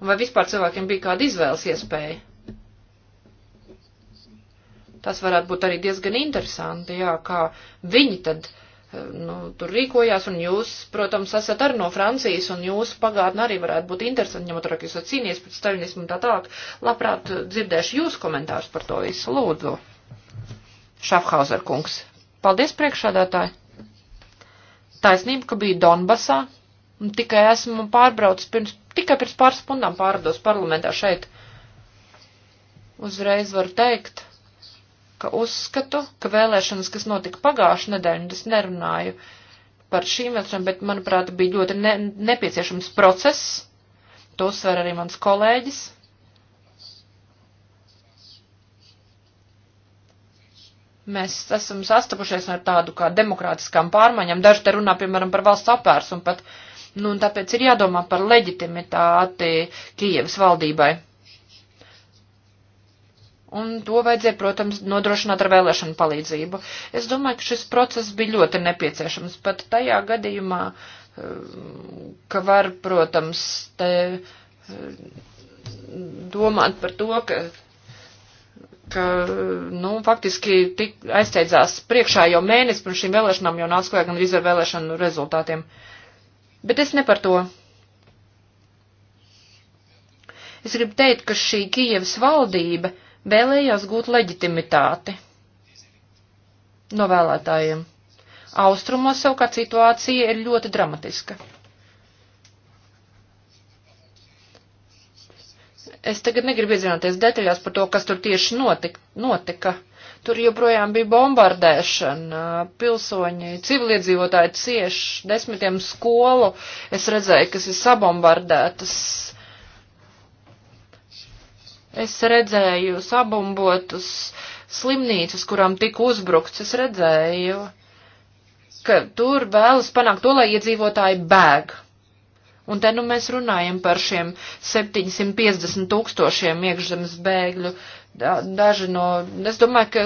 un vai vispār cilvēkiem bija kāda izvēles iespēja. Tas varētu būt arī diezgan interesanti, jā, kā viņi tad uh, nu, tur rīkojās, un jūs, protams, esat arī no Francijas, un jūsu pagātne arī varētu būt interesanti, ņemot vērā, ka jūs esat cīnījies pret staļinismu un tā tālāk. Labprāt uh, dzirdēšu jūsu komentārus par to visu. Lūdzu, Šafhauser kungs. Paldies, priekšādātāji! taisnība, ka biju Donbasā, un tikai esmu pārbraucis pirms, tikai pirms pāris stundām pārdos parlamentā šeit. Uzreiz varu teikt, ka uzskatu, ka vēlēšanas, kas notika pagājušajā nedēļā, un es nerunāju par šīm vēlēšanām, bet, manuprāt, bija ļoti ne, nepieciešams process, to uzsver arī mans kolēģis, Mēs esam sastapušies ar tādu kā demokrātiskām pārmaiņām. Daži te runā, piemēram, par valsts apvērs un pat, nu, un tāpēc ir jādomā par leģitimitāti Kijevas valdībai. Un to vajadzēja, protams, nodrošināt ar vēlēšanu palīdzību. Es domāju, ka šis process bija ļoti nepieciešams, pat tajā gadījumā, um, ka var, protams, te um, domāt par to, ka ka, nu, faktiski tik aizsteidzās priekšā jau mēnesi pirms šīm vēlēšanām, jau nāca klajā gan arī ar vēlēšanu rezultātiem. Bet es ne par to. Es gribu teikt, ka šī Kijevas valdība vēlējās gūt leģitimitāti no vēlētājiem. Austrumos savukārt situācija ir ļoti dramatiska. Es tagad negribu iedzināties detaļās par to, kas tur tieši notika. notika. Tur joprojām bija bombardēšana, pilsoņi, civiliedzīvotāji cieši, desmitiem skolu. Es redzēju, kas ir sabombardētas. Es redzēju sabombotus slimnīcas, kurām tika uzbrukts. Es redzēju, ka tur vēlas panākt to, lai iedzīvotāji bēg Un te nu mēs runājam par šiem 750 tūkstošiem iekšzemes bēgļu. Daži no, es domāju, ka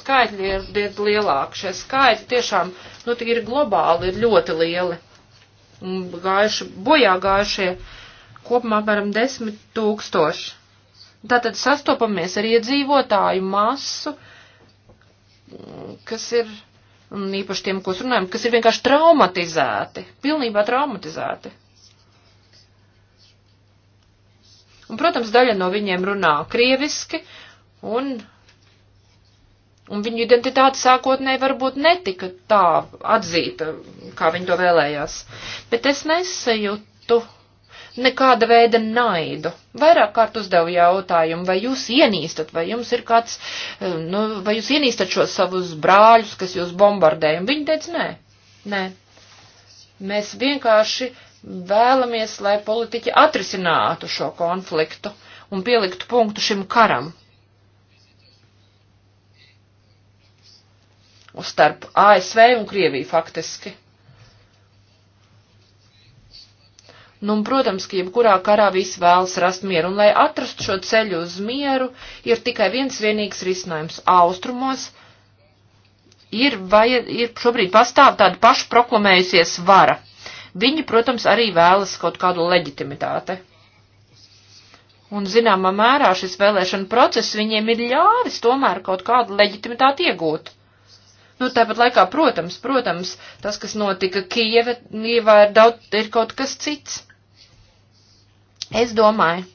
skaitļi ir diezgan lielāki. Šie skaitļi tiešām, nu, tie ir globāli, ir ļoti lieli. Un gājuši, bojā gājušie kopumā apmēram 10 tūkstoši. Tātad sastopamies ar iedzīvotāju masu, kas ir, un īpaši tiem, ko runājam, kas ir vienkārši traumatizēti, pilnībā traumatizēti. Un, protams, daļa no viņiem runā krieviski, un, un viņu identitāte sākotnēji varbūt netika tā atzīta, kā viņi to vēlējās. Bet es nesajūtu nekāda veida naidu. Vairāk kārt uzdevu jautājumu, vai jūs ienīstat, vai jums ir kāds, eh, nu, vai jūs ienīstat šos savus brāļus, kas jūs bombardē, un viņi teica, nē, nē. Mēs vienkārši vēlamies, lai politiķi atrisinātu šo konfliktu un pieliktu punktu šim karam. Uz starp ASV un Krieviju faktiski. Nu, un, protams, ka jebkurā karā visi vēlas rast mieru, un lai atrastu šo ceļu uz mieru, ir tikai viens vienīgs risinājums - austrumos ir, vai, ir šobrīd pastāv tāda paša proklamējusies vara viņi, protams, arī vēlas kaut kādu leģitimitāti. Un, zināmā mērā, šis vēlēšana process viņiem ir ļāvis tomēr kaut kādu leģitimitāti iegūt. Nu, tāpat laikā, protams, protams, tas, kas notika Kijeve, Nīvā ir daudz, ir kaut kas cits. Es domāju,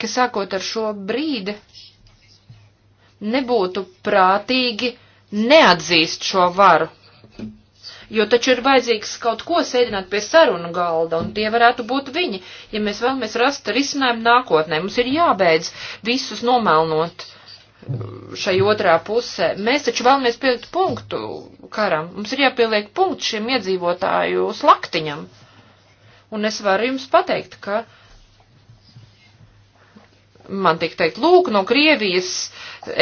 ka sākot ar šo brīdi, nebūtu prātīgi neatzīst šo varu jo taču ir vajadzīgs kaut ko sēdināt pie sarunu galda, un tie varētu būt viņi, ja mēs vēlamies rast risinājumu nākotnē. Mums ir jābeidz visus nomelnot uh, šai otrā pusē. Mēs taču vēlamies pielikt punktu karam. Mums ir jāpieliek punktu šiem iedzīvotāju slaktiņam. Un es varu jums pateikt, ka man tiek teikt, lūk, no Krievijas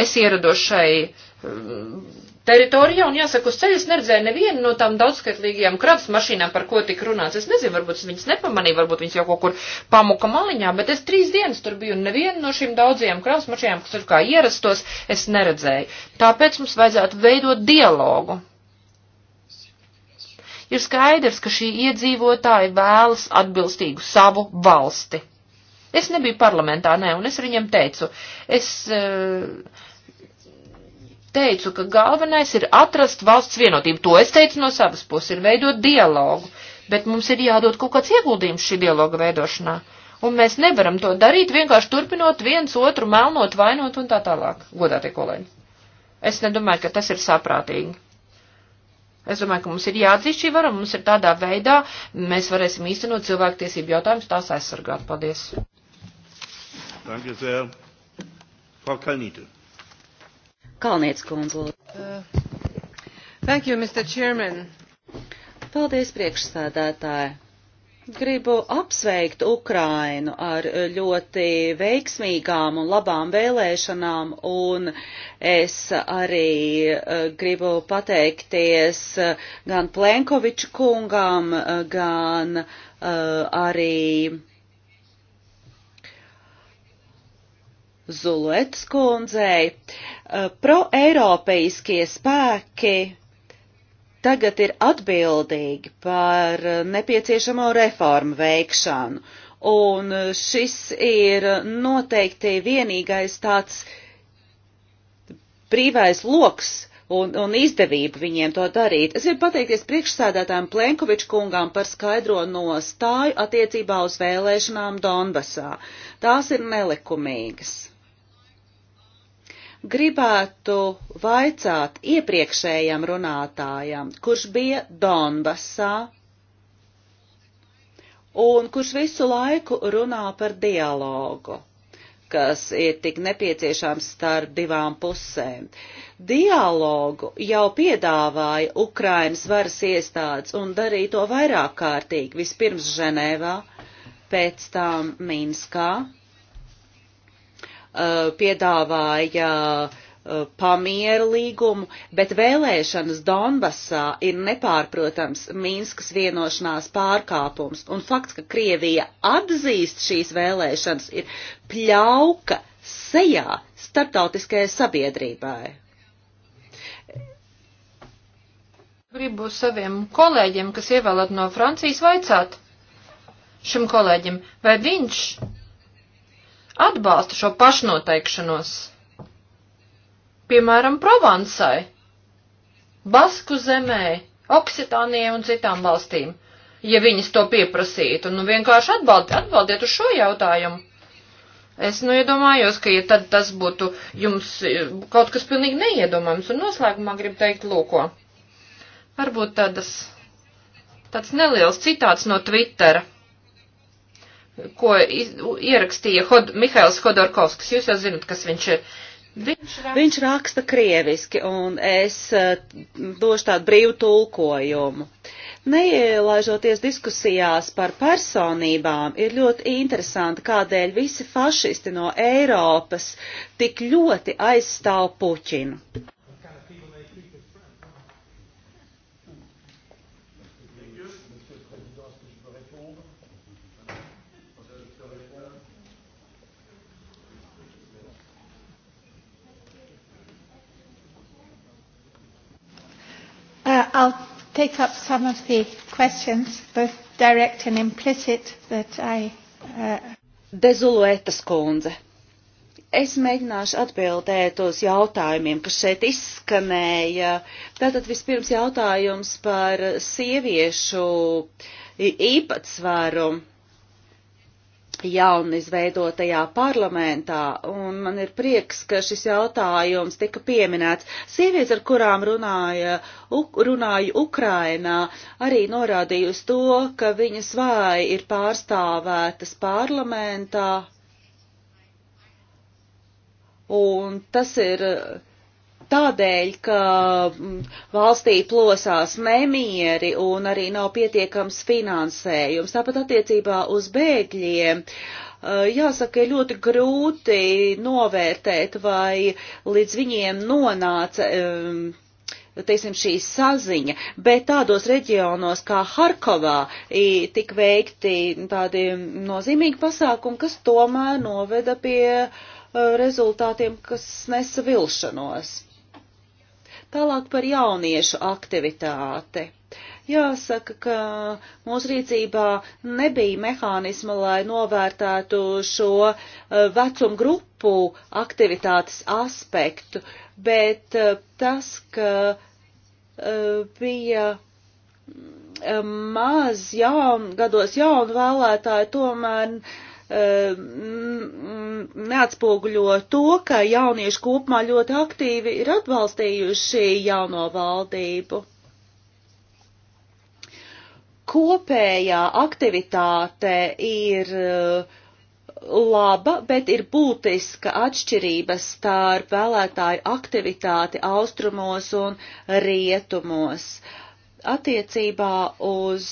es ierados šai uh, teritorijā, un jāsaka, uz ceļas neredzēju nevienu no tām daudzskaitlīgajām kravas mašīnām, par ko tik runāts. Es nezinu, varbūt es viņas nepamanīju, varbūt viņas jau kaut kur pamuka maliņā, bet es trīs dienas tur biju, un nevienu no šīm daudzajām kravas mašīnām, kas tur kā ierastos, es neredzēju. Tāpēc mums vajadzētu veidot dialogu. Ir skaidrs, ka šī iedzīvotāja vēlas atbilstīgu savu valsti. Es nebiju parlamentā, nē, un es viņam teicu, es. Uh, teicu, ka galvenais ir atrast valsts vienotību. To es teicu no savas puses, ir veidot dialogu, bet mums ir jādod kaut kāds ieguldījums šī dialoga veidošanā. Un mēs nevaram to darīt vienkārši turpinot viens otru melnot, vainot un tā tālāk, godātie kolēģi. Es nedomāju, ka tas ir saprātīgi. Es domāju, ka mums ir jāatzīst šī vara, mums ir tādā veidā, mēs varēsim īstenot cilvēktiesību jautājumus, tās aizsargāt. Paldies. Danke sehr. Frau Kalnīte. Kalniec kundze. Uh, thank you, Mr. Chairman. Paldies, priekšsādātāji. Gribu apsveikt Ukrainu ar ļoti veiksmīgām un labām vēlēšanām, un es arī uh, gribu pateikties uh, gan Plenkoviču kungam, uh, gan uh, arī Zuluetas kundzei. Eh, proeiropeiskie spēki tagad ir atbildīgi par eh, nepieciešamo reformu veikšanu. Un eh, šis ir noteikti vienīgais tāds brīvais loks, un, un izdevību viņiem to darīt. Es gribu pateikties priekšsēdētājiem Plenkoviču kungām par skaidro nostāju attiecībā uz vēlēšanām Donbasā. Tās ir nelikumīgas gribētu vaicāt iepriekšējam runātājam, kurš bija Donbasā un kurš visu laiku runā par dialogu, kas ir tik nepieciešams starp divām pusēm. Dialogu jau piedāvāja Ukrainas varas iestādes un darīja to vairāk kārtīgi, vispirms Ženēvā, pēc tam Minskā Uh, piedāvāja uh, pamieru līgumu, bet vēlēšanas Donbasā ir nepārprotams Mīnskas vienošanās pārkāpums, un fakts, ka Krievija atzīst šīs vēlēšanas, ir pļauka sejā starptautiskajai sabiedrībai. Gribu saviem kolēģiem, kas ievēlēt no Francijas, vaicāt šim kolēģim, vai viņš atbalsta šo pašnoteikšanos. Piemēram, Provansai, Basku zemē, Oksitānijai un citām valstīm, ja viņas to pieprasītu. Nu, vienkārši atbaldi, atbaldiet uz šo jautājumu. Es nu iedomājos, ka ja tad tas būtu jums e, kaut kas pilnīgi neiedomājams. Un noslēgumā gribu teikt, lūko, varbūt tādas, tāds neliels citāts no Twittera ko ierakstīja Hod Mihails Hodorkovskis. Jūs jau zinat, kas viņš ir. Viņš raksta, viņš raksta krieviski, un es eh, došu tādu brīvu tulkojumu. Neielaižoties diskusijās par personībām, ir ļoti interesanti, kādēļ visi fašisti no Eiropas tik ļoti aizstāv Puķinu. I'll take up some of the questions, both direct and implicit, that I. Uh... Dezuluetas kundze. Es mēģināšu atbildēt uz jautājumiem, kas šeit izskanēja. Tātad vispirms jautājums par sieviešu īpatsvaru jaunizveidotajā parlamentā, un man ir prieks, ka šis jautājums tika pieminēts. Sievietes, ar kurām runāja, uk, runāju Ukrainā, arī norādīja uz to, ka viņas vai ir pārstāvētas parlamentā, un tas ir tādēļ, ka mm, valstī plosās nemieri un arī nav pietiekams finansējums. Tāpat attiecībā uz bēgļiem. Eh, jāsaka, ir ļoti grūti novērtēt, vai līdz viņiem nonāca um, teiksim, šī saziņa, bet tādos reģionos kā Harkovā tik veikti tādi nozīmīgi pasākumi, kas tomēr noveda pie eh, rezultātiem, kas nesa vilšanos. Tālāk par jauniešu aktivitāti. Jāsaka, ka mūsu rīcībā nebija mehānisma, lai novērtētu šo eh, vecumu grupu aktivitātes aspektu, bet eh, tas, ka eh, bija mm, maz jaun, gados jaunu vēlētāju, tomēr Ehm, mm, neatspoguļo to, ka jaunieši kopumā ļoti aktīvi ir atbalstījuši jauno valdību kopējā aktivitāte ir eh, laba, bet ir būtiska atšķirība starp vēlētāju aktivitāti austrumos un rietumos. Attiecībā uz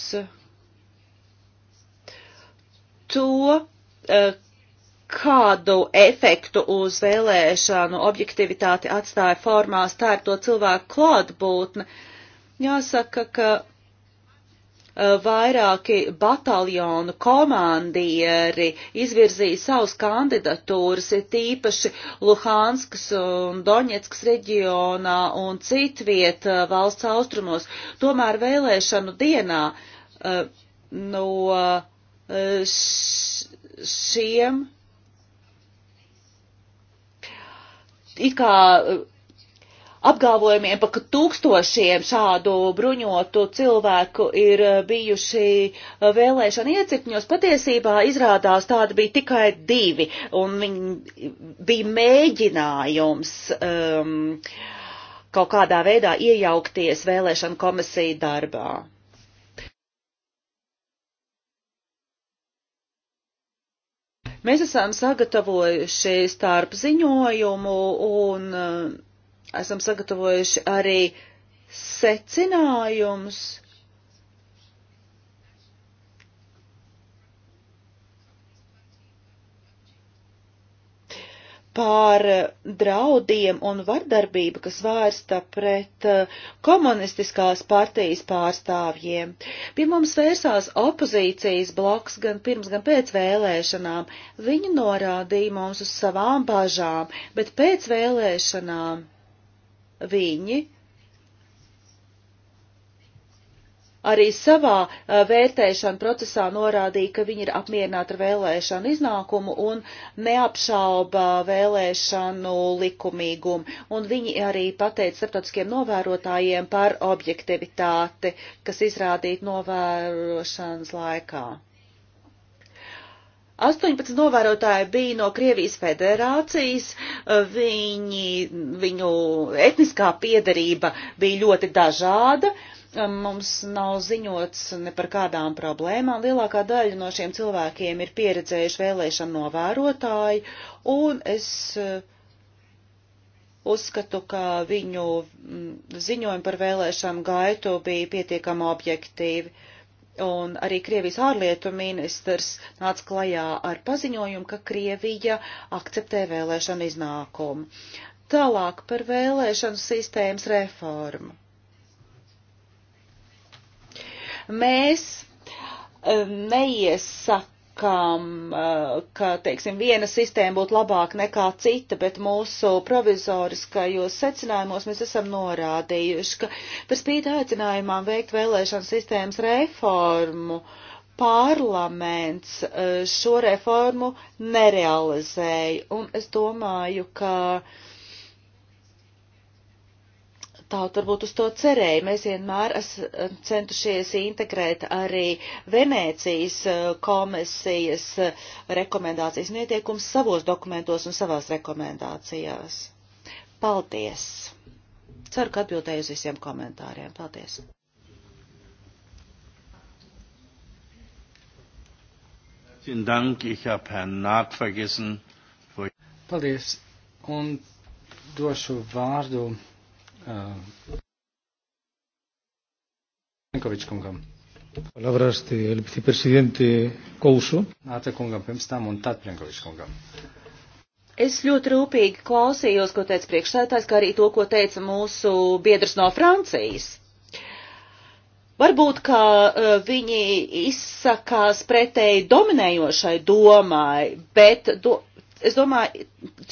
to, Eh, kādu efektu uz vēlēšanu objektivitāti atstāja formās, tā ir to cilvēku klātbūtne. Jāsaka, ka eh, vairāki bataljonu komandieri izvirzīja savus kandidatūras, ir tīpaši Luhanskas un Doņetskas reģionā un citviet eh, valsts austrumos. Tomēr vēlēšanu dienā no š šiem it kā uh, apgalvojumiem, pa tūkstošiem šādu bruņotu cilvēku ir uh, bijuši uh, vēlēšana iecirkņos, patiesībā izrādās tāda bija tikai divi, un viņi bija mēģinājums um, kaut kādā veidā iejaukties vēlēšana komisiju darbā. Mēs esam sagatavojuši starp ziņojumu un uh, esam sagatavojuši arī secinājumus par eh, draudiem un vardarbību, kas vērsta pret eh, komunistiskās partijas pārstāvjiem. Pie mums vērsās opozīcijas bloks gan pirms, gan pēc vēlēšanām. Viņi norādīja mums uz savām bažām, bet pēc vēlēšanām viņi arī savā eh, vērtēšana procesā norādīja, ka viņi ir apmierināti ar vēlēšanu iznākumu un neapšauba vēlēšanu likumīgumu. Un viņi arī pateica starptautiskiem novērotājiem par objektivitāti, kas izrādīta novērošanas laikā. 18 novērotāji bija no Krievijas federācijas, viņi, viņu etniskā piedarība bija ļoti dažāda, Mums nav ziņots ne par kādām problēmām. Lielākā daļa no šiem cilvēkiem ir pieredzējuši vēlēšanu novērotāji, un es eh, uzskatu, ka viņu mm, ziņojumi par vēlēšanu gaitu bija pietiekami objektīvi. Un arī Krievijas ārlietu ministrs nāca klajā ar paziņojumu, ka Krievija akceptē vēlēšanu iznākumu. Tālāk par vēlēšanu sistēmas reformu. Mēs eh, neiesakām, eh, ka, teiksim, viena sistēma būtu labāka nekā cita, bet mūsu provizoriskajos secinājumos mēs esam norādījuši, ka par spīti aicinājumām veikt vēlēšanu sistēmas reformu, parlaments eh, šo reformu nerealizēja. Un es domāju, ka uh, tauta varbūt uz to cerēja. Mēs vienmēr esam eh, centušies integrēt arī Venēcijas eh, komisijas eh, rekomendācijas un ieteikums savos dokumentos un savās rekomendācijās. Paldies! Ceru, ka atbildēju uz visiem komentāriem. Paldies! Paldies! Un došu vārdu Lenkovič kungam. Palabras del viceprezidente Kousu. Nāte kungam, pirms tam un tad Plenkovič kungam. Es ļoti rūpīgi klausījos, ko teica priekšsētājs, kā arī to, ko teica mūsu biedrs no Francijas. Varbūt, ka uh, viņi izsakās pretēji dominējošai domai, bet do, Es domāju,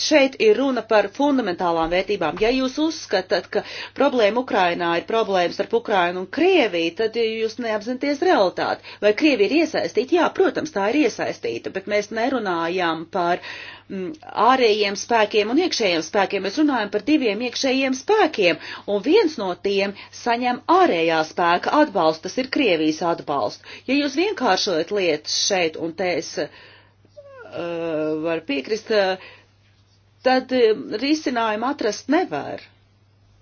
šeit ir runa par fundamentālām vērtībām. Ja jūs uzskatāt, ka problēma Ukrainā ir problēmas ar Ukrainu un Krieviju, tad jūs neapzināties realitāti. Vai Krievija ir iesaistīta? Jā, protams, tā ir iesaistīta, bet mēs nerunājam par mm, ārējiem spēkiem un iekšējiem spēkiem. Mēs runājam par diviem iekšējiem spēkiem, un viens no tiem saņem ārējā spēka atbalstu, tas ir Krievijas atbalsts. Ja jūs vienkāršojat lietas šeit un te es. Uh, Eh, var piekrist, eh, tad eh, risinājumu atrast nevar.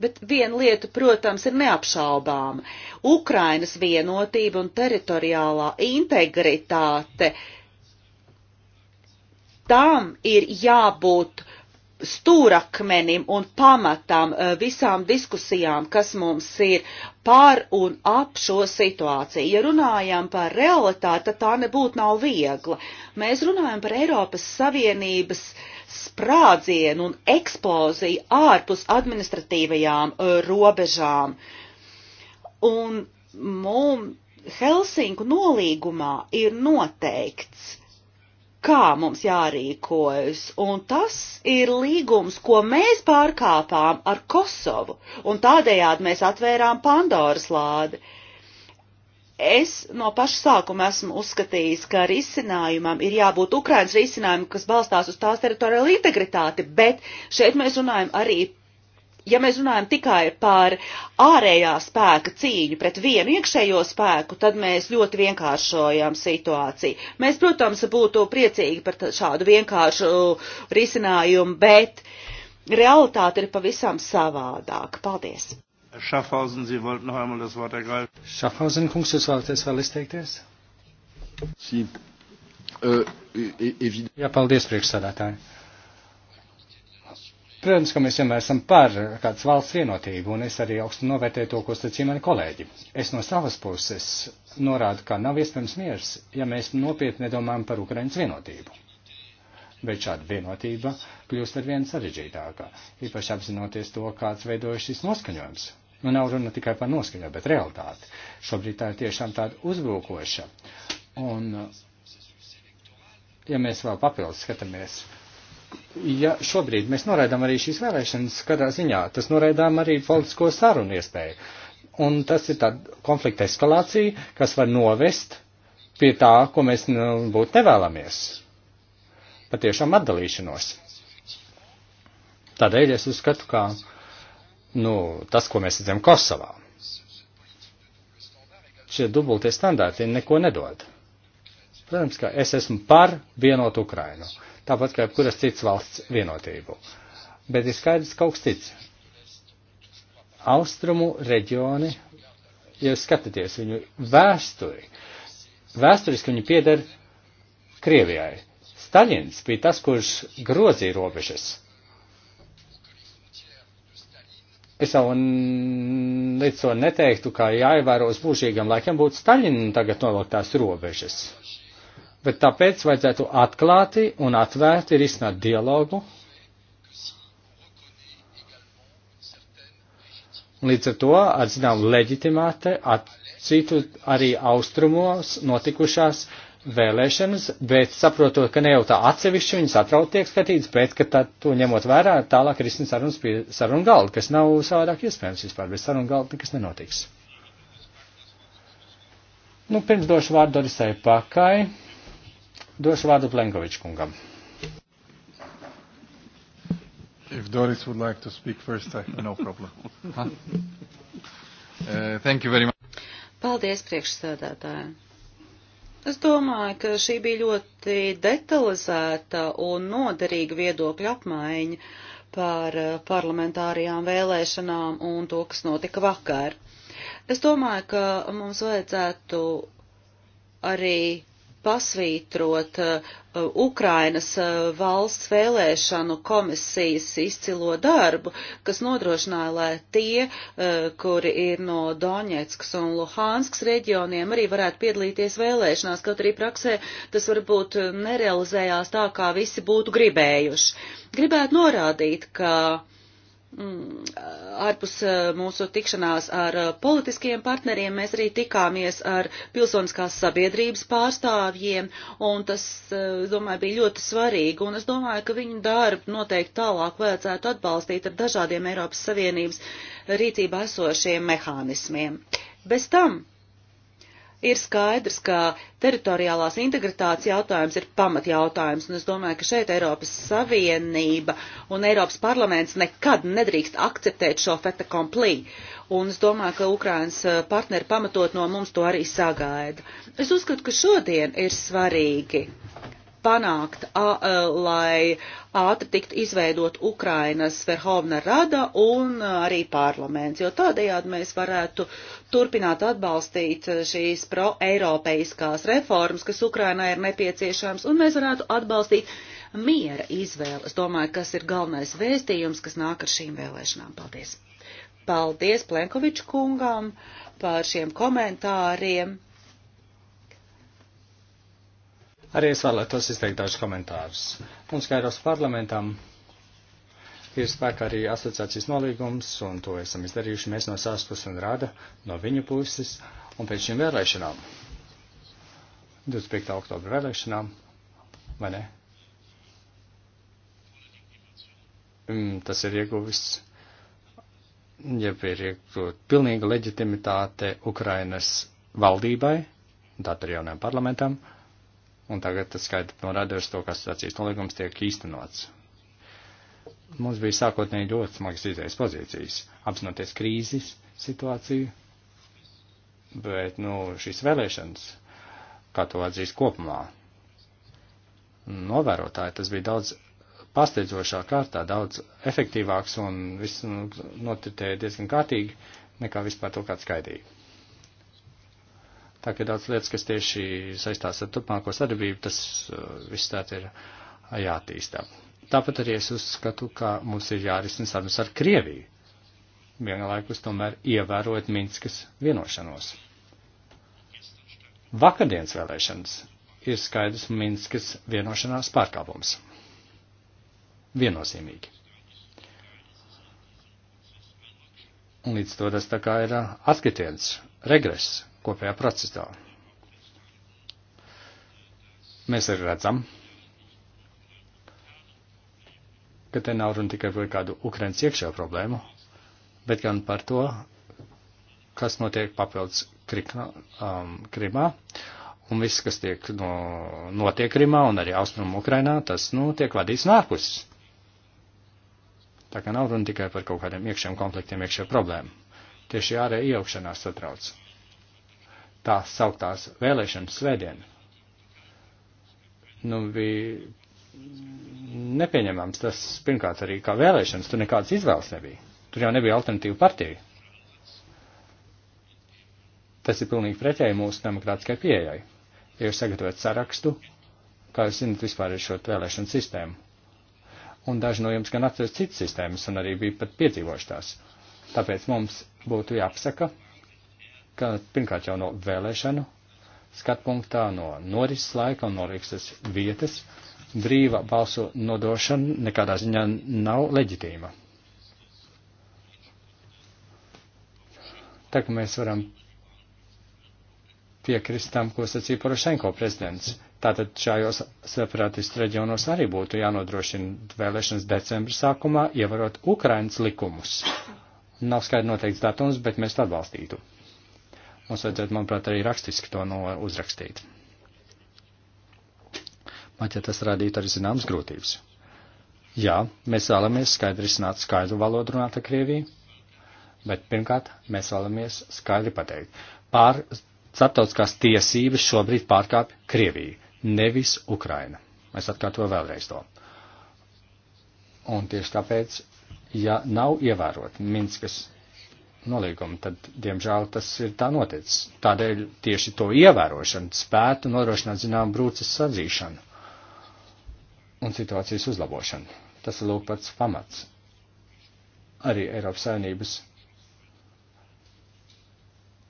Bet viena lieta, protams, ir neapšaubāma. Ukrainas vienotība un teritoriālā integritāte tam ir jābūt uh, stūrakmenim un pamatam eh, visām diskusijām, kas mums ir par un ap šo situāciju. Ja runājam par realitāti, tad tā nebūtu nav viegla. Mēs runājam par Eiropas Savienības sprādzienu un eksploziju ārpus administratīvajām eh, robežām. Un mums Helsinku nolīgumā ir noteikts, kā mums jārīkojas, un tas ir līgums, ko mēs pārkāpām ar Kosovu, un tādējādi mēs atvērām Pandoras lādi. Es no paša sākuma esmu uzskatījis, ka risinājumam ir jābūt Ukrainas risinājumam, kas balstās uz tās teritoriālu integritāti, bet šeit mēs runājam arī ja mēs runājam tikai par ārējā spēka cīņu pret vienu iekšējo spēku, tad mēs ļoti vienkāršojam situāciju. Mēs, protams, būtu priecīgi par šādu vienkāršu risinājumu, bet realitāte ir pavisam savādāka. Paldies! Schaffhausen, Sie wollten noch einmal das Wort ergreifen. Schaffhausen, kungs, jūs vēlaties vēl izteikties? Si. Uh, Jā, paldies, priekšsādātāji. Protams, ka mēs vienmēr esam par kādas valsts vienotību, un es arī augstu novērtēju to, ko sacīja mani kolēģi. Es no savas puses norādu, ka nav iespējams miers, ja mēs nopietni nedomājam par Ukrainas vienotību. Bet šāda vienotība kļūst ar vien sarežģītākā, īpaši apzinoties to, kāds veidojas šis noskaņojums. Nu, nav runa tikai par noskaņo, bet realitāti. Šobrīd tā ir tiešām tāda uzbrūkoša. Un, ja mēs vēl papildus skatāmies ja šobrīd mēs noraidām arī šīs vēlēšanas, kādā ziņā tas noraidām arī politisko sarunu iespēju. Un tas ir tāda konflikta eskalācija, kas var novest pie tā, ko mēs nu, būtu nevēlamies. Patiešām atdalīšanos. Tādēļ es uzskatu, ka nu, tas, ko mēs redzam Kosovā, šie dubultie standārti neko nedod. Protams, ka es esmu par vienotu Ukrainu. Uh, tāpat kā kuras cits valsts vienotību. Bet ir skaidrs kaut kas cits. Austrumu reģioni, ja skatāties viņu vēsturi, vēsturiski viņi pieder Krievijai. Staļins bija tas, kurš grozīja robežas. Es jau līdz to neteiktu, ka jāievēro uz mūžīgam laikam būtu Staļina tagad noliktās robežas bet tāpēc vajadzētu atklāti un atvērti risināt dialogu. Un līdz ar to ar zināmu leģitimāte atcītu arī austrumos notikušās vēlēšanas, bet saprotot, ka ne jau tā atsevišķi viņas atraut tiek skatīts, bet ka tā, to ņemot vērā tālāk risina sarunas pie sarunu galda, kas nav savādāk iespējams vispār, bez sarunu galda nekas nenotiks. Nu, pirms došu vārdu Dorisai Pakai. Došu vārdu Plenkoviču kungam. If Doris would like to speak first, I, no problem. Huh? Uh, thank you very much. Paldies priekšsēdētājiem. Es domāju, ka šī bija ļoti detalizēta un noderīga viedokļa apmaiņa par uh, parlamentārijām vēlēšanām un to, kas notika vakar. Es domāju, ka mums vajadzētu arī pasvītrot uh, Ukrainas uh, valsts vēlēšanu komisijas izcilo darbu, kas nodrošināja, lai tie, uh, kuri ir no Doņetskas un Luhānskas reģioniem, arī varētu piedalīties vēlēšanās, kaut arī praksē tas varbūt nerealizējās tā, kā visi būtu gribējuši. Gribētu norādīt, ka Mm, ārpus eh, mūsu tikšanās ar eh, politiskiem partneriem mēs arī tikāmies ar pilsoniskās sabiedrības pārstāvjiem, un tas, eh, domāju, bija ļoti svarīgi, un es domāju, ka viņu darbu noteikti tālāk vajadzētu atbalstīt ar dažādiem Eiropas Savienības rīcībā esošiem mehānismiem. Bez tam ir skaidrs, ka teritoriālās integritātes jautājums ir pamatjautājums, un es domāju, ka šeit Eiropas Savienība un Eiropas parlaments nekad nedrīkst akceptēt šo feta komplī, un es domāju, ka Ukrainas eh, partneri pamatot no mums to arī sagaida. Es uzskatu, ka šodien ir svarīgi panākt, a, a, lai ātri tiktu izveidot Ukrainas Verhovna rada un arī parlaments, jo tādējādi mēs varētu turpināt atbalstīt eh, šīs pro-eiropeiskās reformas, kas Ukrainai ir nepieciešams, un mēs varētu atbalstīt miera izvēli. Es domāju, kas ir galvenais vēstījums, kas nāk ar šīm vēlēšanām. Paldies! Paldies Plenkoviču kungam par šiem komentāriem. Arī es vēlētos izteikt dažus komentārus. Mums kā Eiropas parlamentam Ir spēkā arī asociācijas nolīgums, un to esam izdarījuši mēs no savas puses un rada no viņu puses, un pēc šīm vēlēšanām, 25. oktobra vēlēšanām, vai ne? Mm, tas ir ieguvis, jeb ir iegūt pilnīga leģitimitāte Ukrainas valdībai, tātad arī jaunajam parlamentam, un tagad tas skaidri norāda uz to, ka asociācijas nolīgums tiek īstenots mums bija sākotnēji ļoti smagas izējas pozīcijas, apzinoties krīzes situāciju, bet, nu, šīs vēlēšanas, kā to atzīst kopumā, novērotāji tas bija daudz pasteidzošā kārtā, daudz efektīvāks un viss nu, notritēja diezgan kārtīgi, nekā vispār to kāds gaidīja. Tā kā daudz lietas, kas tieši saistās ar turpmāko sadarbību, tas uh, viss tā ir jātīstā. Tāpat arī es uzskatu, ka mums ir jārisina sarunas ar Krieviju, vienlaikus tomēr ievērojot Minskas vienošanos. Vakardienas vēlēšanas ir skaidrs Minskas vienošanās pārkāpums. Viennozīmīgi. Un līdz to tas tā kā ir atkritiens, regress kopējā procesā. Mēs arī redzam, ka te nav runa tikai par kādu Ukrainas iekšējo problēmu, bet gan par to, kas notiek papildus Krikna, um, Krimā, un viss, kas tiek no, notiek Krimā un arī Austrum Ukrainā, tas, nu, tiek vadīts nārpus. Tā kā nav runa tikai par kaut kādiem iekšējiem konfliktiem, iekšējo problēmu. Tieši ārēja iejaukšanās satrauc. Tā sauktās vēlēšanas svētdien. Nu, bija nepieņemams. Tas pirmkārt arī kā vēlēšanas, tur nekādas izvēles nebija. Tur jau nebija alternatīva partija. Tas ir pilnīgi pretēji mūsu demokrātiskai pieejai. Ja jūs sagatavojat sarakstu, kā jūs zinat, vispār ir šo vēlēšanu sistēmu. Un daži no jums gan atceras citas sistēmas un arī bija pat piedzīvojuši tās. Tāpēc mums būtu jāpasaka, ka pirmkārt jau no vēlēšanu skatpunktā, no norises laika un norises vietas brīva balsu nodošana nekādā ziņā nav leģitīma. Tā kā mēs varam piekrist tam, ko sacīja Porošenko prezidents. Tātad šajos separatistu reģionos arī būtu jānodrošina vēlēšanas decembra sākumā, ievarot Ukrainas likumus. Nav skaidri noteikts datums, bet mēs to atbalstītu. Mums vajadzētu, manuprāt, arī rakstiski to no uzrakstīt pat ja tas radītu arī zināmas grūtības. Jā, mēs vēlamies skaidri izsnāt skaidru valodu runāt ar Krieviju, bet pirmkārt mēs vēlamies skaidri pateikt. Pār starptautiskās tiesības šobrīd pārkāp Krievija, nevis Ukraina. Mēs atkārtoju vēlreiz to. Un tieši tāpēc, ja nav ievērot Minskas nolīgumu, tad, diemžēl, tas ir tā noticis. Tādēļ tieši to ievērošanu spētu nodrošināt zinām brūces sadzīšanu un situācijas uzlabošanu. Tas ir lūk pats pamats arī Eiropas Savienības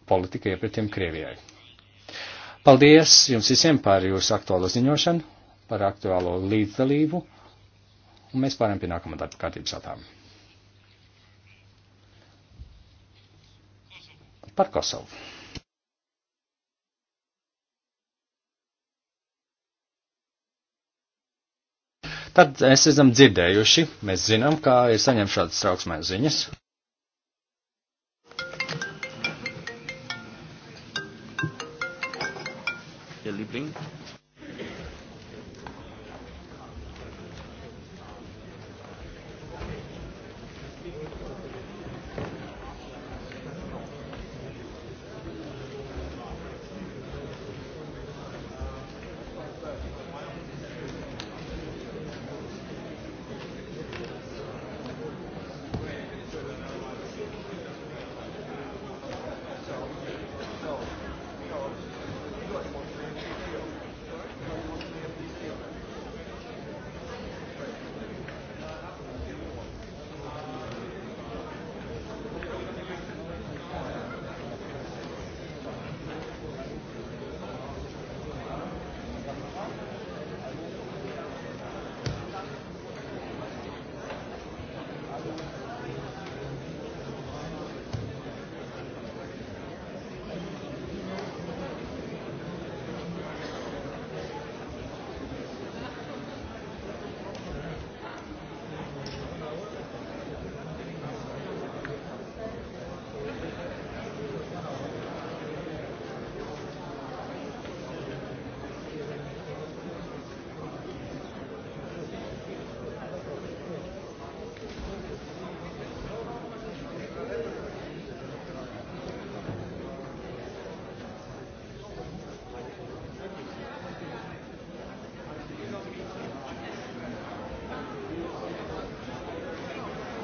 politikai pret tiem Krievijai. Paldies jums visiem par jūsu aktuālo ziņošanu, par aktuālo līdzdalību, un mēs pārējām pie nākamā darba kārtības atām. Par Kosovu. Tad mēs esam dzirdējuši, mēs zinām, kā ir saņemts šādas trauksmēs ziņas. Ihr Liebling?